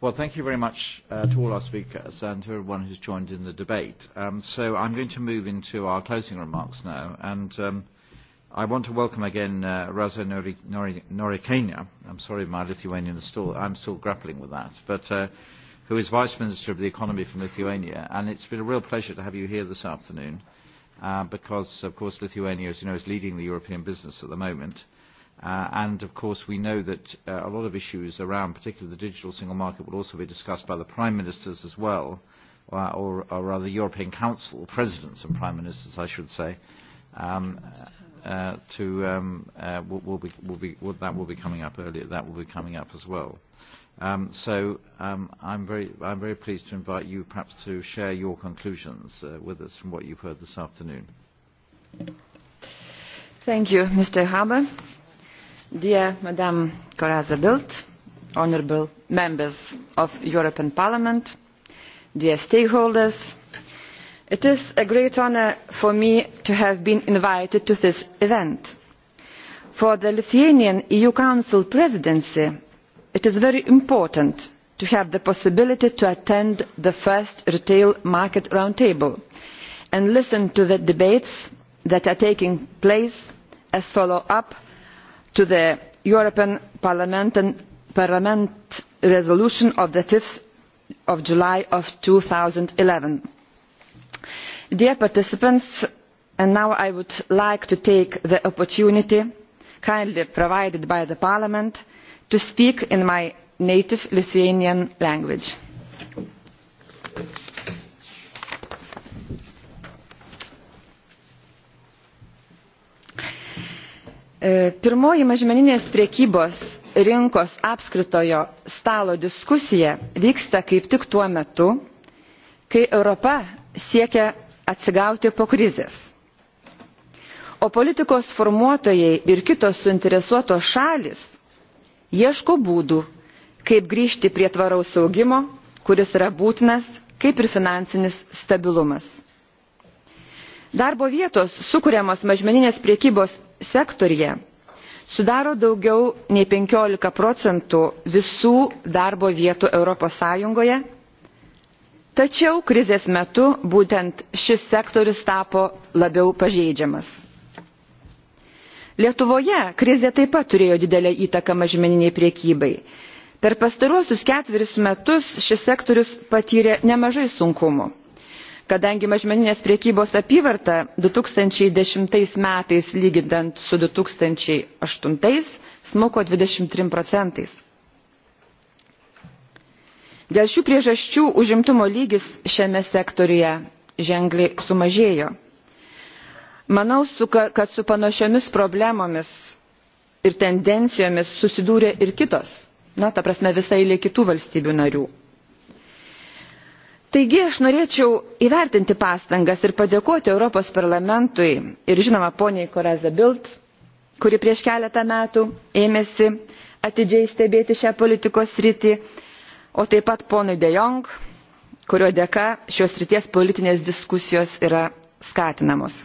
Well, thank you very much uh, to all our speakers and to everyone who's joined in the debate. Um, so I'm going to move into our closing remarks now. And um, i want to welcome again uh, Raza Norikania. Nori, Nori I'm sorry, my Lithuanian is still, I'm still grappling with that, but uh, who is Vice Minister of the Economy from Lithuania. And it's been a real pleasure to have you here this afternoon, uh, because, of course, Lithuania, as you know, is leading the European business at the moment. Uh, and, of course, we know that uh, a lot of issues around, particularly the digital single market, will also be discussed by the Prime Ministers as well, or, or, or rather European Council, Presidents and Prime Ministers, I should say. Um, uh, to um, uh, will, will be, will be, will, that will be coming up earlier. That will be coming up as well. Um, so um, I'm, very, I'm very pleased to invite you perhaps to share your conclusions uh, with us from what you've heard this afternoon. Thank you, Mr. Haber. Dear Madame Coraza bildt honourable members of European Parliament, dear stakeholders, it is a great honour uh, for me to have been invited to this event. for the lithuanian eu council presidency it is very important to have the possibility to attend the first retail market round table and listen to the debates that are taking place as a follow up to the european parliament, parliament resolution of five july two thousand and eleven dear participants and now i would like to take the opportunity kindly provided by parliament to speak in my native lithuanian language. E, pirmoji mažmeninės prekybos rinkos apskritojo stalo diskusija vyksta kaip tik tuo metu kai europa siekia atsigauti po krizės o politikos formuotojai ir kitos suinteresuotos šalis ieško būdų kaip grįžti prie tvaraus augimo kuris yra būtinas kaip ir finansinis stabilumas. Darbo vietos sukūriamos mažmeninės priekybos sektorija sudaro daugiau nei 15 procentų visų darbo vietų Europos Sąjungoje tačiau krizės metu būtent šis sektorius tapo labiau pažeidžiamas. lietuvoje krizė taip pat turėjo didelę įtaką mažmeniniai prekybai. per pastaruosius ketverius metus šis sektorius patyrė nemažai sunkumų. kadangi mažmeninės prekybos apyvarta du tūkstančiai dešimt metais lyginant su du tūkstančiai aštuoni smuko dvidešimt tris procentais dėl šių priežasčių užimtumo lygis šiame sektoriuje ženkliai sumažėjo. manau kad su panašiomis problemomis ir tendencijomis susidūrė ir kitos na ta prasme visai eilė kitų valstybių narių. taigi aš norėčiau įvertinti pastangas ir padėkoti europos parlamentui ir žinoma poniai corazza bild kuri prieš keletą metų ėmėsi atidžiai stebėti šią politikos sritį o taip pat ponui de jong kurio dėka šios srities politinės diskusijos yra skatinamos.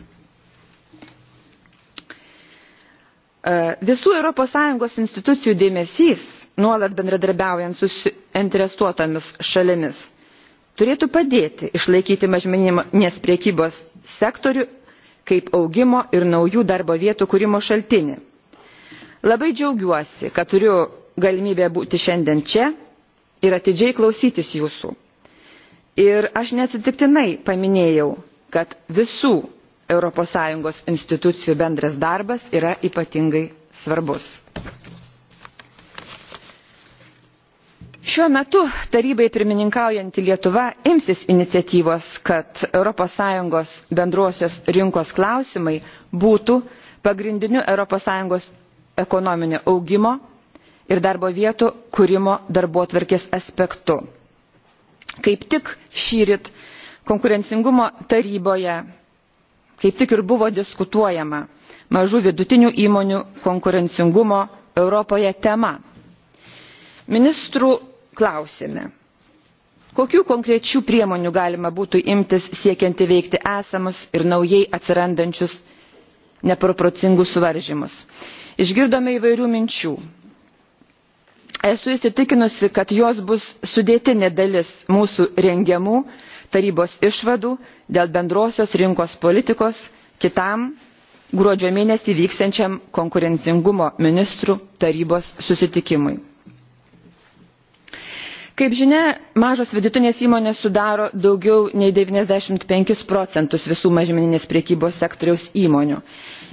E, visų europos sąjungos institucijų dėmesys nuolat bendradarbiaujant su interesuotomis šalimis turėtų padėti išlaikyti mažmeninės prekybos sektorių kaip augimo ir naujų darbo vietų kūrimo šaltinį. labai džiaugiuosi kad turiu galimybę būti šiandien čia ir atidžiai klausytis jūsų. Ir aš neatsitiktinai paminėjau, kad visų ES institucijų bendras darbas yra ypatingai svarbus. šiuo metu tarybai pirmininkaujanti lietuva imsis iniciatyvos kad ES bendruosios rinkos klausimai būtų pagrindiniu ES ekonominio augimo ir darbo vietų kūrimo darbotvarkės aspektu. kaip tik šyrit konkurencingumo taryboje kaip tik ir buvo diskutuojama mažų vidutinių įmonių konkurencingumo europoje tema. ministrų klausime, kokių konkrečių priemonių galima būtų imtis siekiant įveikti esamus ir naujai atsirandančius neproporcingus suvaržymus. išgirdome įvairių minčių esu įsitikinusi kad jos bus sudėtinė dalis mūsų rengiamų tarybos išvadų dėl bendrosios rinkos politikos kitam gruodžio mėnesį vyksiančiam konkurencingumo ministrų tarybos susitikimui. kaip žinia mažos vidutinės įmonės sudaro daugiau nei devyniasdešimt penkis procentus visų mažmeninės prekybos sektoriaus įmonių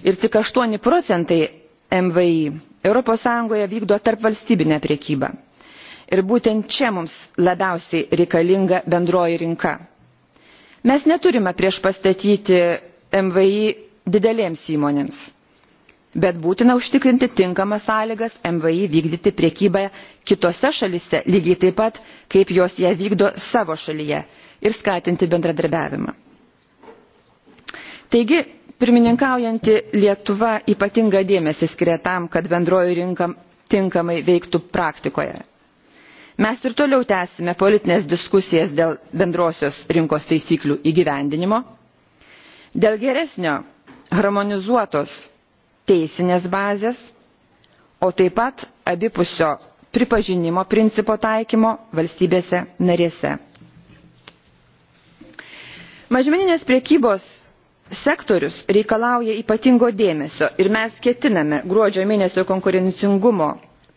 ir tik aštuoni procentai mvi europos sąjungoje vykdo tarpvalstybinę prekybą ir būtent čia mums labiausiai reikalinga bendroji rinka. mes neturime priešpastatyti mvį didelėms įmonėms bet būtina užtikrinti tinkamas sąlygas mvį vykdyti prekybą kitose šalyse lygiai taip pat kaip jos ją vykdo savo šalyje ir skatinti bendradarbiavimą. taigi pirmininkaujanti lietuva ypatingą dėmesį skiria tam kad bendroji rinka tinkamai veiktų praktikoje. mes ir toliau tęsime politines diskusijas dėl bendrosios rinkos taisyklių įgyvendinimo dėl geresnio harmonizuotos teisinės bazės o taip pat abipusio pripažinimo principo taikymo valstybėse narėse. mažmeninės prekybos sektorius reikalauja ypatingo dėmesio ir mes ketiname gruodžio mėnesio konkurencingumo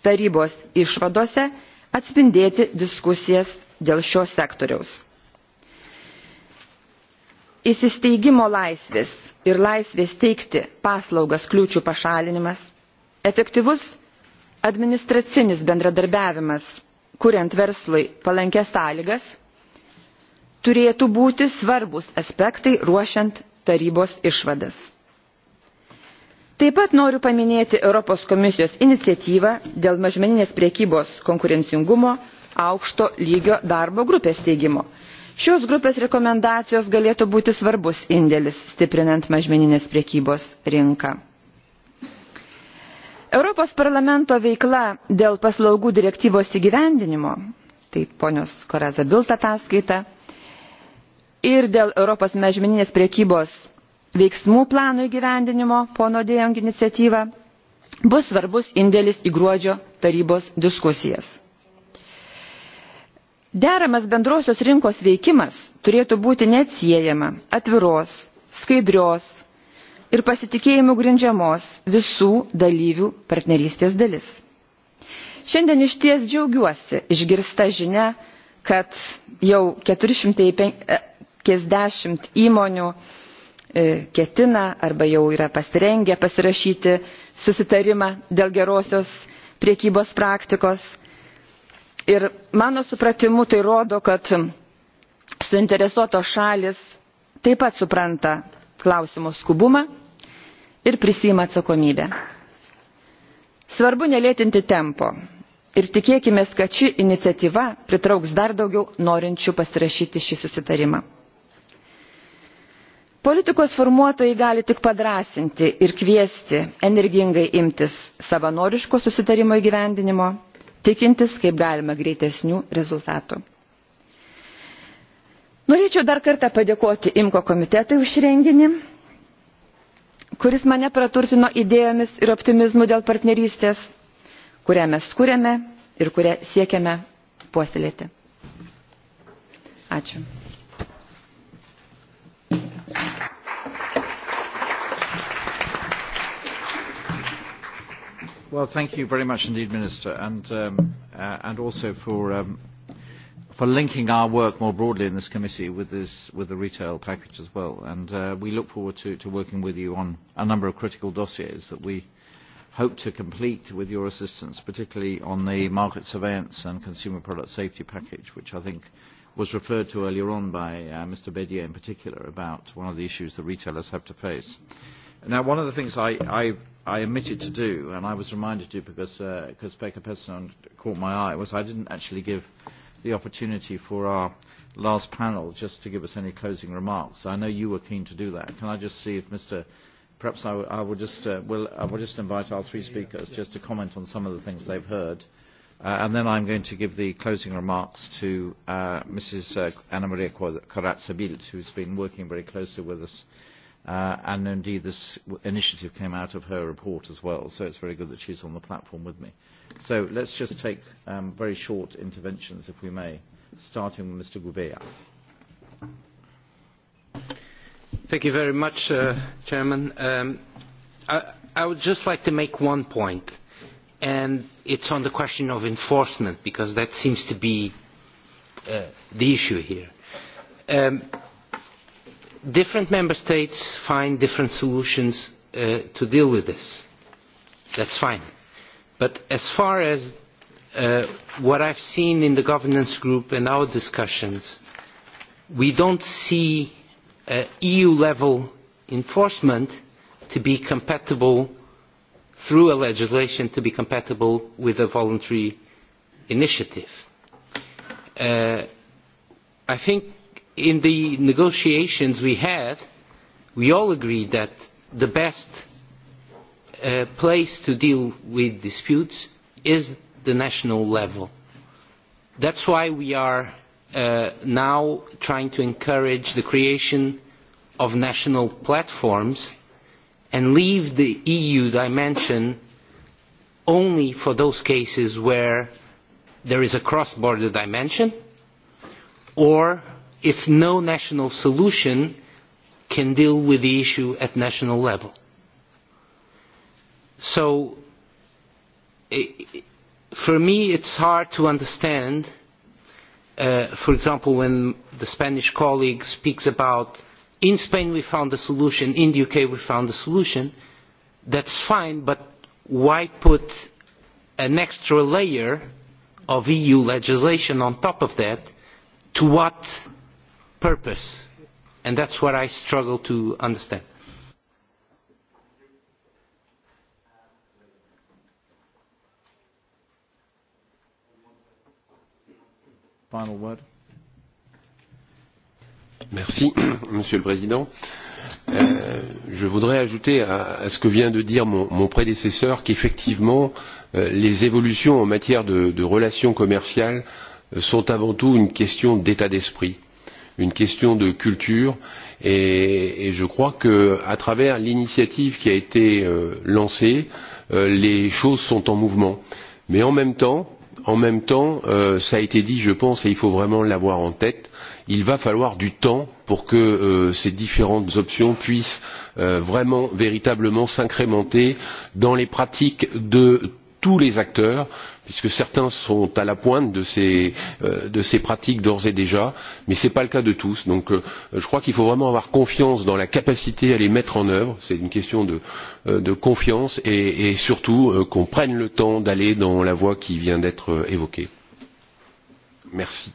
tarybos išvadose atspindėti diskusijas dėl šio sektoriaus. įsisteigimo laisvės ir laisvės teikti paslaugas kliūčių pašalinimas efektyvus administracinis bendradarbiavimas kuriant verslui palankias sąlygas turėtų būti svarbus aspektai ruošiant tarybos išvadas. Taip pat noriu paminėti Europos komisijos iniciatyvą dėl mažmeninės priekybos konkurencingumo aukšto lygio darbo grupės teigimo. Šios grupės rekomendacijos galėtų būti svarbus indėlis stiprinant mažmeninės priekybos rinką. Europos parlamento veikla dėl paslaugų direktyvos įgyvendinimo, tai ponios Koreza Bilt ataskaita, ir dėl europos mažmeninės priekybos veiksmų plano įgyvendinimo pono de jong iniciatyva bus svarbus indėlis į gruodžio tarybos diskusijas. deramas bendrosios rinkos veikimas turėtų būti neatsiejama atviros skaidrios ir pasitikėjimų grindžiamos visų dalyvių partnerystės dalis. Šiandien išties džiaugiuosi išgirsta žinia, kad jau 405, penkiasdešimt įmonių e, ketina arba jau yra pasirengę pasirašyti susitarimą dėl gerosios priekybos praktikos ir mano supratimu tai rodo kad suinteresuotos šalys taip pat supranta klausimo skubumą ir prisima atsakomybę. svarbu nelėtinti tempo ir tikėkime, kad ši iniciatyva pritrauks dar daugiau norinčių pasirašyti šį susitarimą politikos formuotojai gali tik padrąsinti ir kviesti energingai imtis savanoriško susitarimo įgyvendinimo tikintis kaip galima greitesnių rezultatų. norėčiau dar kartą padėkoti IMKO komitetui už renginį kuris mane praturtino idėjomis ir optimizmu dėl partnerystės kurią mes kūrėme ir kurią siekiame puoselėti. ačiū. Well, thank you very much indeed, Minister, and, um, uh, and also for, um, for linking our work more broadly in this committee with, this, with the retail package as well. And uh, we look forward to, to working with you on a number of critical dossiers that we hope to complete with your assistance, particularly on the market surveillance and consumer product safety package, which I think was referred to earlier on by uh, Mr. Bedier in particular about one of the issues that retailers have to face. Mm-hmm. Now, one of the things I, I, I omitted to do, and I was reminded to because uh, cause Pekka caught my eye, was I didn't actually give the opportunity for our last panel just to give us any closing remarks. I know you were keen to do that. Can I just see if Mr. Perhaps I, I will just uh, will I will just invite our three speakers just to comment on some of the things they've heard, uh, and then I'm going to give the closing remarks to uh, Mrs. Uh, Anna Maria corazza bilt who's been working very closely with us uh, Uh, and indeed, this initiative came out of her report as well, so it's very good that she's on the platform with me. So let's just take um, very short interventions, if we may, starting with Mr. Gubea. Thank you very much, uh, Chairman. Um, I, I would just like to make one point, and it's on the question of enforcement, because that seems to be uh, the issue here. Um, different member states find different solutions uh, to deal with this. that is fine. But as far as uh, what i have seen in the governance group and our discussions, we do not see uh, EU-level enforcement to be compatible through a legislation to be compatible with a voluntary initiative. I think in the negotiations we had, we all agreed that the best uh, place to deal with disputes is the national level. That's why we are uh, now trying to encourage the creation of national platforms and leave the EU dimension only for those cases where there is a cross-border dimension or if no national solution can deal with the issue at national level. So, for me, it's hard to understand, uh, for example, when the Spanish colleague speaks about in Spain we found a solution, in the UK we found a solution, that's fine, but why put an extra layer of EU legislation on top of that to what purpose and that is what i struggle to understand. Final word. Merci, [COUGHS] monsieur le président euh, je voudrais ajouter à, à ce que vient de dire mon, mon prédécesseur qu'effectivement euh, les évolutions en matière de, de relations commerciales sont avant tout une question d'état d'esprit une question de culture et, et je crois que à travers l'initiative qui a été euh, lancée euh, les choses sont en mouvement mais en même temps en même temps euh, ça a été dit je pense et il faut vraiment l'avoir en tête il va falloir du temps pour que euh, ces différentes options puissent euh, vraiment véritablement s'incrémenter dans les pratiques de tous les acteurs puisque certains sont à la pointe de ces, euh, de ces pratiques d'ores et déjà mais ce n'est pas le cas de tous donc euh, je crois qu'il faut vraiment avoir confiance dans la capacité à les mettre en œuvre c'est une question de, euh, de confiance et, et surtout euh, qu'on prenne le temps d'aller dans la voie qui vient d'être euh, évoquée. Merci.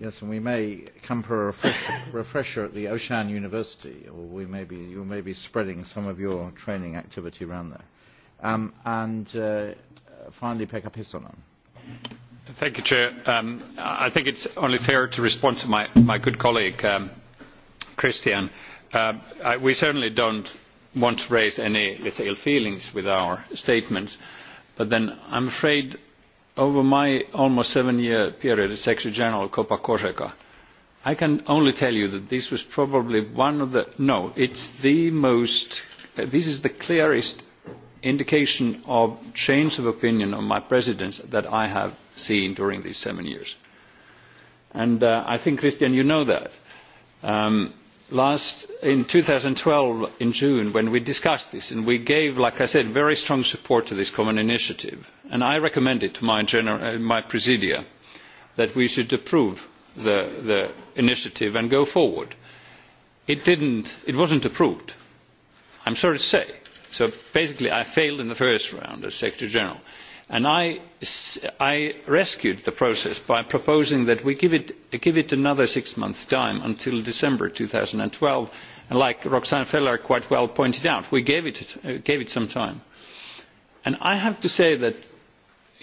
Yes, and we may come for a refresher, refresher at the Ocean University, or we may be, you may be spreading some of your training activity around there. Um, and uh, finally, pick up Pekka Pissonen. Thank you, Chair. Um, I think it's only fair to respond to my, my good colleague, um, Christian. Um, I, we certainly don't want to raise any, let's say, ill feelings with our statements, but then I'm afraid over my almost seven-year period as Secretary General of Copa Cogeca, I can only tell you that this was probably one of the, no, it's the most, uh, this is the clearest indication of change of opinion on my presidents that I have seen during these seven years. And uh, I think, Christian, you know that. Um, in last in 2012 in June when we discussed this and we gave, like I said, very strong support to this common initiative. And I recommended to my, uh, presidium that we should approve the, initiative and go forward. It, was not approved i am sorry to say. So basically I failed in the first round as Secretary General And I, rescued the process by proposing that we give it, another six months' time until December two thousand And twelve and as Roxanne Feller quite well pointed out, we gave it, some time. I have to say that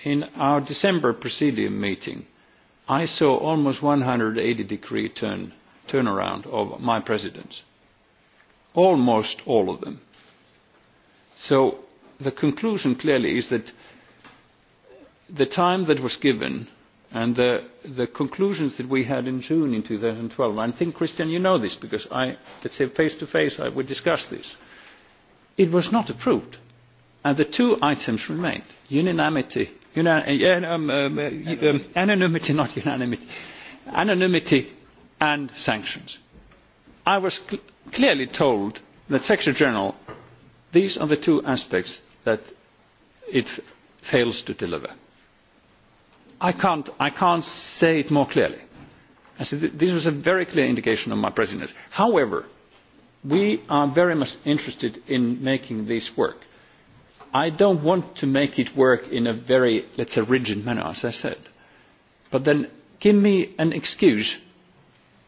in our December Presidium meeting, I saw almost one hundred and eighty degree turn, turnaround of my presidents. Almost all of them. So the conclusion clearly is that the time that was given and the, the conclusions that we had in June in 2012, and I think, Christian, you know this because I, let's say face to face, I would discuss this. It was not approved. And the two items remained, unanimity, eh, um, um, eh, um, anonymity, not unanimity, anonymity and sanctions. I was cl clearly told that Secretary General, these are the two aspects that it fails to deliver i can't, say it more clearly. this was a very clear indication of my presidency. However, we are very much interested in making this work. I don't want to make it work in a very, let's say, rigid manner, as I said. But then give me an excuse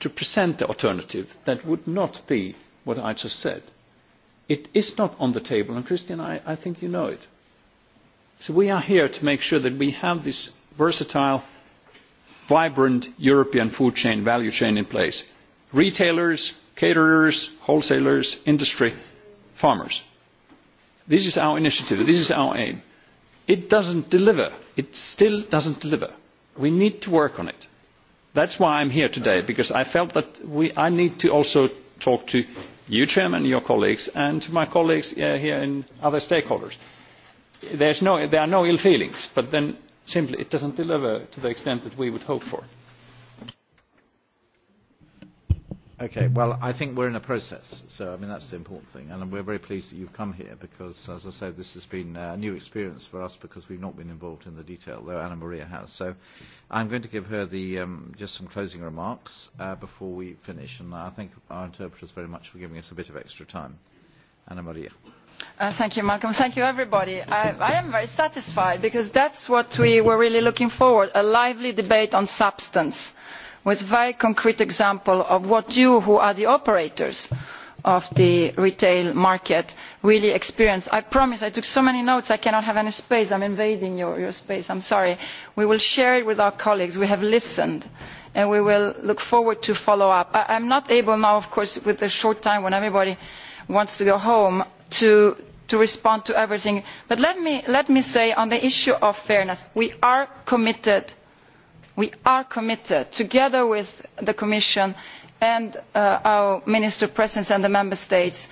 to present the alternative that would not be what I just said. It is not on the table, and Christian, I, I think you know it. So we are here to make sure that we have this versatile, vibrant European food chain value chain in place. Retailers, caterers, wholesalers, industry, farmers. This is our initiative. This is our aim. It doesn't deliver. It still doesn't deliver. We need to work on it. That's why I'm here today, because I felt that I need to also talk to you, Chairman, your colleagues, and to my colleagues uh, here and other stakeholders. No, there are no ill feelings, but then simply it does not deliver to the extent that we would hope for. Okay, well, I think we're in a process, so I mean that's the important thing, and we're very pleased that you've come here because, as I said, this has been a new experience for us because we've not been involved in the detail, though Anna Maria has. So, I'm going to give her the um, just some closing remarks uh, before we finish, and I thank our interpreters very much for giving us a bit of extra time. Anna Maria. Uh, thank you, Malcolm. Thank you, everybody. I, I am very satisfied because that's what we were really looking forward, to a lively debate on substance with very concrete examples of what you, who are the operators of the retail market, really experience. I promise, I took so many notes, I cannot have any space. I'm invading your, your space. I'm sorry. We will share it with our colleagues. We have listened and we will look forward to follow up. I, I'm not able now, of course, with the short time when everybody wants to go home, to, respond to everything. but let me, say on the issue of fairness that we are committed together with the commission and uh, our minister presidents and the member states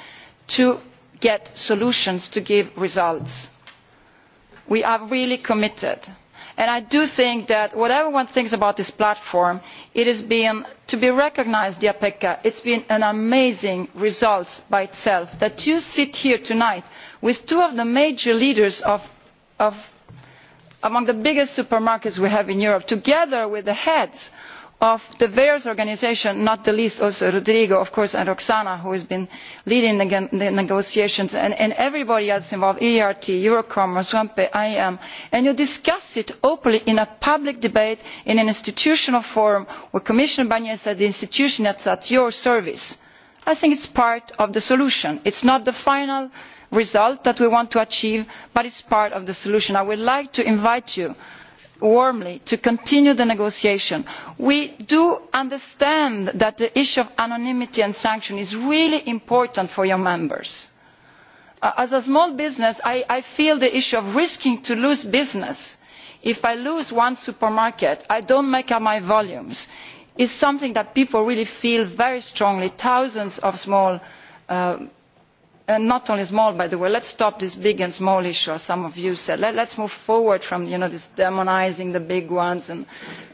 to get solutions to give results. we are really committed and i do think that whatever one thinks about this platform it has been to be recognised the apeca it has been an amazing result by itself that you sit here tonight with two of the major leaders of, among the biggest supermarkets we have in europe together with the heads of of the various organisations not the least also rodrigo of course and roxana who has been leading the negotiations and, everybody else involved ert eurocom moswempe iom and you discuss it openly in a public debate in an institutional forum where commissioner barnier said the institution that is at your service. i think it is part of the solution. it is not the final result that we want to achieve but it is part of the solution. i would like to invite you warmly to continue the negotiation. we do understand that the issue of anonymity and sanction is really important for your members. Uh, as a small business I, feel the issue of risking losing business if i lose one supermarket i do not make up my volumes is something that people really feel very strongly thousands of small uh, and uh, not only small by the way let us stop this big and small issue as some of you said let us move forward from this demonising the big ones and,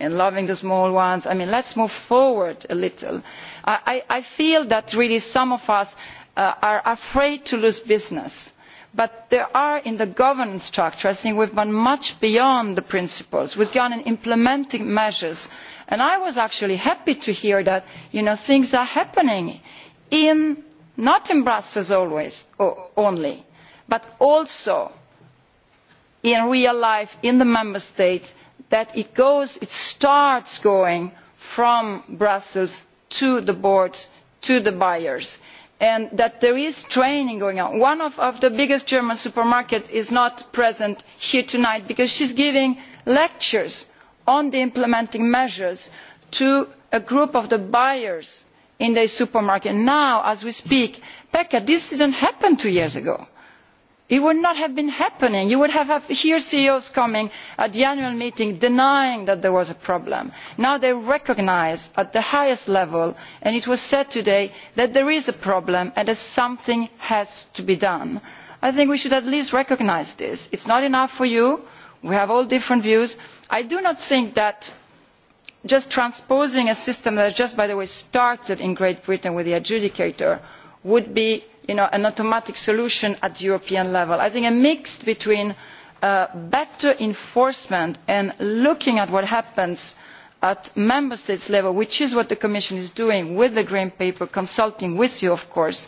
loving the small ones i mean let us move forward a little. I, feel that really some of us uh, are afraid to lose business but there are in the governance structure i think we have gone much beyond the principles we have gone and implementing measures and i was actually happy to hear that things are happening in not in brussels only but also in real life in the member states that it, starts going from brussels to the boards to the buyers and that there is training going on. one of, of the biggest german supermarkets is not present here tonight because she is giving lectures on the implementing measures to a group of the buyers in their supermarket now as we speak. pekka this did not happen two years ago. it would not have been happening. you would have had here ceos coming at the annual meeting denying that there was a problem. now they recognise at the highest level and it was said today that there is a problem and that something has to be done. i think we should at least recognise this. it is not enough for you we have all different views. i do not think that just transposing a system that just by the way started in great britain with the adjudicator would be an automatic solution at european level. i think a mix between uh, better enforcement and looking at what happens at member state level which is what the commission is doing with the green paper consulting with you of course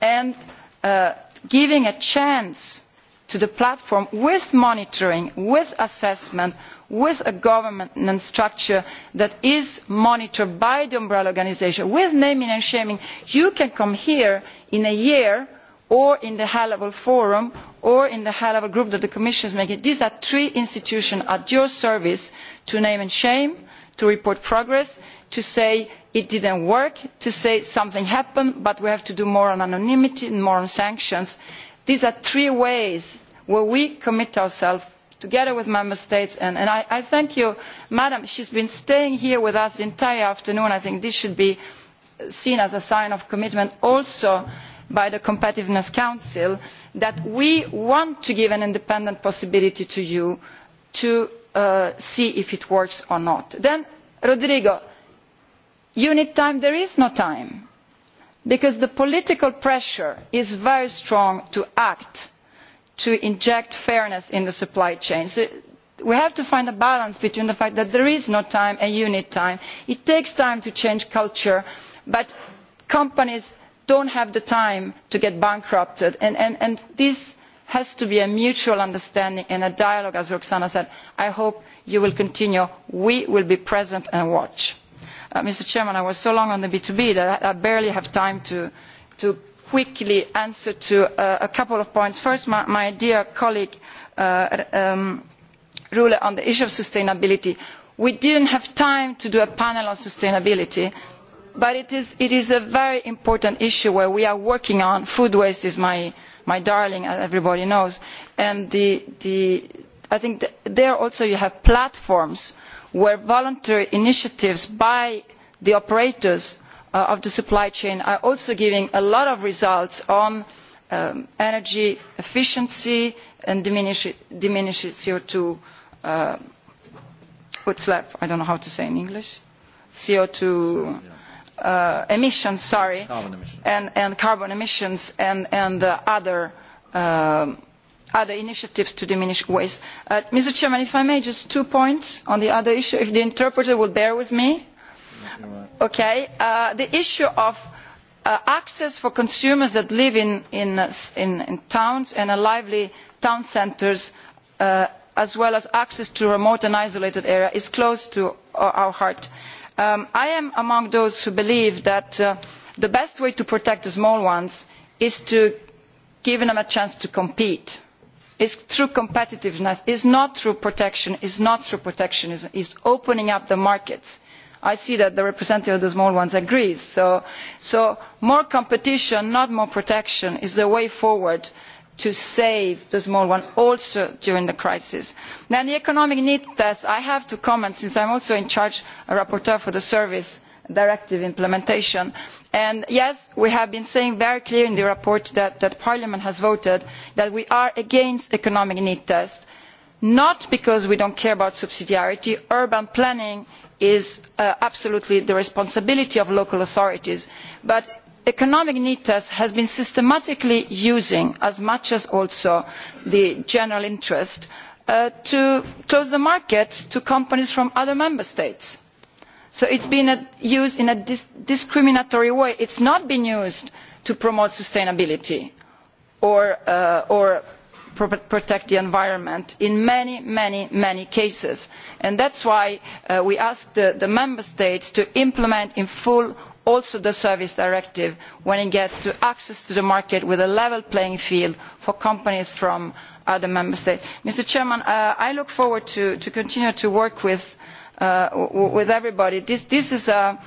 and uh, giving a chance to the platform with monitoring with assessment with a governance structure that is monitored by the umbrella organisation with naming and shaming you can come here in a year or in the high level forum or in the high level group that the commission is making these are three institutions at your service to name and shame to report progress to say it did not work to say something happened but we have to do more on anonymity and more on sanctions. these are three ways in which we commit ourselves together with member states and, I, thank you madam she has been staying here with us the entire afternoon. i think this should be seen as a sign of commitment also by the competitiveness council that we want to give an independent possibility to you to uh, see if it works or not. then rodrigo you need time there is no time because the political pressure is very strong to act to inject fairness in the supply chain. So we have to find a balance between the fact that there is no time and you need time. it takes time to change culture but companies do not have the time to get bankrupted and, and, and this has to be a mutual understanding and a dialogue as roxana said. i hope you will continue. we will be present and watch. Uh, mr Chairman, i was so long on the b two b that i barely have time to, to quickly answer uh, a couple of points. first my, my dear colleague uh, rühle um, on the issue of sustainability we did not have time to do a panel on sustainability but it is, a very important issue where we are working on food waste is my, darling as everybody knows and i think that there also you have platforms where voluntary initiatives by the operators Uh, of the supply chain are also giving a lot of results on um, energy efficiency and diminished co two uh, what's left i don't know how to say in english co two uh, emissions sorry carbon emissions. And, carbon emissions and, uh, um, other initiatives to diminish waste. mr chairman if i may just two points on the other issue if the interpreter will bear with me Uh, the issue of uh, access for consumers that live in, towns and are lively town centres uh, as well as access to remote and isolated areas is close to our heart. Um, i am among those who believe that the best way to protect the small ones is to give them a chance to compete is through competitiveness is not through protection is not through protectionism is opening up the markets i see that the representative of the small ones agrees so, more competition not more protection is the way forward to save the small ones also during the crisis. on the economic need test i have to comment since i am also in charge as rapporteur for the service directive implementation and yes we have been saying very clearly in the report that, parliament has voted that we are against economic need tests not because we do not care about subsidiarity urban planning is uh, absolutely the responsibility of local authorities but economic nithas has been systematically using as much as also the general interest uh, to close the markets to companies from other member states so it has been used in a discriminatory way. it has not been used to promote sustainability or, uh, or protect the environment in many many many cases and that is why uh, we ask the, member states to implement in full also the services directive when it comes to access to the market with a level playing field for companies from other member states. Uh, i look forward to, to continuing to work with Uh, with everybody. This, is a,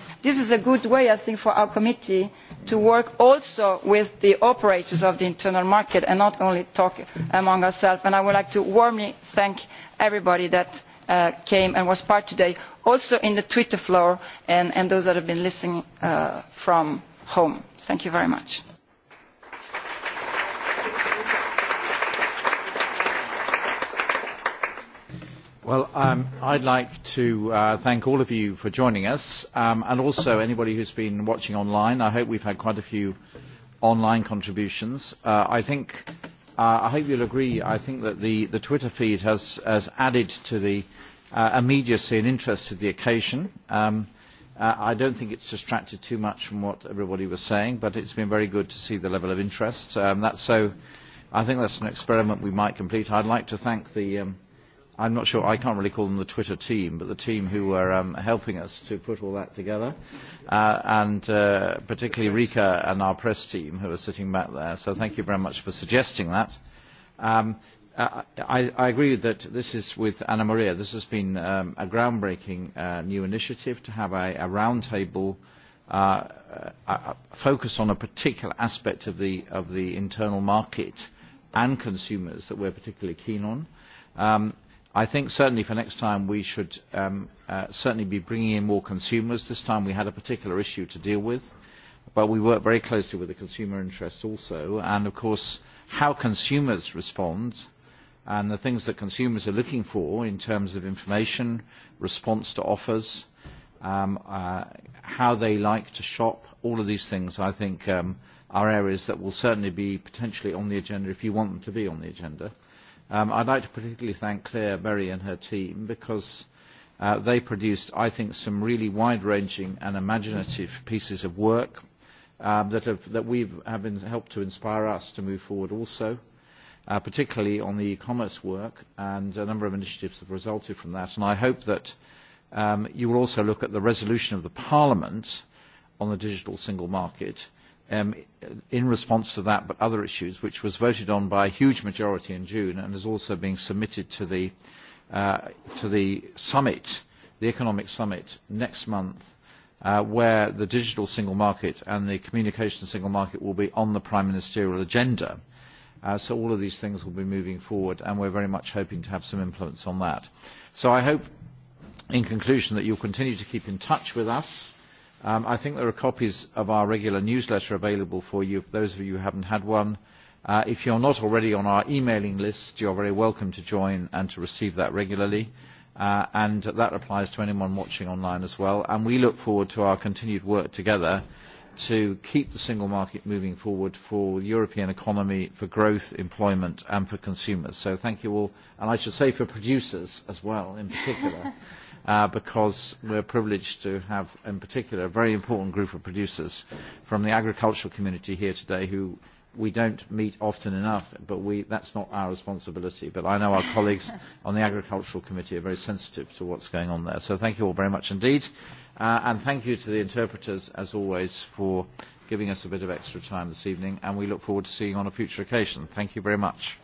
good way i think for our committee to work also with the operators of the internal market and not only talk among ourselves and i would like to warmly thank everybody that uh, came and was part today also in the twitter floor and, those that have been listening uh, from home. thank you very much. Well, um, I'd like to uh, thank all of you for joining us, um, and also anybody who's been watching online. I hope we've had quite a few online contributions. Uh, I think, uh, I hope you'll agree, I think that the, the Twitter feed has, has added to the uh, immediacy and interest of the occasion. Um, uh, I don't think it's distracted too much from what everybody was saying, but it's been very good to see the level of interest. Um, that's so, I think that's an experiment we might complete. I'd like to thank the um, I'm not sure, I can't really call them the Twitter team, but the team who were um, helping us to put all that together, uh, and uh, particularly Rika and our press team who are sitting back there. So thank you very much for suggesting that. Um, uh, I, I agree that this is with Anna Maria. This has been um, a groundbreaking uh, new initiative to have a, a roundtable uh, uh, focus on a particular aspect of the, of the internal market and consumers that we're particularly keen on. Um, i think certainly for next time we should um, uh, certainly be bringing in more consumers. This time we had a particular issue to deal with, but we work very closely with the consumer interests also. And of course, how consumers respond and the things that consumers are looking for in terms of information, response to offers, um, uh, how they like to shop, all of these things I think um, are areas that will certainly be potentially on the agenda if you want them to be on the agenda. Um, I'd like to particularly thank Claire Berry and her team because uh, they produced, I think, some really wide-ranging and imaginative pieces of work um, that, have, that we've have been, helped to inspire us to move forward also, uh, particularly on the e-commerce work, and a number of initiatives have resulted from that. And I hope that um, you will also look at the resolution of the Parliament on the digital single market um, in response to that but other issues, which was voted on by a huge majority in June and is also being submitted to the, uh, to the summit, the economic summit next month, uh, where the digital single market and the communication single market will be on the prime ministerial agenda. Uh, so all of these things will be moving forward and we're very much hoping to have some influence on that. So I hope in conclusion that you'll continue to keep in touch with us Um, I think there are copies of our regular newsletter available for you, for those of you who haven't had one. Uh, if you're not already on our emailing list, you're very welcome to join and to receive that regularly. Uh, and that applies to anyone watching online as well. And we look forward to our continued work together to keep the single market moving forward for the European economy, for growth, employment, and for consumers. So thank you all, and I should say for producers as well, in particular. [LAUGHS] uh, because we're privileged to have, in particular, a very important group of producers from the agricultural community here today who we don't meet often enough, but we, that's not our responsibility. But I know our colleagues [LAUGHS] on the Agricultural Committee are very sensitive to what's going on there. So thank you all very much indeed. Uh, and thank you to the interpreters, as always, for giving us a bit of extra time this evening. And we look forward to seeing you on a future occasion. Thank you very much.